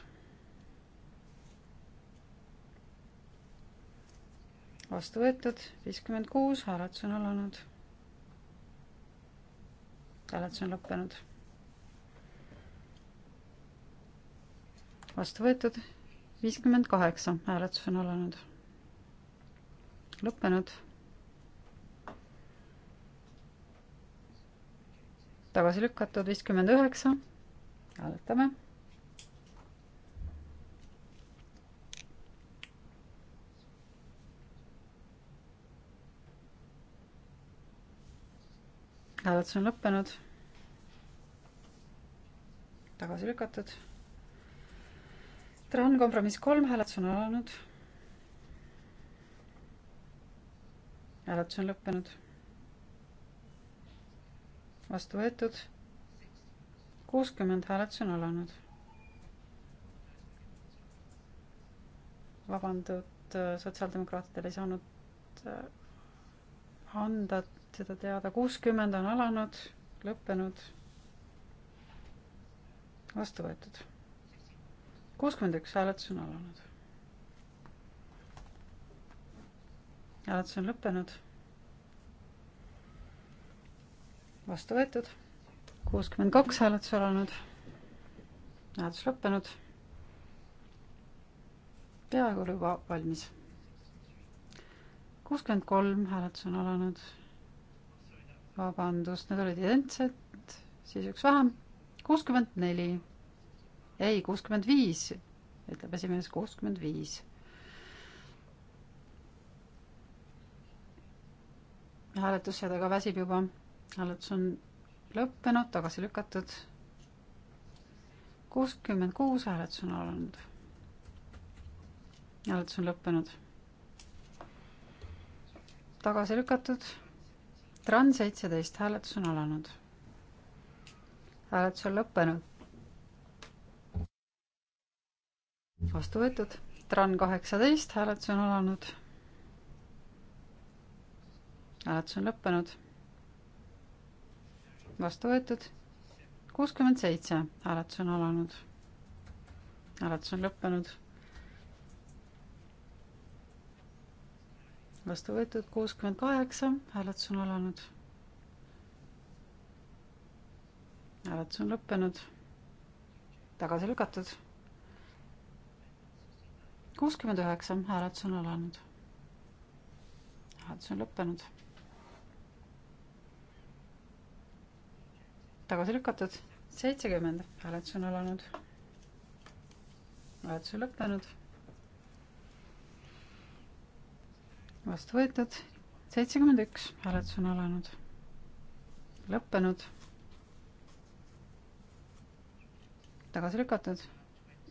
vastu võetud viiskümmend kuus, hääletus on alanud. hääletus on lõppenud vastu võetud, viiskümmend kaheksa, hääletus on alanud. lõppenud. tagasi lükatud, viiskümmend üheksa, hääletame hääletus on lõppenud. tagasi lükatud Tran kompromiss kolm, hääletus on alanud. hääletus on lõppenud. vastu võetud. kuuskümmend hääletus on alanud. vabandust, äh, sotsiaaldemokraatidel ei saanud äh, anda seda teada. kuuskümmend on alanud, lõppenud, vastu võetud kuuskümmend üks hääletus on alanud. hääletus on lõppenud. vastu võetud. kuuskümmend kaks hääletus alanud. hääletus lõppenud. peaaegu oli juba valmis. kuuskümmend kolm hääletus on alanud. vabandust, need olid identsed, siis üks vähem. kuuskümmend neli ei, kuuskümmend viis, ütleb esimees, kuuskümmend viis. hääletus sellega väsib juba, hääletus on lõppenud, tagasi lükatud. kuuskümmend kuus hääletus on alanud. hääletus on lõppenud. tagasi lükatud. Tran seitseteist hääletus on alanud. hääletus on lõppenud vastu võetud. TRAN kaheksateist, hääletus on alanud. hääletus on lõppenud. vastu võetud. kuuskümmend seitse, hääletus on alanud. hääletus on lõppenud. vastu võetud kuuskümmend kaheksa, hääletus on alanud. hääletus on lõppenud. tagasi lükatud kuuskümmend üheksa, hääletus on alanud. hääletus on lõppenud. tagasi lükatud, seitsekümmend, hääletus on alanud. hääletus on lõppenud. vastu võetud, seitsekümmend üks, hääletus on alanud. lõppenud. tagasi lükatud,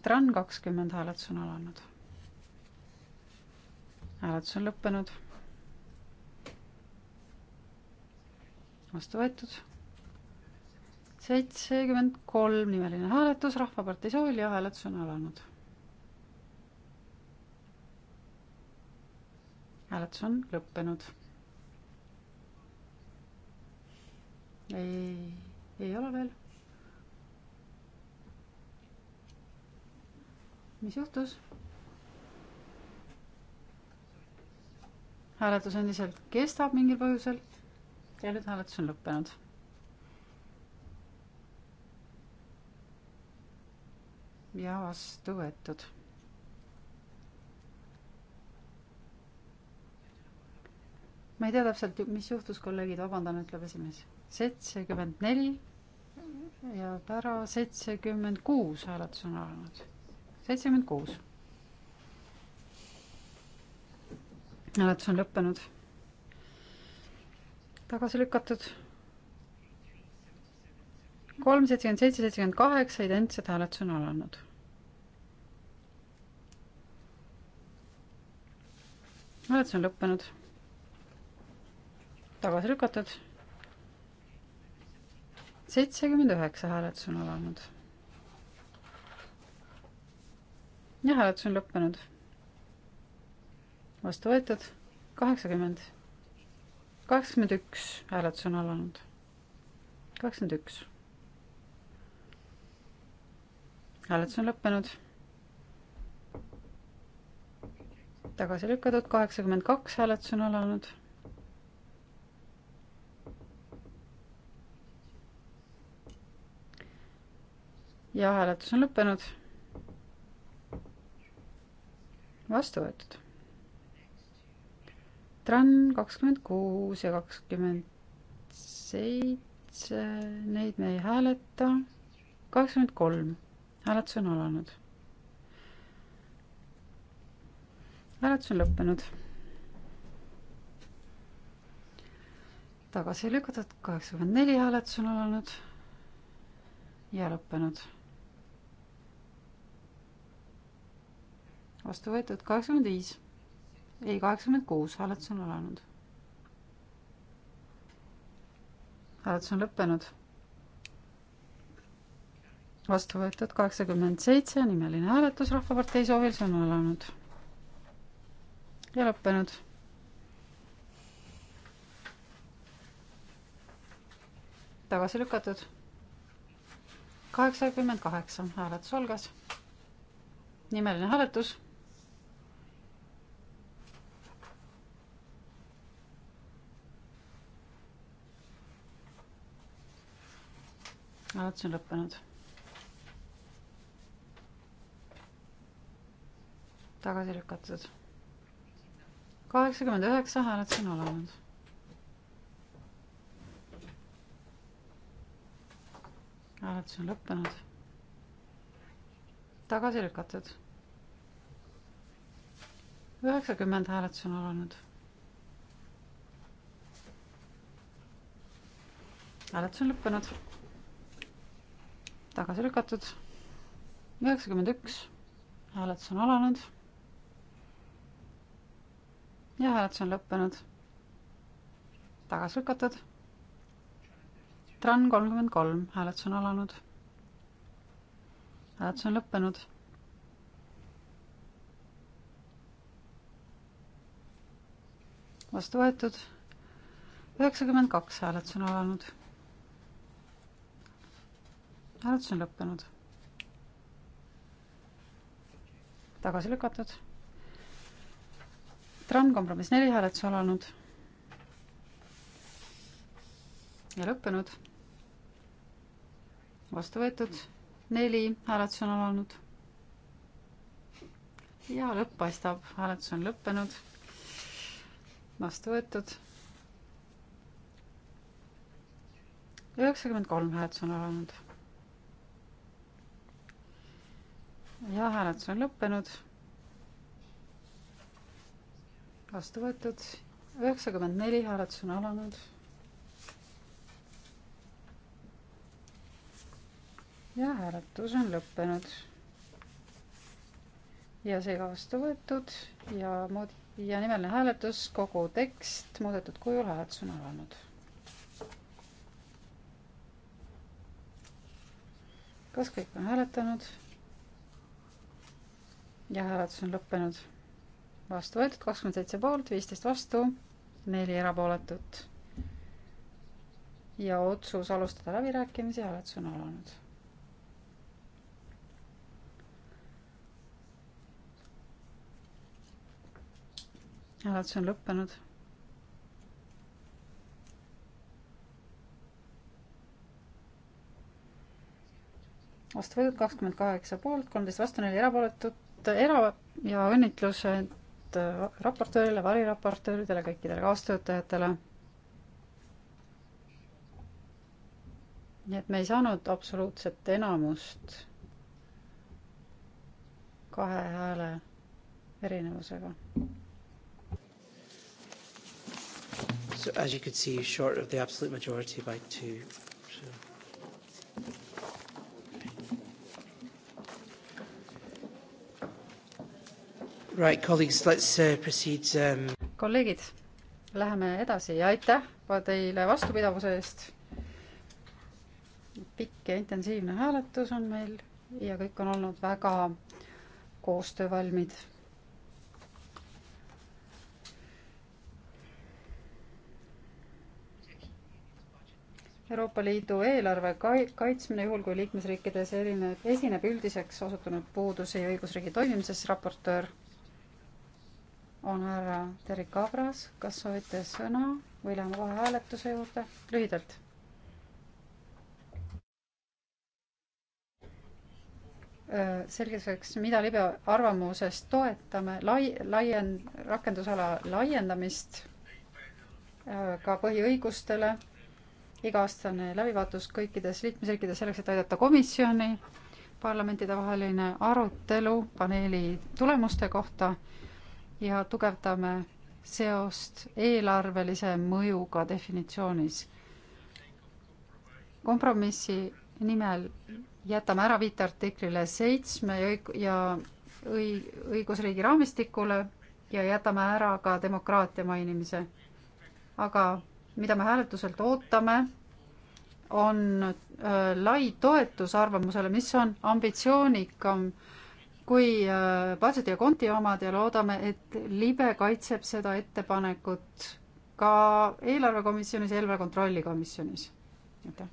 TRAN kakskümmend hääletus on alanud hääletus on lõppenud. vastu võetud. seitsekümmend kolm nimeline hääletus Rahvapartei soovil ja hääletus on alanud. hääletus on lõppenud. ei, ei ole veel. mis juhtus? hääletus endiselt kestab mingil põhjusel ja nüüd hääletus on lõppenud. ja vastu võetud. ma ei tea täpselt, mis juhtus, kolleegid, vabandan, ütleb esimees. seitsekümmend neli ja ära seitsekümmend kuus hääletus on alanud. seitsekümmend kuus hääletus on lõppenud. tagasi lükatud. kolm, seitsekümmend seitse, seitsekümmend kaheksa, identsed hääletus on alanud. hääletus on lõppenud. tagasi lükatud. seitsekümmend üheksa hääletus on alanud. ja hääletus on lõppenud vastu võetud kaheksakümmend, kaheksakümmend üks hääletus on alanud, kakskümmend üks. hääletus on lõppenud. tagasi lükatud, kaheksakümmend kaks hääletus on alanud ja hääletus on lõppenud. vastu võetud. Tran kakskümmend kuus ja kakskümmend seitse, neid me ei hääleta. kakskümmend kolm, hääletus on alanud. hääletus on lõppenud. tagasi lükatud, kaheksakümmend neli hääletus on alanud ja lõppenud. vastu võetud kaheksakümmend viis ei, kaheksakümmend kuus, hääletus on alanud. hääletus on lõppenud. vastu võetud kaheksakümmend seitse, nimeline hääletus Rahvapartei soovil, see on alanud. ja lõppenud tagasi lükatud. kaheksakümmend kaheksa hääletus algas. nimeline hääletus. hääletus on lõppenud. tagasi lükatud. kaheksakümmend üheksa hääletus on alanud hääletus on lõppenud. tagasi lükatud. üheksakümmend hääletus on alanud. hääletus on lõppenud tagasi lükatud. üheksakümmend üks, hääletus on alanud. ja hääletus on lõppenud. tagasi lükatud. Tran kolmkümmend kolm, hääletus on alanud. hääletus on lõppenud. vastu võetud. üheksakümmend kaks hääletus on alanud hääletus on lõppenud. tagasi lükatud. Tran kompromiss neli hääletus alanud. ja lõppenud. vastu võetud neli hääletus on alanud. ja lõpp paistab, hääletus on lõppenud. vastu võetud. üheksakümmend kolm hääletus on alanud ja hääletus on lõppenud. vastu võetud üheksakümmend neli, hääletus on alanud. ja hääletus on lõppenud. ja seega vastu võetud ja mood- ja nimeline hääletus, kogu tekst muudetud kujul, hääletus on alanud kas kõik on hääletanud? ja hääletus on lõppenud. vastu võetud kakskümmend seitse poolt, viisteist vastu, neli erapooletut. ja otsus alustada läbirääkimisi, hääletus on alanud. hääletus on lõppenud. vastu võetud kakskümmend kaheksa poolt, kolmteist vastu, neli erapooletut suurt era- ja õnnitlused raportöörile, variraportööridele, kõikidele kaastöötajatele. nii et me ei saanud absoluutset enamust kahe hääle erinevusega. So as you could see, short of the absolute majority by two Right, colleagues, let's uh, proceed um.... kolleegid, läheme edasi ja aitäh teile vastupidavuse eest. pikk ja intensiivne hääletus on meil ja kõik on olnud väga koostöövalmid. Euroopa Liidu eelarve kaitsmine juhul, kui liikmesriikides erineb, esineb üldiseks osutunud puudusi õigusriigi toimimises, raportöör on härra Terri Kabras, kas soovite sõna või läheme kohe hääletuse juurde, lühidalt? selgituseks, mida libe arvamusest toetame, lai-, laien-, rakendusala laiendamist ka põhiõigustele, iga-aastane läbivaatus kõikides liikmesriikides selleks, et aidata komisjoni, parlamentidevaheline arutelu paneeli tulemuste kohta ja tugevdame seost eelarvelise mõjuga definitsioonis. kompromissi nimel jätame ära viite artiklile seitsme ja õig-, ja õi-, õigusriigi raamistikule ja jätame ära ka demokraatia mainimise. aga mida me hääletuselt ootame, on äh, lai toetus arvamusele, mis on ambitsioonikam äh, kui äh, Budgeti ja Konti omad ja loodame, et libe kaitseb seda ettepanekut ka eelarvekomisjonis ja eelarve kontrolli komisjonis. aitäh.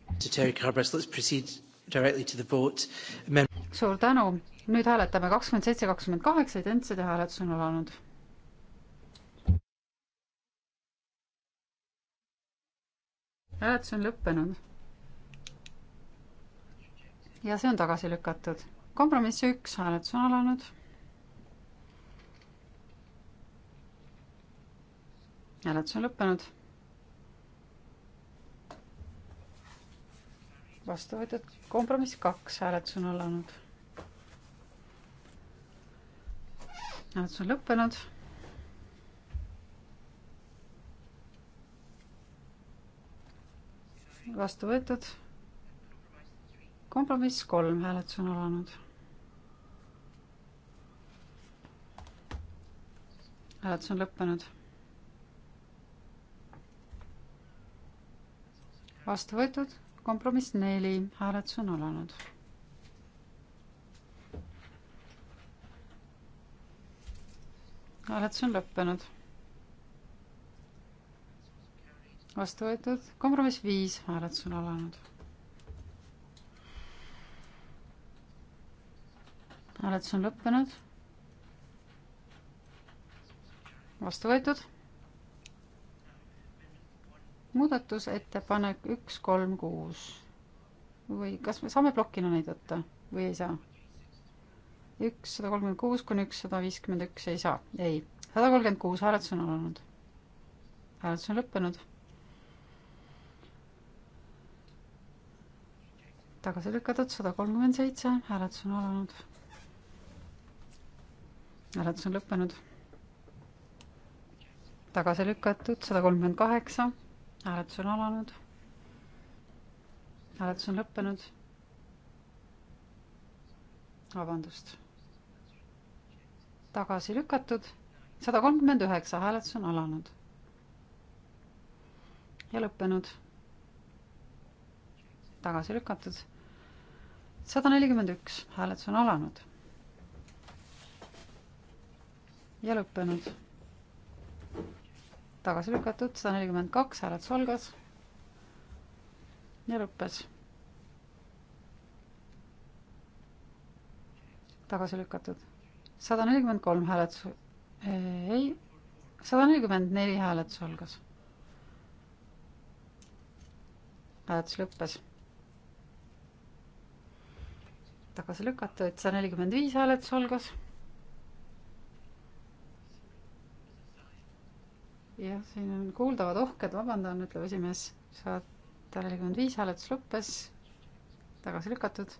suur tänu, nüüd hääletame kakskümmend seitse, kakskümmend kaheksa, identsed ja hääletus on alanud. hääletus on lõppenud. ja see on tagasi lükatud kompromiss üks, hääletus on alanud. hääletus on lõppenud. vastu võetud kompromiss kaks, hääletus on alanud. hääletus on lõppenud. vastu võetud kompromiss kolm, hääletus on alanud hääletus on lõppenud. vastu võetud, kompromiss neli, hääletus on alanud. hääletus on lõppenud. vastu võetud, kompromiss viis, hääletus on alanud. hääletus on lõppenud vastu võetud. muudatusettepanek üks, kolm, kuus või kas me saame plokina neid võtta või ei saa? ükssada kolmkümmend kuus kuni ükssada viiskümmend üks ei saa, ei. sada kolmkümmend kuus hääletus on alanud. hääletus on lõppenud. tagasi lükatud sada kolmkümmend seitse, hääletus on alanud. hääletus on lõppenud tagasi lükatud, sada kolmkümmend kaheksa, hääletus on alanud. hääletus on lõppenud. vabandust. tagasi lükatud, sada kolmkümmend üheksa, hääletus on alanud. ja lõppenud. tagasi lükatud, sada nelikümmend üks, hääletus on alanud. ja lõppenud tagasi lükatud, sada nelikümmend kaks, hääletus algas ja lõppes. tagasi lükatud, sada nelikümmend kolm hääletus, ei, sada nelikümmend neli hääletus algas. hääletus lõppes. tagasi lükatud, sada nelikümmend viis hääletus algas jah, siin on kuuldavad ohked, vabandan, ütleb esimees, sada nelikümmend viis hääletus lõppes, tagasi lükatud,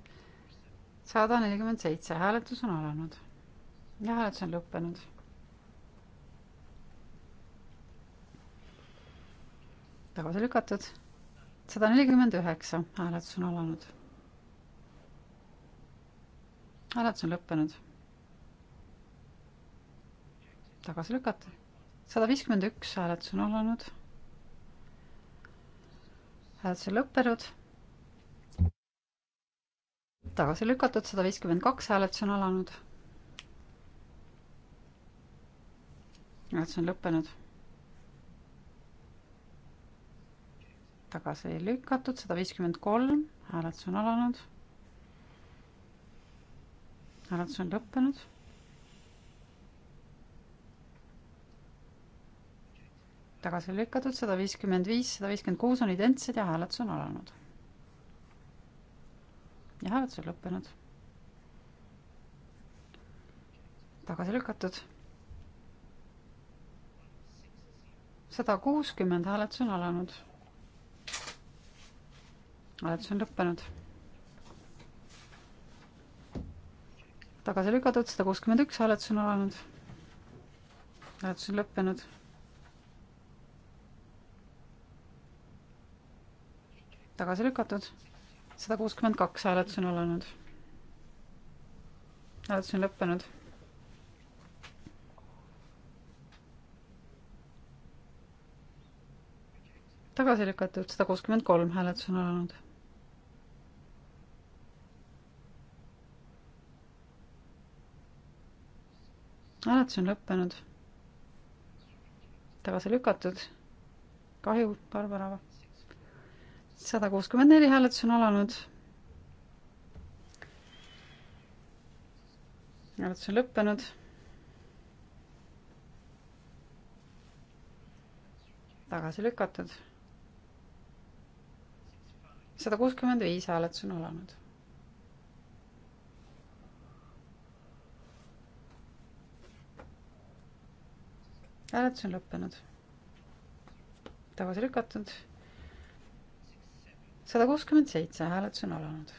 sada nelikümmend seitse hääletus on alanud ja hääletus on lõppenud. tagasi lükatud, sada nelikümmend üheksa hääletus on alanud. hääletus on lõppenud. tagasi lükatud sada viiskümmend üks hääletus on alanud. hääletus on lõppenud. tagasi lükatud, sada viiskümmend kaks hääletus on alanud. hääletus on lõppenud tagasi lükatud, sada viiskümmend kolm, hääletus on alanud. hääletus on lõppenud. tagasi lükatud, sada viiskümmend viis, sada viiskümmend kuus on identsed ja hääletus on alanud. ja hääletus on lõppenud. tagasi lükatud. sada kuuskümmend hääletus on alanud. hääletus on lõppenud. tagasi lükatud, sada kuuskümmend üks hääletus on alanud. hääletus on lõppenud tagasi lükatud. sada kuuskümmend kaks hääletus on alanud. hääletus on lõppenud. tagasi lükatud, sada kuuskümmend kolm hääletus on alanud. hääletus on lõppenud. tagasi lükatud. kahju, Barbara sada kuuskümmend neli hääletus on alanud. hääletus on lõppenud. tagasi lükatud. sada kuuskümmend viis hääletus on alanud. hääletus on lõppenud. tagasi lükatud sada kuuskümmend seitse, hääletus on alanud.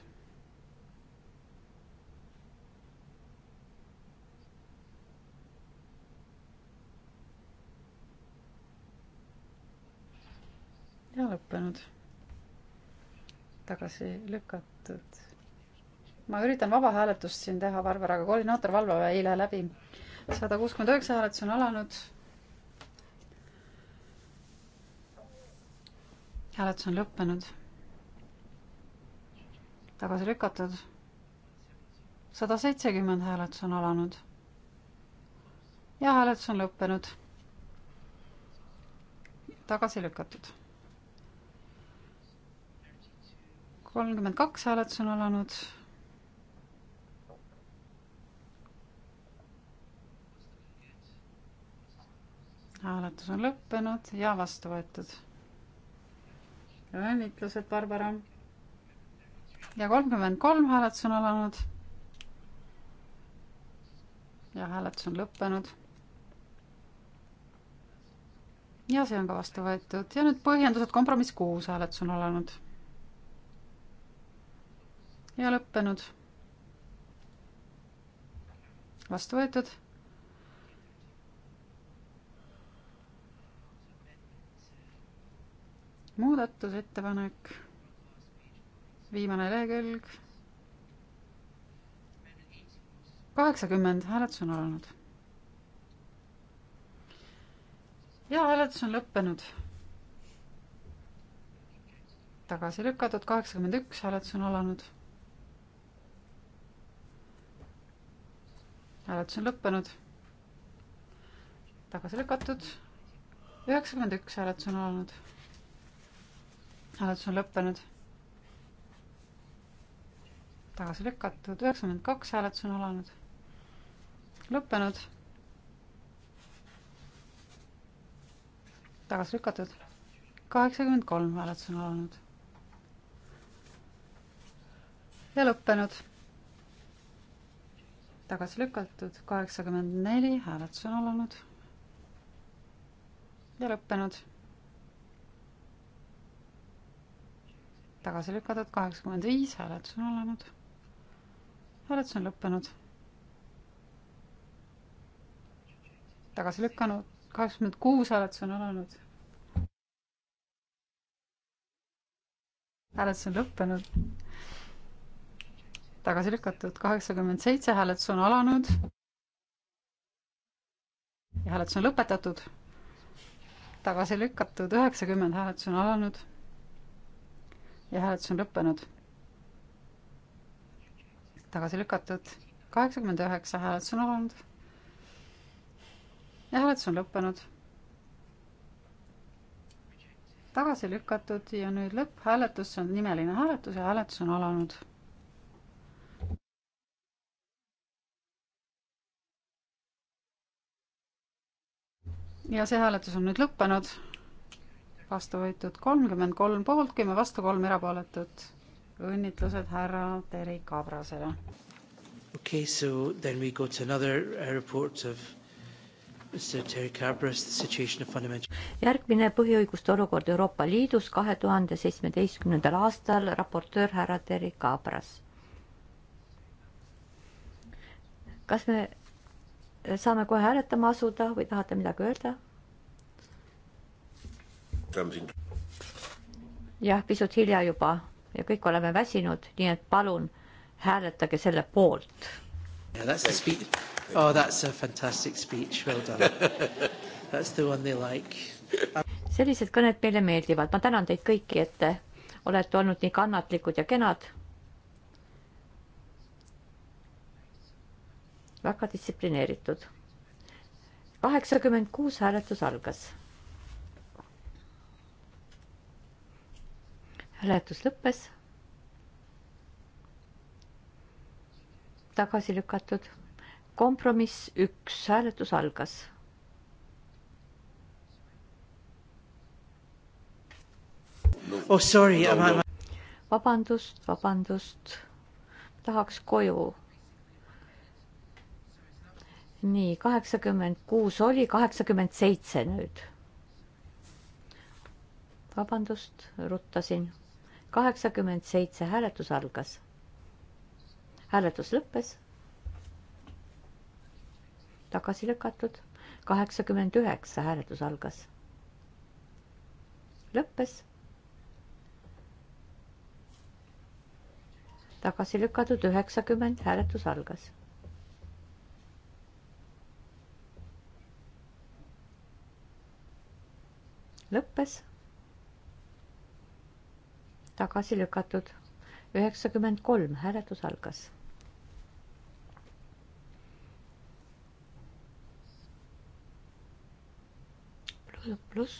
ja lõppenud. tagasi lükatud. ma üritan vaba hääletust siin teha, Barbara, aga koordinaator valvab eile läbi. sada kuuskümmend üheksa hääletus on alanud. hääletus on lõppenud tagasi lükatud. sada seitsekümmend hääletus on alanud. ja hääletus on lõppenud. tagasi lükatud. kolmkümmend kaks hääletus on alanud. hääletus on lõppenud ja vastu võetud. õnnitlused, Barbara ja kolmkümmend kolm hääletus on alanud. ja hääletus on lõppenud. ja see on ka vastu võetud ja nüüd põhjendused, kompromiss kuus hääletus on alanud. ja lõppenud. vastu võetud muudatusettepanek viimane lehekülg. kaheksakümmend, hääletus on alanud. ja hääletus on lõppenud. tagasi lükatud, kaheksakümmend üks, hääletus on alanud. hääletus on lõppenud. tagasi lükatud, üheksakümmend üks, hääletus on alanud. hääletus on lõppenud tagasi lükatud, üheksakümmend kaks hääletus on alanud, lõppenud, tagasi lükatud, kaheksakümmend kolm hääletus on alanud ja lõppenud, tagasi lükatud, kaheksakümmend neli hääletus on alanud ja lõppenud tagasi lükatud, kaheksakümmend viis hääletus on olenud hääletus on lõppenud. tagasi lükanud, kaheksakümmend kuus hääletus on alanud. hääletus on lõppenud. tagasi lükatud, kaheksakümmend seitse hääletus on alanud. ja hääletus on lõpetatud. tagasi lükatud, üheksakümmend hääletus on alanud. ja hääletus on lõppenud tagasi lükatud, kaheksakümmend üheksa hääletus on alanud. ja hääletus on lõppenud. tagasi lükatud ja nüüd lõpphääletus, see on nimeline hääletus ja hääletus on alanud ja see hääletus on nüüd lõppenud. vastu võetud kolmkümmend kolm poolt, kümme vastu, kolm erapooletut õnnitlused härra Terri Kabrasele. Okay, so then we go to another uh, report of Mr Terri Cabras, the situation of fundamental. järgmine põhiõiguste olukord Euroopa Liidus kahe tuhande seitsmeteistkümnendal aastal, raportöör härra Terri Cabras. kas me saame kohe hääletama asuda või tahate midagi öelda? jah, pisut hilja juba ja kõik oleme väsinud, nii et palun hääletage selle poolt. Yeah, that's a speech. Oh, that's a fantastic speech. Well done. That's the one they like. sellised kõned meile meeldivad. ma tänan teid kõiki, et te olete olnud nii kannatlikud ja kenad. väga distsiplineeritud. kaheksakümmend kuus hääletus algas hääletus lõppes. tagasi lükatud. kompromiss üks, hääletus algas. oh sorry no,, no. vabandust, vabandust, tahaks koju nii, kaheksakümmend kuus oli, kaheksakümmend seitse nüüd. vabandust, ruttasin kaheksakümmend seitse, hääletus algas. hääletus lõppes. tagasi lükatud. kaheksakümmend üheksa, hääletus algas. lõppes. tagasi lükatud üheksakümmend, hääletus algas lõppes tagasi lükatud. üheksakümmend kolm, hääletus algas. pluss.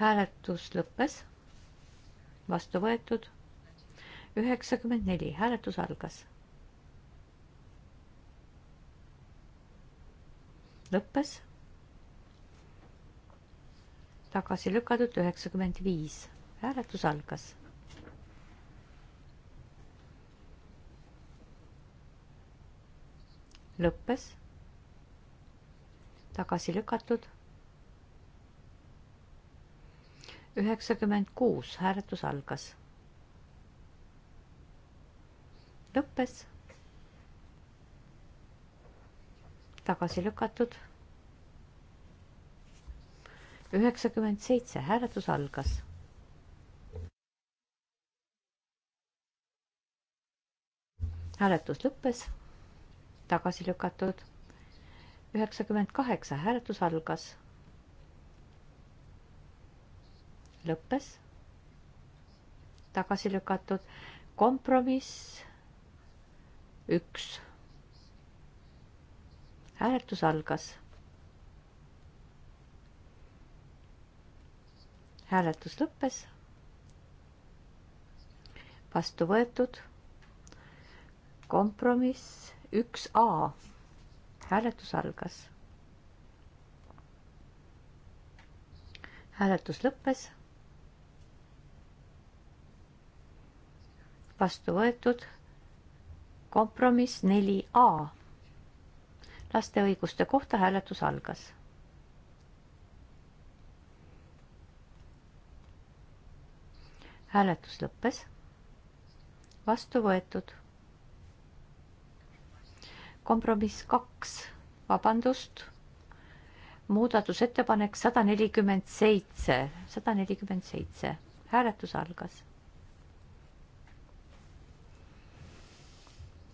hääletus lõppes. vastu võetud. üheksakümmend neli, hääletus algas. lõppes tagasi lükatud üheksakümmend viis. hääletus algas. lõppes. tagasi lükatud. üheksakümmend kuus, hääletus algas. lõppes. tagasi lükatud üheksakümmend seitse, hääletus algas. hääletus lõppes, tagasi lükatud. üheksakümmend kaheksa, hääletus algas. lõppes, tagasi lükatud. kompromiss üks. hääletus algas hääletus lõppes. vastu võetud. kompromiss üks A. hääletus algas. hääletus lõppes. vastu võetud. kompromiss neli A laste õiguste kohta hääletus algas hääletus lõppes. vastu võetud. kompromiss kaks, vabandust, muudatusettepanek sada nelikümmend seitse, sada nelikümmend seitse, hääletus algas.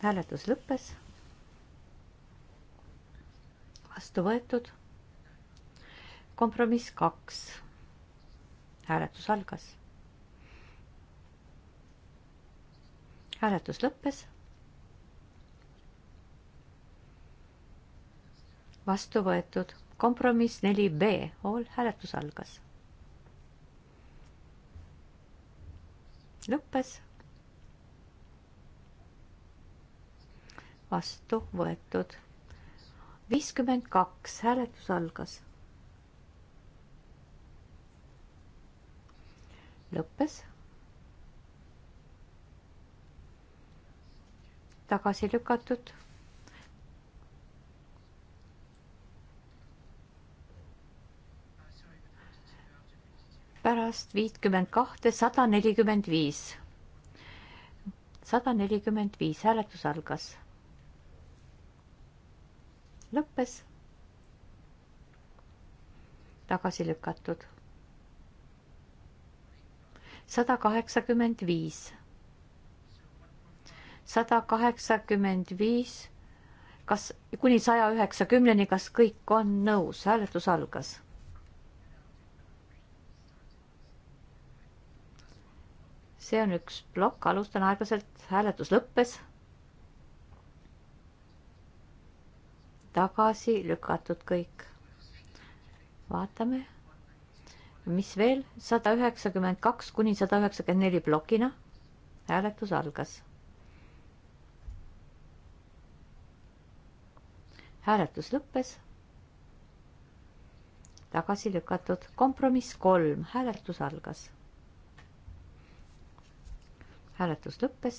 hääletus lõppes. vastu võetud. kompromiss kaks, hääletus algas hääletus lõppes. vastu võetud kompromiss neli B, all hääletus algas. lõppes. vastu võetud viiskümmend kaks, hääletus algas. lõppes tagasi lükatud. pärast viitkümmend kahte, sada nelikümmend viis. sada nelikümmend viis, hääletus algas. lõppes. tagasi lükatud. sada kaheksakümmend viis sada kaheksakümmend viis, kas kuni saja üheksakümneni, kas kõik on nõus, hääletus algas. see on üks plokk, alustan aeglaselt, hääletus lõppes. tagasi lükatud kõik. vaatame, mis veel sada üheksakümmend kaks kuni sada üheksakümmend neli plokina. hääletus algas hääletus lõppes. tagasi lükatud kompromiss kolm, hääletus algas. hääletus lõppes.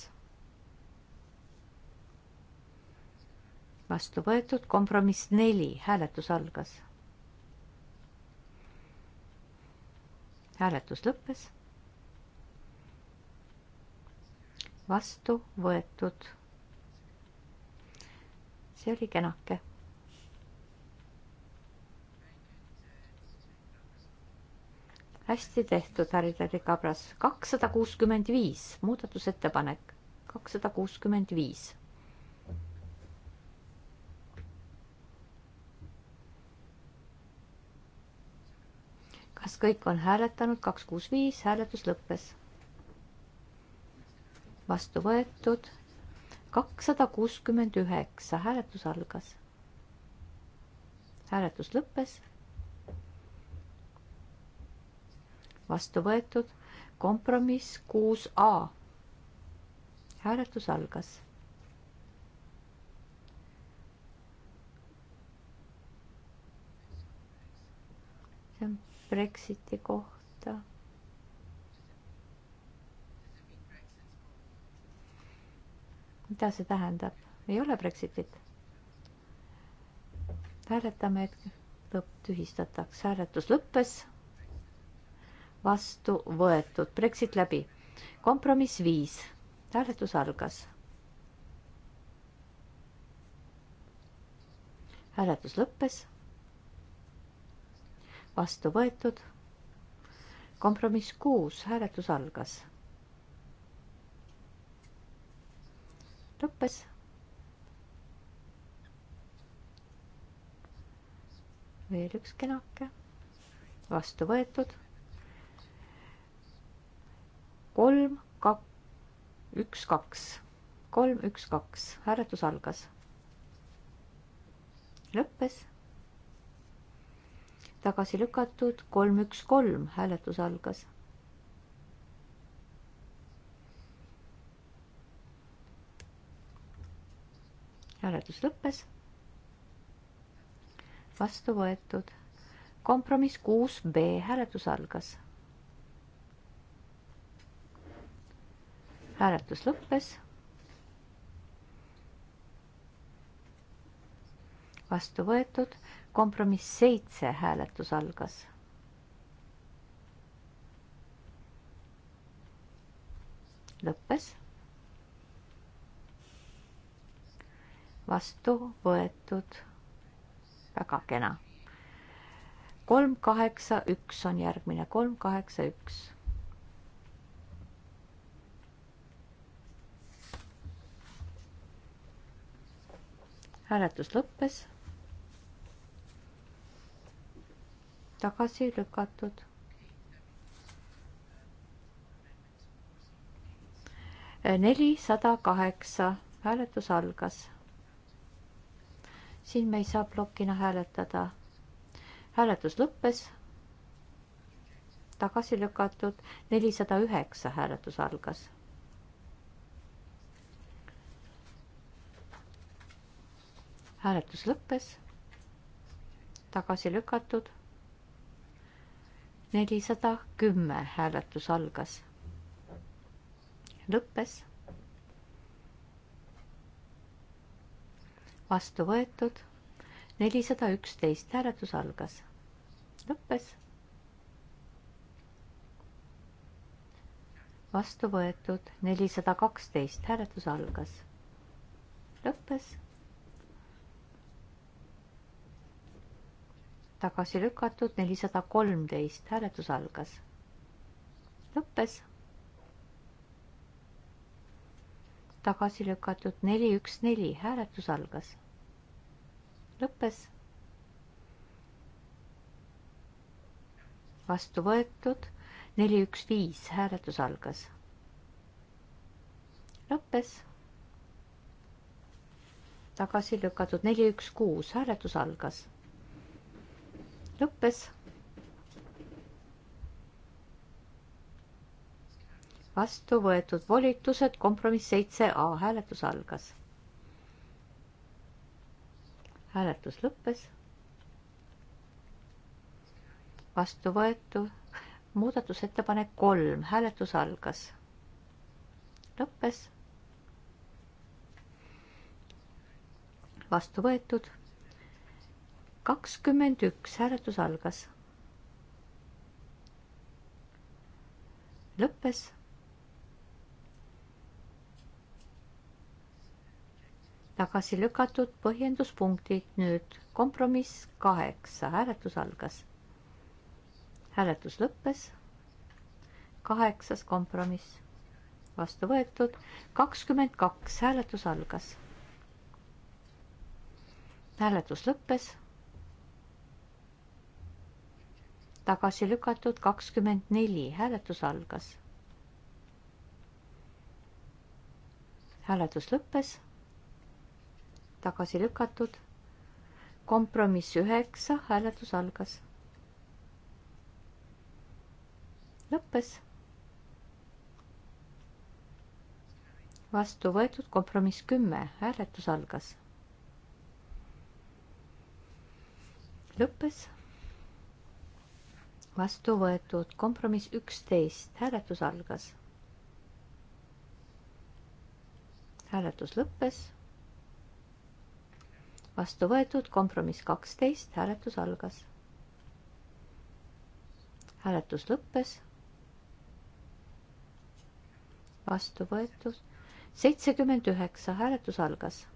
vastu võetud kompromiss neli, hääletus algas. hääletus lõppes. vastu võetud. see oli kenake hästi tehtud, Harri-Leri Kabras. kakssada kuuskümmend viis, muudatusettepanek kakssada kuuskümmend viis. kas kõik on hääletanud, kaks, kuus, viis, hääletus lõppes. vastu võetud kakssada kuuskümmend üheksa, hääletus algas. hääletus lõppes vastu võetud, kompromiss kuus A. hääletus algas. see on Brexiti kohta. mida see tähendab, ei ole Brexitit? hääletame, et lõpp tühistatakse, hääletus lõppes vastu võetud, Brexit läbi. kompromiss viis, hääletus algas. hääletus lõppes. vastu võetud. kompromiss kuus, hääletus algas. lõppes veel üks kenake, vastu võetud kolm, kak-, üks, kaks, kolm, üks, kaks, hääletus algas. lõppes. tagasi lükatud kolm, üks, kolm, hääletus algas hääletus lõppes. vastu võetud. kompromiss kuus B hääletus algas. hääletus lõppes. vastu võetud, kompromiss seitse hääletus algas. lõppes. vastu võetud, väga kena. kolm, kaheksa, üks on järgmine, kolm, kaheksa, üks hääletus lõppes. tagasi lükatud. nelisada kaheksa, hääletus algas. siin me ei saa plokina hääletada. hääletus lõppes. tagasi lükatud, nelisada üheksa hääletus algas hääletus lõppes, tagasi lükatud. nelisada kümme hääletus algas, lõppes. vastu võetud, nelisada üksteist hääletus algas, lõppes vastu võetud nelisada kaksteist, hääletus algas. lõppes tagasi lükatud, nelisada kolmteist, hääletus algas. lõppes. tagasi lükatud, neli, üks, neli, hääletus algas. lõppes. vastu võetud, neli, üks, viis, hääletus algas. lõppes. tagasi lükatud, neli, üks, kuus, hääletus algas lõppes. vastu võetud volitused, kompromiss seitse A, hääletus algas. hääletus lõppes. vastu võetu muudatusettepanek kolm, hääletus algas. lõppes. vastu võetud kakskümmend üks, hääletus algas. lõppes. tagasi lükatud põhjenduspunktid, nüüd kompromiss kaheksa, hääletus algas. hääletus lõppes. kaheksas kompromiss vastu võetud, kakskümmend kaks hääletus algas. hääletus lõppes tagasi lükatud kakskümmend neli, hääletus algas. hääletus lõppes, tagasi lükatud, kompromiss üheksa, hääletus algas. lõppes. vastu võetud kompromiss kümme, hääletus algas. lõppes vastu võetud kompromiss üksteist, hääletus algas. hääletus lõppes. vastu võetud kompromiss kaksteist, hääletus algas. hääletus lõppes. vastu võetud seitsekümmend üheksa, hääletus algas.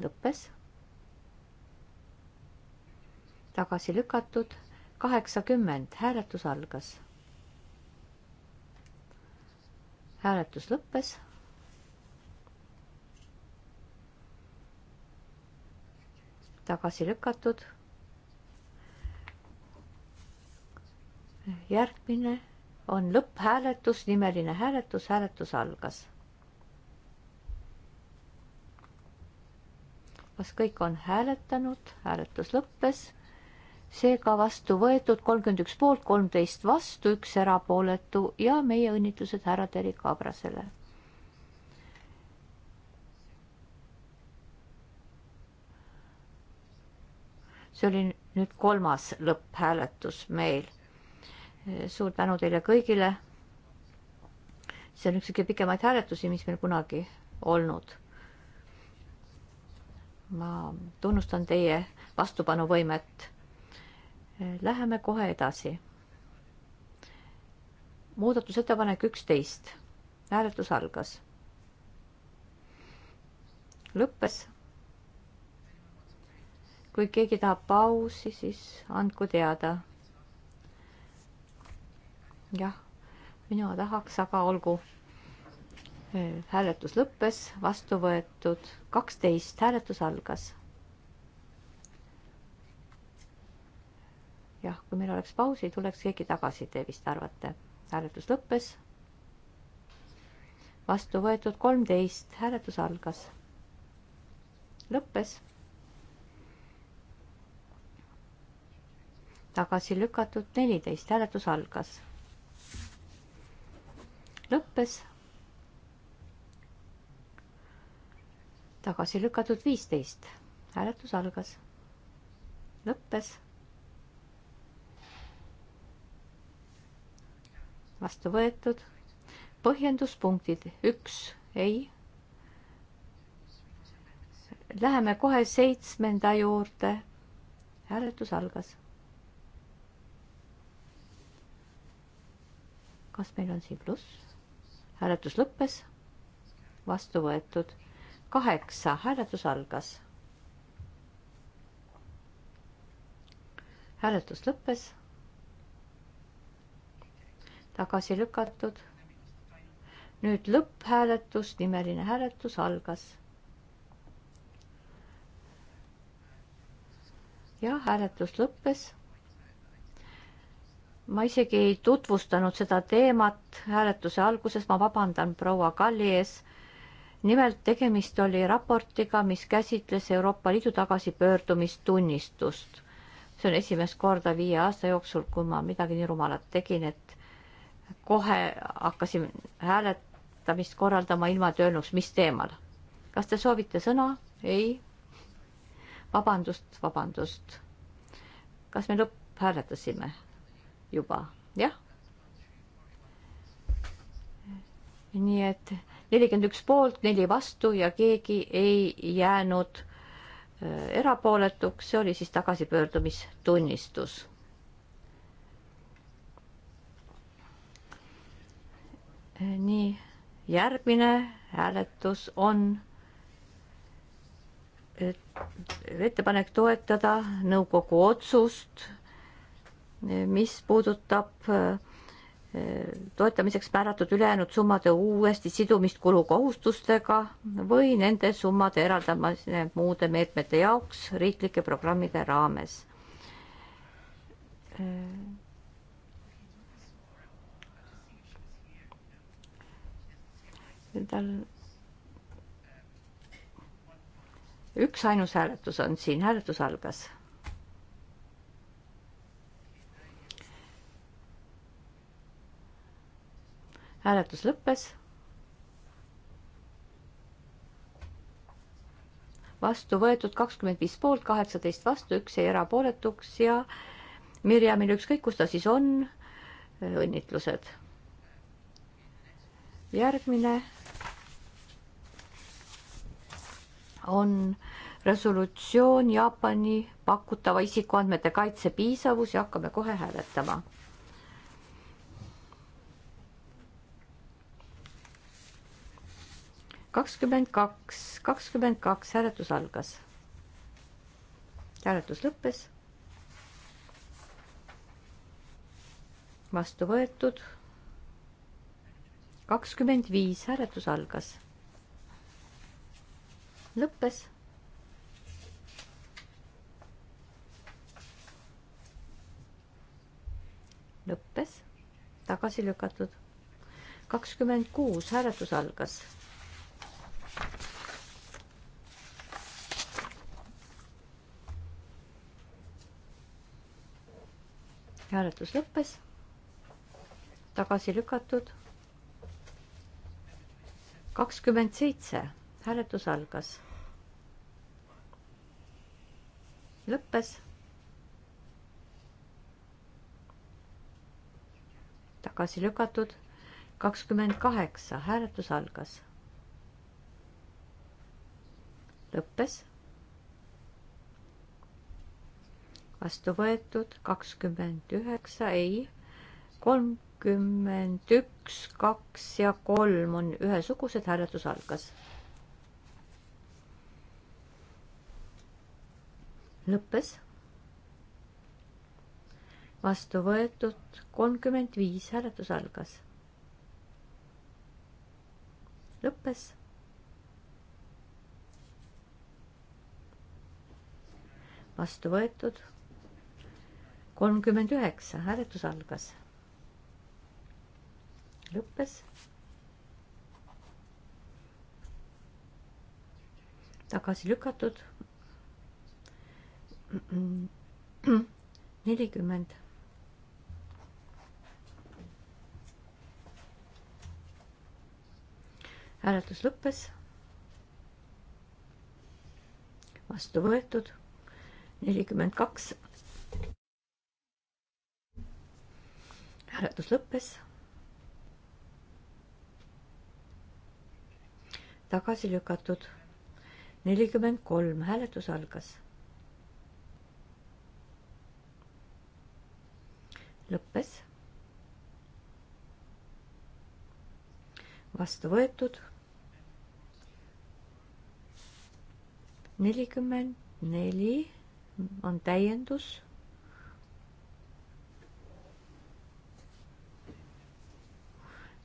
lõppes tagasi lükatud, kaheksakümmend, hääletus algas. hääletus lõppes. tagasi lükatud. järgmine on lõpphääletus, nimeline hääletus, hääletus algas kas kõik on hääletanud, hääletus lõppes seega vastu võetud kolmkümmend üks poolt, kolmteist vastu, üks erapooletu ja meie õnnitlused härra Terik Abrasele. see oli nüüd kolmas lõpphääletus meil. suur tänu teile kõigile. see on üks kõige pikemaid hääletusi, mis meil kunagi olnud. ma tunnustan teie vastupanuvõimet Läheme kohe edasi. muudatusettepanek üksteist, hääletus algas. lõppes. kui keegi tahab pausi, siis andku teada. jah, mina tahaks, aga olgu hääletus lõppes, vastu võetud kaksteist, hääletus algas. jah, kui meil oleks paus, ei tuleks keegi tagasi, te vist arvate. hääletus lõppes. vastu võetud kolmteist, hääletus algas. lõppes. tagasi lükatud neliteist, hääletus algas. lõppes. tagasi lükatud viisteist, hääletus algas. lõppes vastu võetud. põhjenduspunktid üks, ei. Läheme kohe seitsmenda juurde. hääletus algas. kas meil on siin pluss? hääletus lõppes. vastu võetud. kaheksa, hääletus algas. hääletus lõppes tagasi lükatud. nüüd lõpphääletus, nimeline hääletus algas. ja hääletus lõppes. ma isegi ei tutvustanud seda teemat hääletuse alguses, ma vabandan proua Kalli ees nimelt tegemist oli raportiga, mis käsitles Euroopa Liidu tagasipöördumistunnistust. see on esimest korda viie aasta jooksul, kui ma midagi nii rumalat tegin, et kohe hakkasin hääletamist korraldama, ilma et öelnuks, mis teemal. kas te soovite sõna? ei. vabandust, vabandust. kas me lõpphääletasime juba? jah. nii et nelikümmend üks poolt, neli vastu ja keegi ei jäänud äh, erapooletuks, see oli siis tagasipöördumistunnistus nii, järgmine hääletus on ettepanek toetada nõukogu otsust, mis puudutab eh, toetamiseks määratud ülejäänud summade uuesti sidumist kulukohustustega või nende summade eraldamine muude meetmete jaoks riiklike programmide raames. Eh, tal üks ainus hääletus on siin, hääletus algas. hääletus lõppes. vastu võetud kakskümmend viis poolt, kaheksateist vastu, üks jäi erapooletuks ja Mirjamil ükskõik, kus ta siis on, õnnitlused järgmine on resolutsioon Jaapani pakutava isikuandmete kaitse piisavus ja hakkame kohe hääletama. kakskümmend kaks, kakskümmend kaks, hääletus algas. hääletus lõppes. vastu võetud kakskümmend viis, hääletus algas. lõppes. lõppes, tagasi lükatud. kakskümmend kuus, hääletus algas. hääletus lõppes, tagasi lükatud kakskümmend seitse, hääletus algas. lõppes. tagasi lükatud, kakskümmend kaheksa, hääletus algas. lõppes. vastu võetud kakskümmend üheksa, ei, kolm kakskümmend üks, kaks ja kolm on ühesugused, hääletus algas. lõppes. vastu võetud kolmkümmend viis, hääletus algas. lõppes. vastu võetud kolmkümmend üheksa, hääletus algas lõppes. tagasi lükatud. nelikümmend. hääletus lõppes. vastu võetud nelikümmend kaks. hääletus lõppes tagasi lükatud. nelikümmend kolm, hääletus algas. lõppes. vastu võetud. nelikümmend neli on täiendus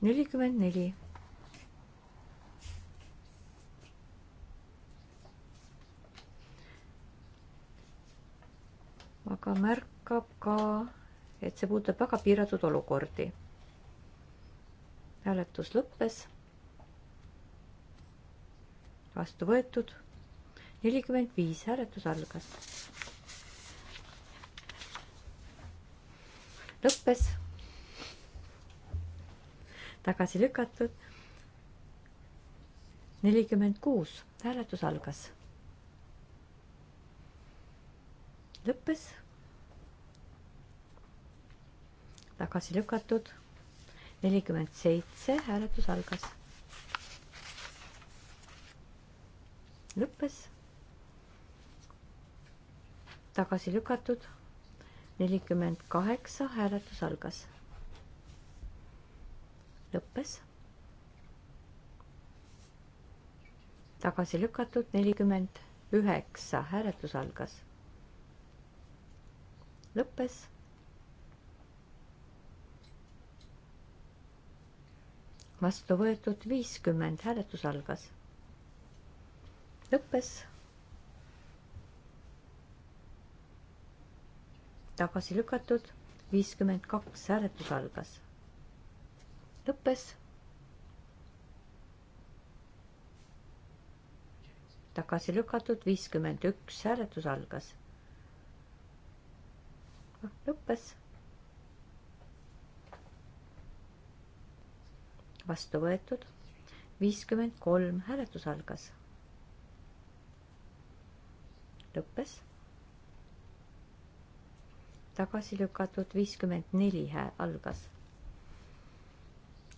nelikümmend neli. aga märkab ka, et see puudutab väga piiratud olukordi. hääletus lõppes. vastu võetud. nelikümmend viis, hääletus algas. lõppes. tagasi lükatud. nelikümmend kuus, hääletus algas lõppes. tagasi lükatud. nelikümmend seitse, hääletus algas. lõppes. tagasi lükatud. nelikümmend kaheksa, hääletus algas. lõppes tagasi lükatud nelikümmend üheksa, hääletus algas lõppes. vastu võetud viiskümmend, hääletus algas. lõppes. tagasi lükatud viiskümmend kaks, hääletus algas. lõppes. tagasi lükatud viiskümmend üks, hääletus algas lõppes. vastu võetud viiskümmend kolm, hääletus algas. lõppes. tagasi lükatud viiskümmend neli hääl algas.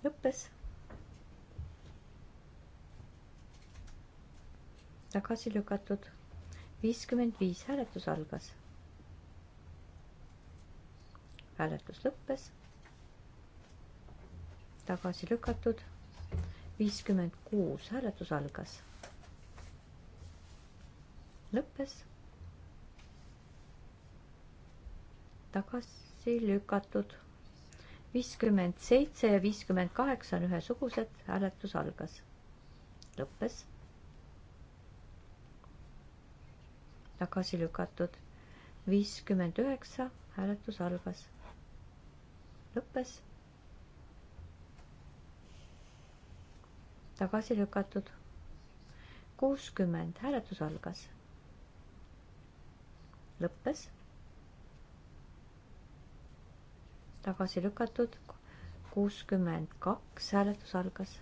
lõppes. tagasi lükatud viiskümmend viis hääletus algas hääletus lõppes. tagasi lükatud. viiskümmend kuus, hääletus algas. lõppes. tagasi lükatud. viiskümmend seitse ja viiskümmend kaheksa on ühesugused, hääletus algas. lõppes tagasi lükatud. viiskümmend üheksa hääletus algas lõppes. tagasi lükatud. kuuskümmend, hääletus algas. lõppes. tagasi lükatud. kuuskümmend kaks, hääletus algas.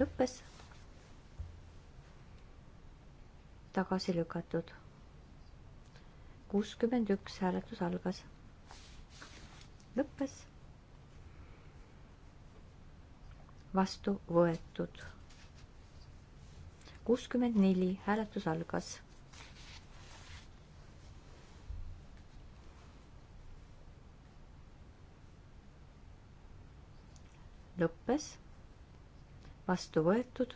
lõppes. tagasi lükatud kuuskümmend üks hääletus algas. lõppes. vastu võetud. kuuskümmend neli hääletus algas. lõppes. vastu võetud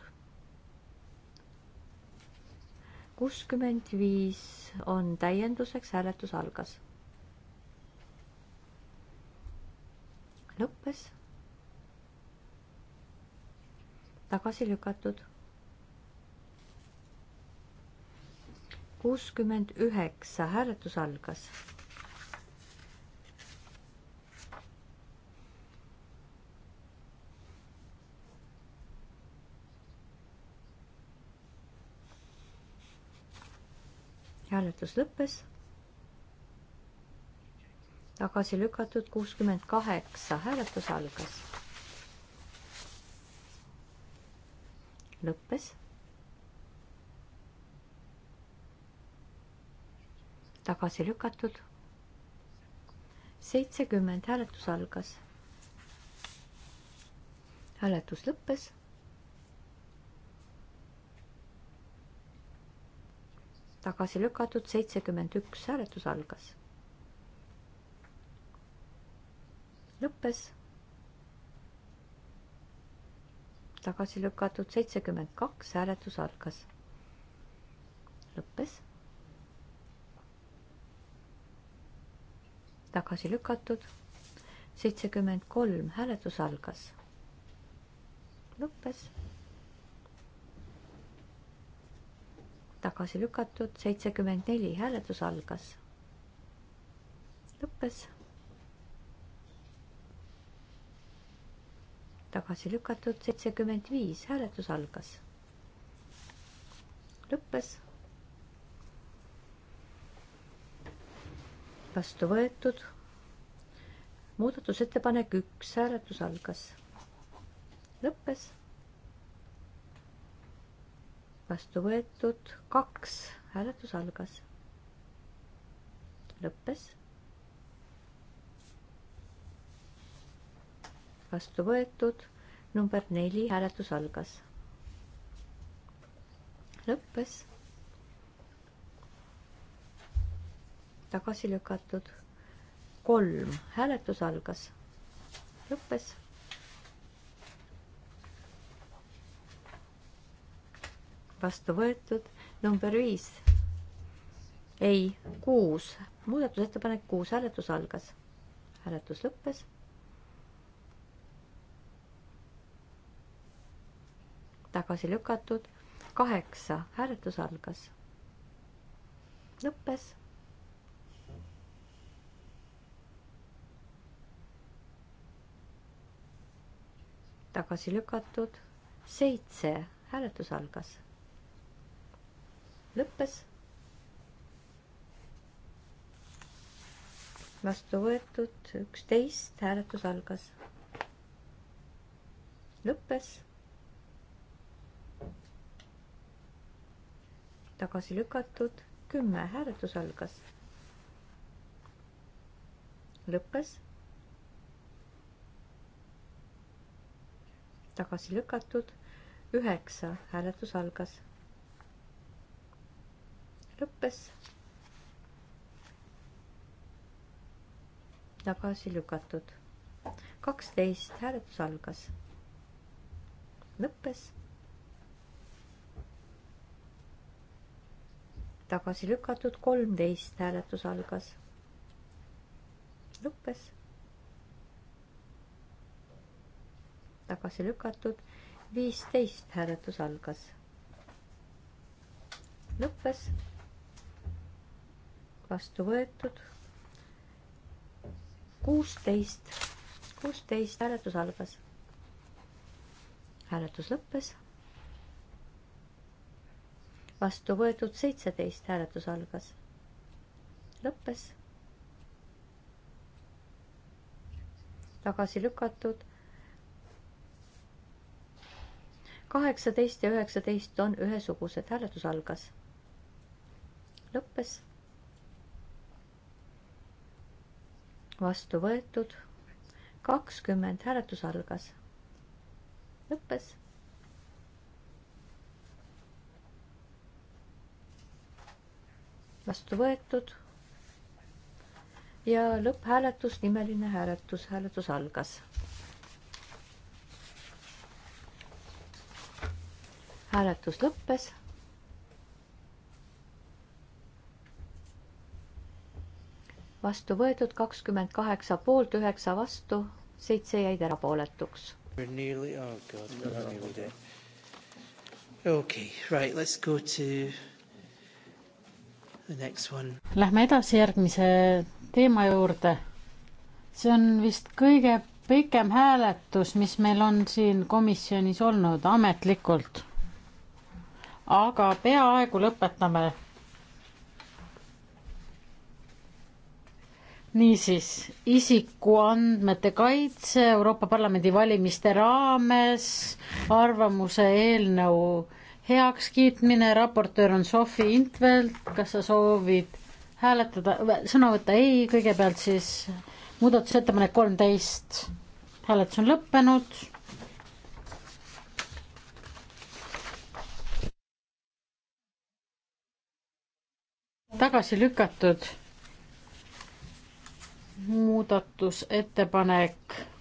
kuuskümmend viis on täienduseks, hääletus algas. lõppes. tagasi lükatud. kuuskümmend üheksa, hääletus algas hääletus lõppes. tagasi lükatud kuuskümmend kaheksa, hääletus algas. lõppes. tagasi lükatud. seitsekümmend, hääletus algas. hääletus lõppes tagasi lükatud, seitsekümmend üks, hääletus algas. lõppes. tagasi lükatud, seitsekümmend kaks, hääletus algas. lõppes. tagasi lükatud, seitsekümmend kolm, hääletus algas. lõppes tagasi lükatud, seitsekümmend neli, hääletus algas. lõppes. tagasi lükatud, seitsekümmend viis, hääletus algas. lõppes. vastu võetud. muudatusettepanek üks, hääletus algas. lõppes vastu võetud kaks, hääletus algas. lõppes. vastu võetud number neli, hääletus algas. lõppes. tagasi lükatud kolm, hääletus algas. lõppes vastu võetud, number viis, ei, kuus, muudatusettepanek kuus, hääletus algas, hääletus lõppes. tagasi lükatud, kaheksa, hääletus algas, lõppes tagasi lükatud. seitse, hääletus algas lõppes. vastu võetud üksteist, hääletus algas. lõppes. tagasi lükatud kümme, hääletus algas. lõppes. tagasi lükatud üheksa, hääletus algas lõppes. tagasi lükatud. kaksteist, hääletus algas. lõppes. tagasi lükatud, kolmteist, hääletus algas. lõppes. tagasi lükatud, viisteist, hääletus algas lõppes vastu võetud. kuusteist, kuusteist hääletus algas. hääletus lõppes. vastu võetud seitseteist hääletus algas. lõppes. tagasi lükatud. kaheksateist ja üheksateist on ühesugused, hääletus algas. lõppes vastu võetud, kakskümmend, hääletus algas, lõppes. vastu võetud ja lõpphääletus, nimeline hääletus, hääletus algas. hääletus lõppes vastu võetud, kakskümmend kaheksa poolt, üheksa vastu, seitse jäid erapooletuks. Oh, Lähme edasi järgmise teema juurde. see on vist kõige pikem hääletus, mis meil on siin komisjonis olnud ametlikult. aga peaaegu lõpetame niisiis, isikuandmete kaitse Euroopa Parlamendi valimiste raames, arvamuse eelnõu heakskiitmine, raportöör on Sofi Intvelt, kas sa soovid hääletada, sõna võtta ei, kõigepealt siis muudatusettepanek kolmteist, hääletus on lõppenud. tagasi lükatud muudatusettepanek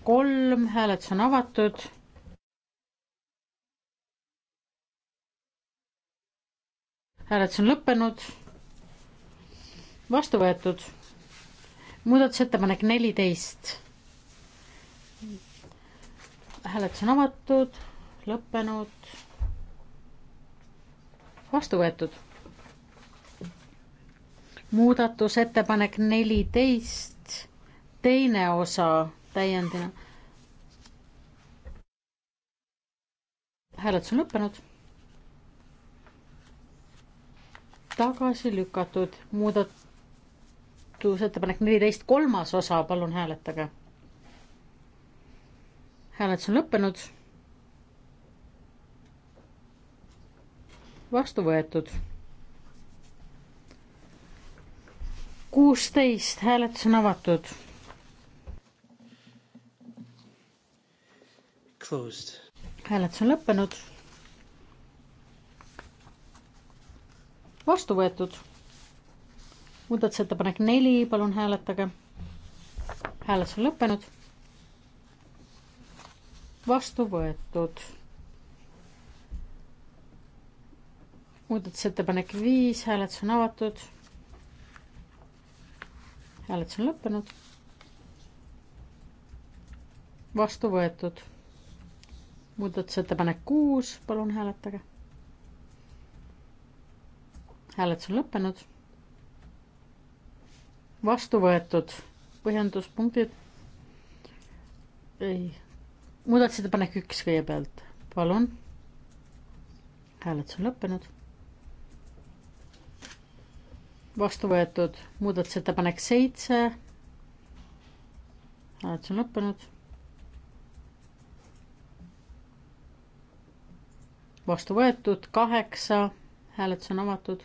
kolm, hääletus on avatud. hääletus on lõppenud. vastu võetud. muudatusettepanek neliteist. hääletus on avatud, lõppenud. vastu võetud muudatusettepanek neliteist teine osa täiendina. hääletus on lõppenud. tagasi lükatud muudatusettepanek neliteist, kolmas osa, palun hääletage. hääletus on lõppenud. vastu võetud. kuusteist, hääletus on avatud hääletus on lõppenud. vastu võetud. muudatusettepanek neli, palun hääletage. hääletus on lõppenud. vastu võetud. muudatusettepanek viis, hääletus on avatud. hääletus on lõppenud. vastu võetud muudatusettepanek kuus, palun hääletage. hääletus on lõppenud. vastu võetud põhjenduspunktid. ei, muudatusettepanek üks kõigepealt, palun. hääletus on lõppenud. vastu võetud muudatusettepanek seitse. hääletus on lõppenud vastu võetud, kaheksa, hääletus on avatud.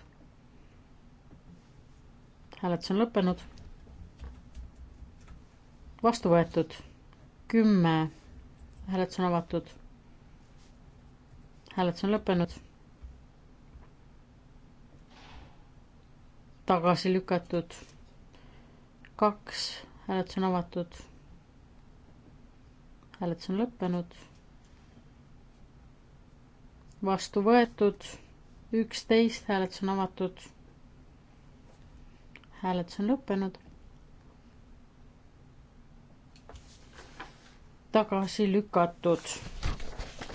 hääletus on lõppenud. vastu võetud, kümme, hääletus on avatud. hääletus on lõppenud. tagasi lükatud, kaks, hääletus on avatud. hääletus on lõppenud vastu võetud, üksteist, hääletus on avatud. hääletus on lõppenud. tagasi lükatud.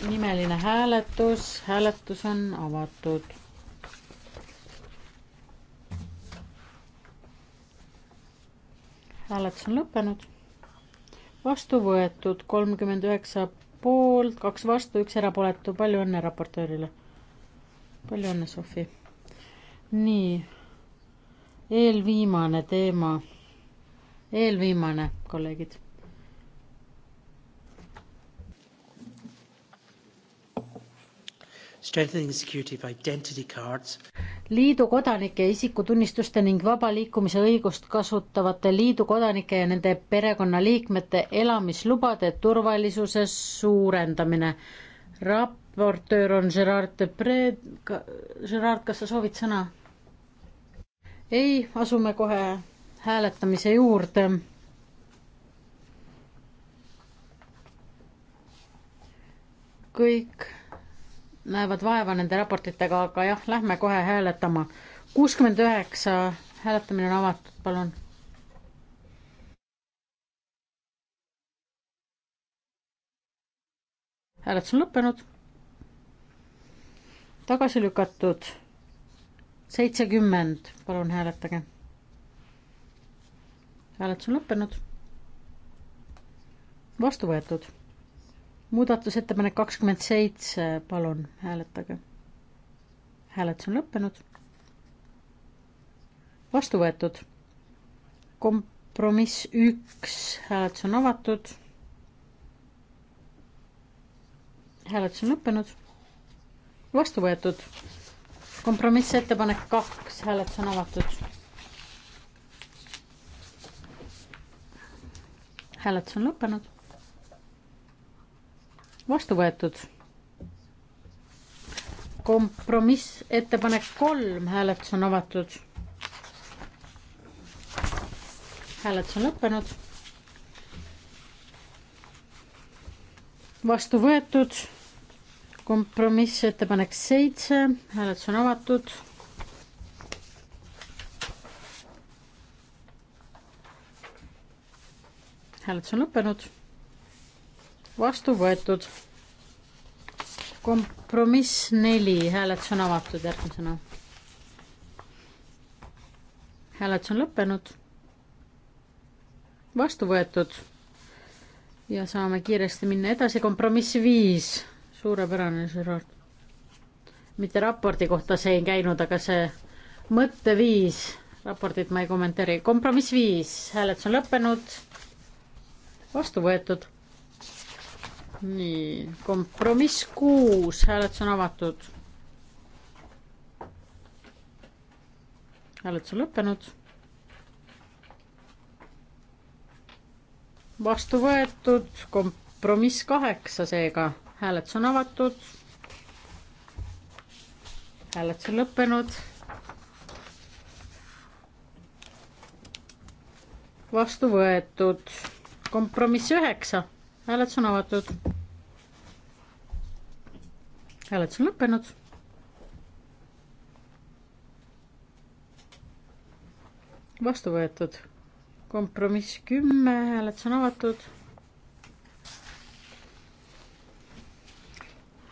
nimeline hääletus, hääletus on avatud. hääletus on lõppenud. vastu võetud kolmkümmend üheksa poolt, kaks vastu, üks erapooletu. palju õnne raportöörile. palju õnne, Sofi. nii. eelviimane teema. eelviimane, kolleegid strengthening the security of identity cards. liidu kodanike isikutunnistuste ning vaba liikumise õigust kasutavate liidu kodanike ja nende perekonnaliikmete elamislubade turvalisuse suurendamine. raportöör on Gerard Depre. Gerard, kas sa soovid sõna? ei, asume kohe hääletamise juurde kõik näevad vaeva nende raportitega, aga jah, lähme kohe hääletama. kuuskümmend üheksa, hääletamine on avatud, palun. hääletus on lõppenud. tagasi lükatud. seitsekümmend, palun hääletage. hääletus on lõppenud. vastu võetud muudatusettepanek kakskümmend seitse, palun hääletage. hääletus on lõppenud. vastu võetud. kompromiss üks, hääletus on avatud. hääletus on lõppenud. vastu võetud. kompromissettepanek kaks, hääletus on avatud. hääletus on lõppenud vastu võetud. kompromissettepanek kolm, hääletus on avatud. hääletus on lõppenud. vastu võetud. kompromissettepanek seitse, hääletus on avatud hääletus on lõppenud vastu võetud. kompromiss neli, hääletus on avatud järgmisena. hääletus on lõppenud. vastu võetud. ja saame kiiresti minna edasi, kompromiss viis, suurepärane, Gerard. mitte raporti kohta see ei käinud, aga see mõtteviis, raportit ma ei kommenteeri, kompromiss viis, hääletus on lõppenud, vastu võetud nii, kompromiss kuus, hääletus on avatud. hääletus on lõppenud. vastu võetud, kompromiss kaheksa, seega hääletus on avatud. hääletus on lõppenud. vastu võetud, kompromiss üheksa hääletus on avatud. hääletus on lõppenud. vastu võetud. kompromiss kümme, hääletus on avatud.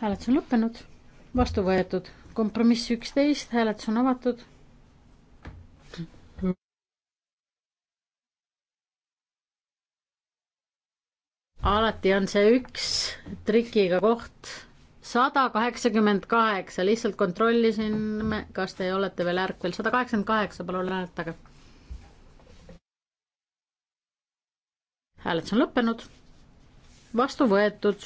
hääletus on lõppenud, vastu võetud. kompromiss üksteist, hääletus on avatud alati on see üks trikiga koht, sada kaheksakümmend kaheksa, lihtsalt kontrollisin, kas te olete veel ärkvel, sada kaheksakümmend kaheksa, palun hääletage. hääletus on lõppenud, vastu võetud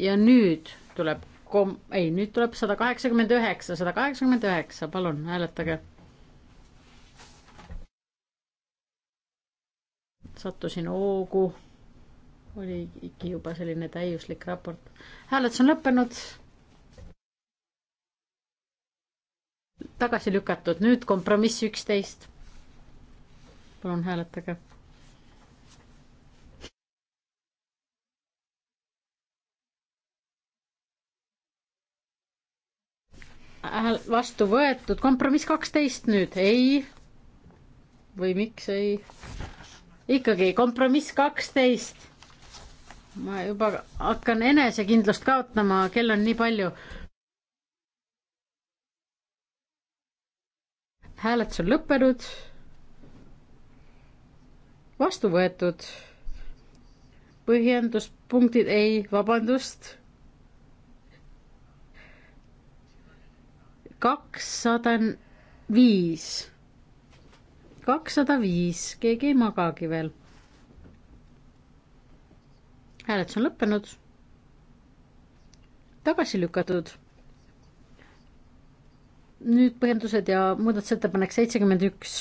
ja nüüd tuleb kom-, ei, nüüd tuleb sada kaheksakümmend üheksa, sada kaheksakümmend üheksa, palun hääletage sattusin hoogu oligi juba selline täiuslik raport. hääletus on lõppenud. tagasi lükatud, nüüd kompromiss üksteist. palun hääletage. hääl-, vastu võetud, kompromiss kaksteist nüüd, ei. või miks ei? ikkagi kompromiss kaksteist ma juba hakkan enesekindlust kaotama, kell on nii palju. hääletus on lõppenud. vastu võetud. põhjenduspunktid ei, vabandust. kakssada viis, kakssada viis, keegi ei magagi veel hääletus on lõppenud. tagasi lükatud. nüüd põhjendused ja muudatusettepanek seitsekümmend üks.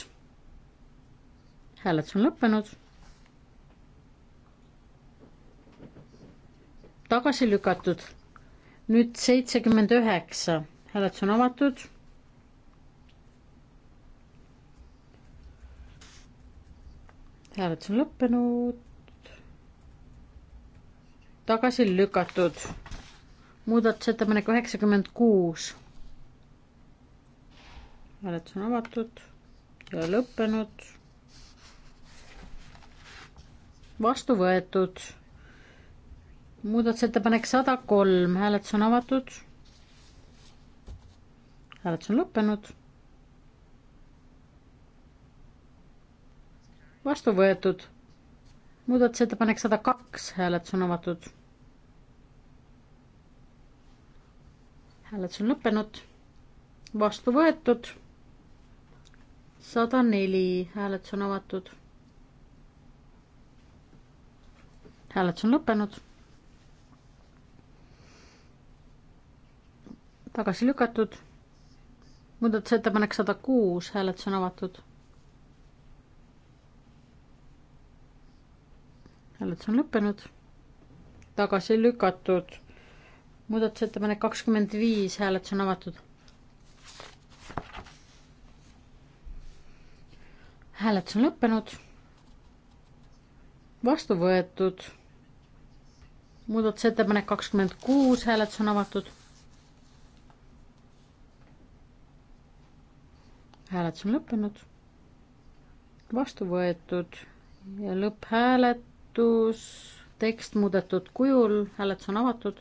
hääletus on lõppenud. tagasi lükatud. nüüd seitsekümmend üheksa, hääletus on avatud hääletus on lõppenud tagasi lükatud. muudatusettepanek üheksakümmend kuus. hääletus on avatud ja lõppenud. vastu võetud. muudatusettepanek sada kolm, hääletus on avatud. hääletus on lõppenud vastu võetud. muudatusettepanek sada kaks, hääletus on avatud. hääletus on lõppenud, vastu võetud, sada neli, hääletus on avatud. hääletus on lõppenud. tagasi lükatud, muudatusettepanek sada kuus, hääletus on avatud. hääletus on lõppenud, tagasi lükatud muudatusettepanek kakskümmend viis, hääletus on avatud. hääletus on lõppenud. vastu võetud. muudatusettepanek kakskümmend kuus, hääletus on avatud. hääletus on lõppenud. vastu võetud ja lõpphääletus, tekst muudetud kujul, hääletus on avatud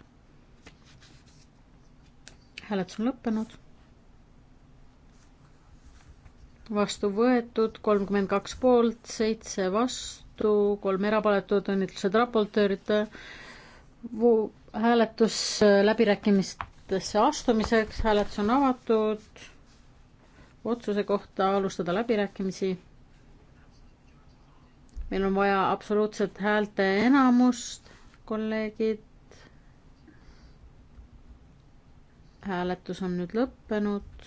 hääletus on lõppenud. vastu võetud kolmkümmend kaks poolt, seitse vastu, kolm erapooletut, õnnitlused raportöörite hääletus äh, läbirääkimistesse astumiseks, hääletus on avatud otsuse kohta alustada läbirääkimisi. meil on vaja absoluutset häälte enamust, kolleegid. hääletus on nüüd lõppenud.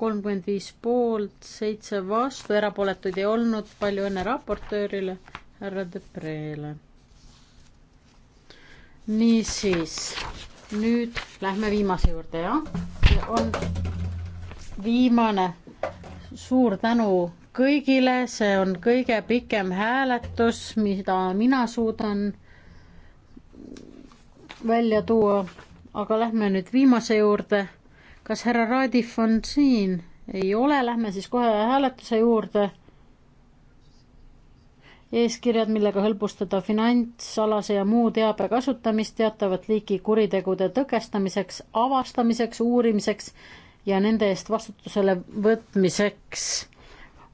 kolmkümmend viis poolt, seitse vastu, erapooletuid ei olnud. palju õnne raportöörile, härra Depreele. niisiis, nüüd lähme viimase juurde, jah. see on viimane. suur tänu kõigile, see on kõige pikem hääletus, mida mina suudan välja tuua aga lähme nüüd viimase juurde. kas härra Raadiv on siin? ei ole, lähme siis kohe hääletuse juurde. eeskirjad, millega hõlbustada finantsalase ja muu teabe kasutamist teatavat liiki kuritegude tõkestamiseks, avastamiseks, uurimiseks ja nende eest vastutusele võtmiseks.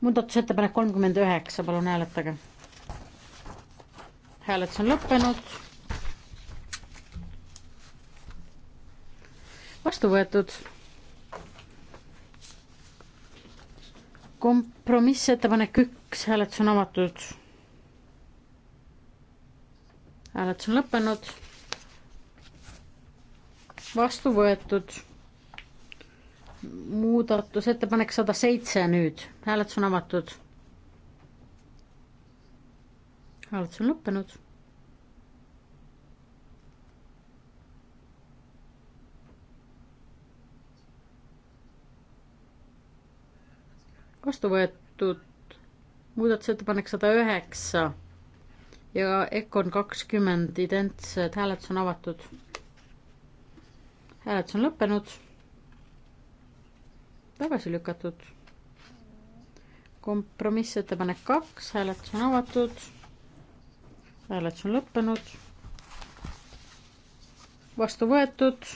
muudatusettepanek kolmkümmend üheksa, palun hääletage. hääletus on lõppenud vastu võetud. kompromissettepanek üks, hääletus on avatud. hääletus on lõppenud. vastu võetud. muudatusettepanek sada seitse nüüd, hääletus on avatud. hääletus on lõppenud vastu võetud muudatusettepanek sada üheksa ja EKOn kakskümmend identsed, hääletus on avatud. hääletus on lõppenud. tagasi lükatud. kompromissettepanek kaks, hääletus on avatud. hääletus on lõppenud. vastu võetud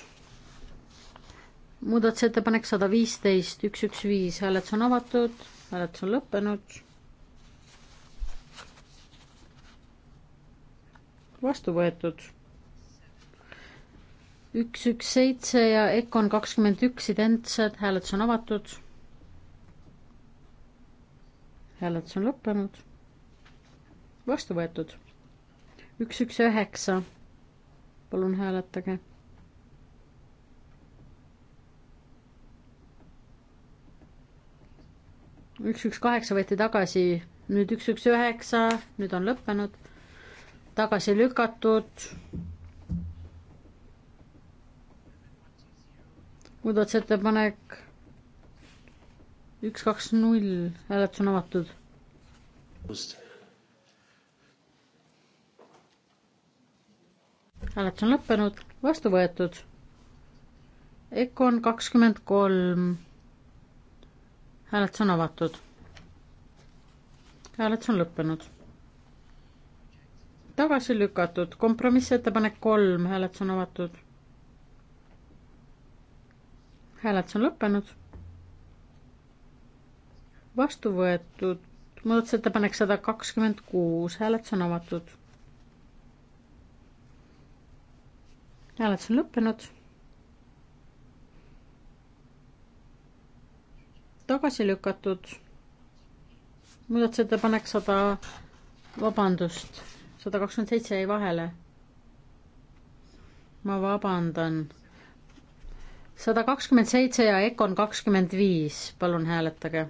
muudatusettepanek sada viisteist, üks, üks, viis, hääletus on avatud, hääletus on lõppenud. vastu võetud. üks, üks, seitse ja EKOn kakskümmend üks identsed, hääletus on avatud. hääletus on lõppenud. vastu võetud. üks, üks, üheksa. palun hääletage üks, üks kaheksa võeti tagasi, nüüd üks, üks üheksa, nüüd on lõppenud, tagasi lükatud. muudatusettepanek üks, kaks, null, hääletus on avatud. hääletus on lõppenud, vastu võetud. EKOn kakskümmend kolm hääletus on avatud. hääletus on lõppenud. tagasi lükatud, kompromissettepanek kolm, hääletus on avatud. hääletus on lõppenud. vastu võetud, muudatusettepanek sada kakskümmend kuus, hääletus on avatud hääletus on lõppenud. tagasi lükatud. muudatusettepanek sada, vabandust, sada kakskümmend seitse jäi vahele. ma vabandan. sada kakskümmend seitse ja Econ kakskümmend viis, palun hääletage.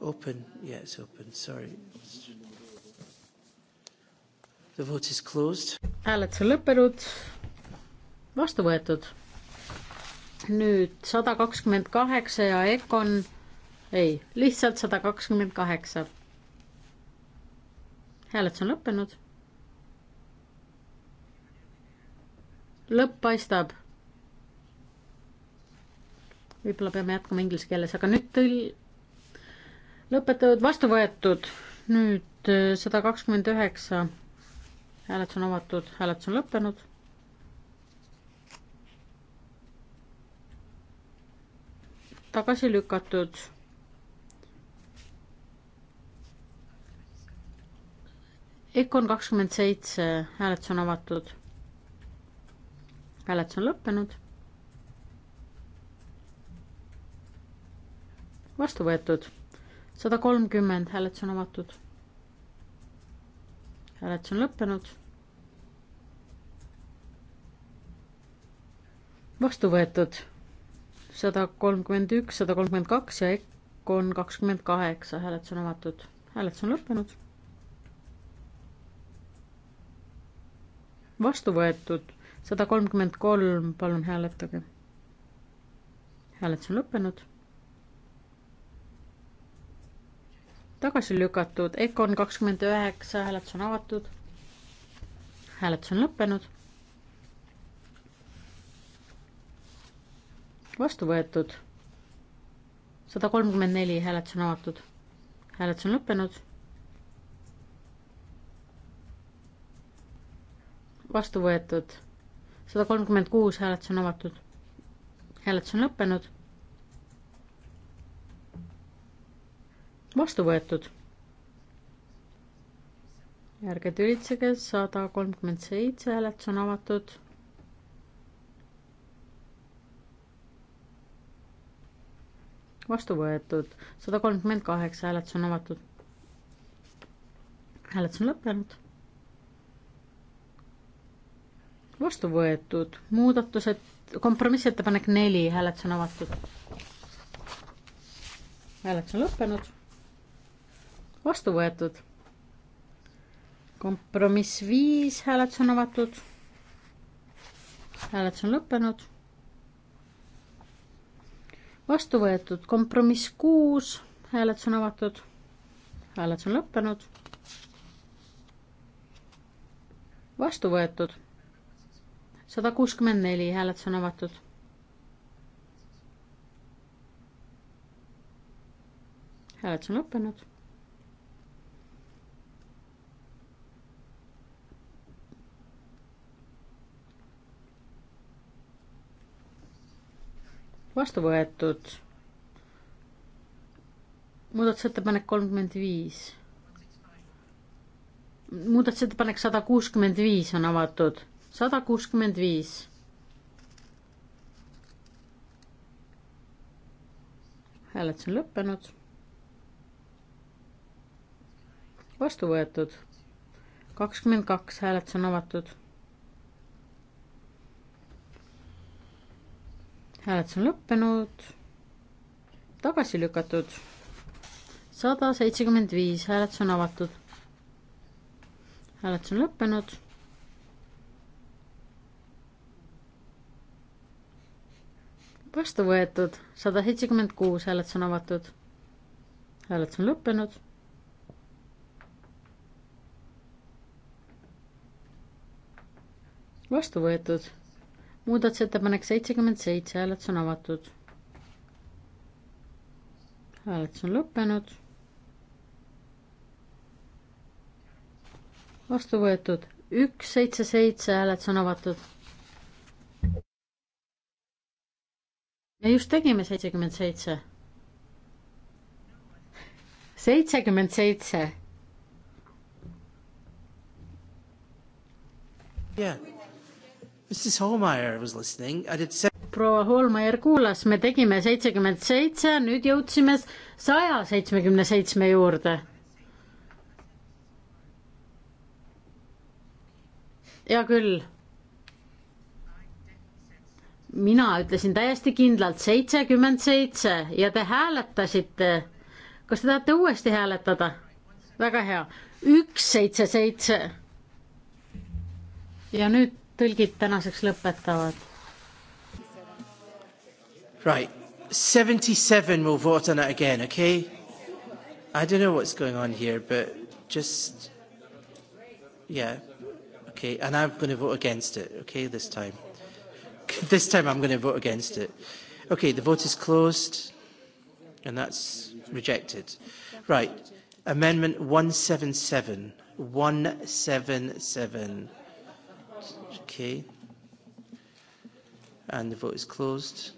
Open, yeah it's open, sorry. The vote is closed. hääletus on lõppenud, vastu võetud nüüd sada kakskümmend kaheksa ja Econ, ei, lihtsalt sada kakskümmend kaheksa. hääletus on lõppenud. lõpp paistab. võib-olla peame jätkama inglise keeles, aga nüüd tõl-, lõpetavad vastu võetud, nüüd äh, sada kakskümmend üheksa. hääletus on avatud, hääletus on lõppenud tagasi lükatud. EKOn kakskümmend seitse, hääletus on avatud. hääletus on lõppenud. vastu võetud sada kolmkümmend, hääletus on avatud. hääletus on lõppenud. vastu võetud sada kolmkümmend üks, sada kolmkümmend kaks ja EKOn kakskümmend kaheksa, hääletus on avatud, hääletus on lõppenud. vastu võetud sada kolmkümmend kolm, palun hääletage. hääletus on lõppenud. tagasi lükatud, EKOn kakskümmend üheksa, hääletus on avatud. hääletus on lõppenud vastu võetud. sada kolmkümmend neli, hääletus on avatud. hääletus on lõppenud. vastu võetud. sada kolmkümmend kuus, hääletus on avatud. hääletus on lõppenud. vastu võetud. ärge tülitsege, sada kolmkümmend seitse, hääletus on avatud vastu võetud, sada kolmkümmend kaheksa, hääletus on avatud. hääletus on lõppenud. vastu võetud, muudatused, kompromissettepanek neli, hääletus on avatud. hääletus on lõppenud. vastu võetud. kompromiss viis, hääletus on avatud. hääletus on lõppenud vastu võetud kompromiss kuus, hääletus on avatud, hääletus on lõppenud. vastu võetud sada kuuskümmend neli, hääletus on avatud. hääletus on lõppenud vastu võetud. muudatusettepanek kolmkümmend viis. muudatusettepanek sada kuuskümmend viis on avatud, sada kuuskümmend viis. hääletus on lõppenud. vastu võetud kakskümmend kaks hääletus on avatud hääletus on lõppenud, tagasi lükatud. sada seitsekümmend viis, hääletus on avatud. hääletus on lõppenud. vastu võetud, sada seitsekümmend kuus, hääletus on avatud. hääletus on lõppenud vastu võetud muudatusettepanek seitsekümmend seitse, hääletus on avatud. hääletus on lõppenud. vastu võetud üks, seitse, seitse, hääletus on avatud. me just tegime seitsekümmend seitse. seitsekümmend seitse. jah proua Holmeier kuulas, me tegime seitsekümmend seitse, nüüd jõudsime saja seitsmekümne seitsme juurde. hea küll. mina ütlesin täiesti kindlalt seitsekümmend seitse ja te hääletasite. kas te tahate uuesti hääletada? väga hea, üks seitse seitse. ja nüüd tõlgid tänaseks lõpetavad. Right, seventy seven will vote on it again, okay? I don't know what's going on here, but just yeah, okay. And I'm going to vote against it, okay? This time, this time I'm going to vote against it. Okay, the vote is closed, and that's rejected. Right, amendment one seven seven, one seven seven okay. And the vote is closed.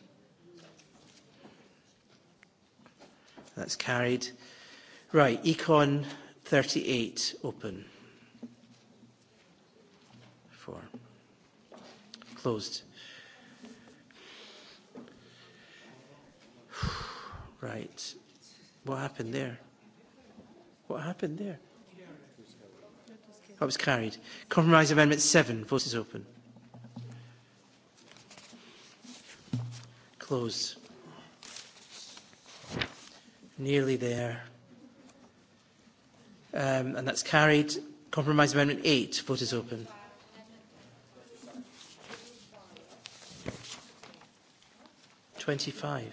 That's carried. Right, Econ 38, open. Four. Closed. Right. What happened there? What happened there? That was carried. Compromise Amendment 7. Vote is open. Closed. Nearly there. Um, and that's carried. Compromise Amendment 8. Vote is open. Twenty-five.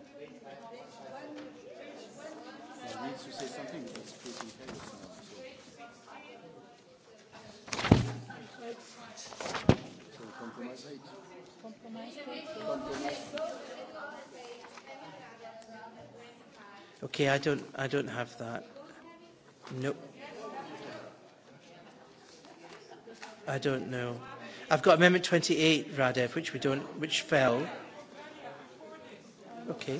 needs to say something, it's pretty chaos now. So. so compromise 8. Compromise 8. Compromise. Okay, I don't, I don't have that. Nope. I don't know. I've got Amendment 28, Radev, which we don't, which fell. Okay.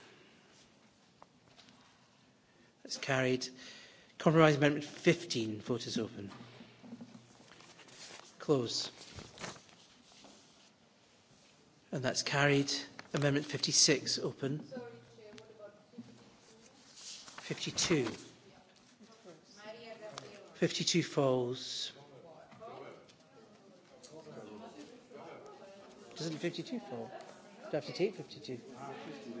It's carried. Compromise Amendment 15. Vote is open. Close. And that's carried. Amendment 56. Open. Sorry, Chair, what about 52? 52. 52 falls. Doesn't 52 fall? Do I have to take 52? Ah, 52.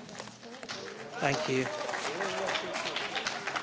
Thank you.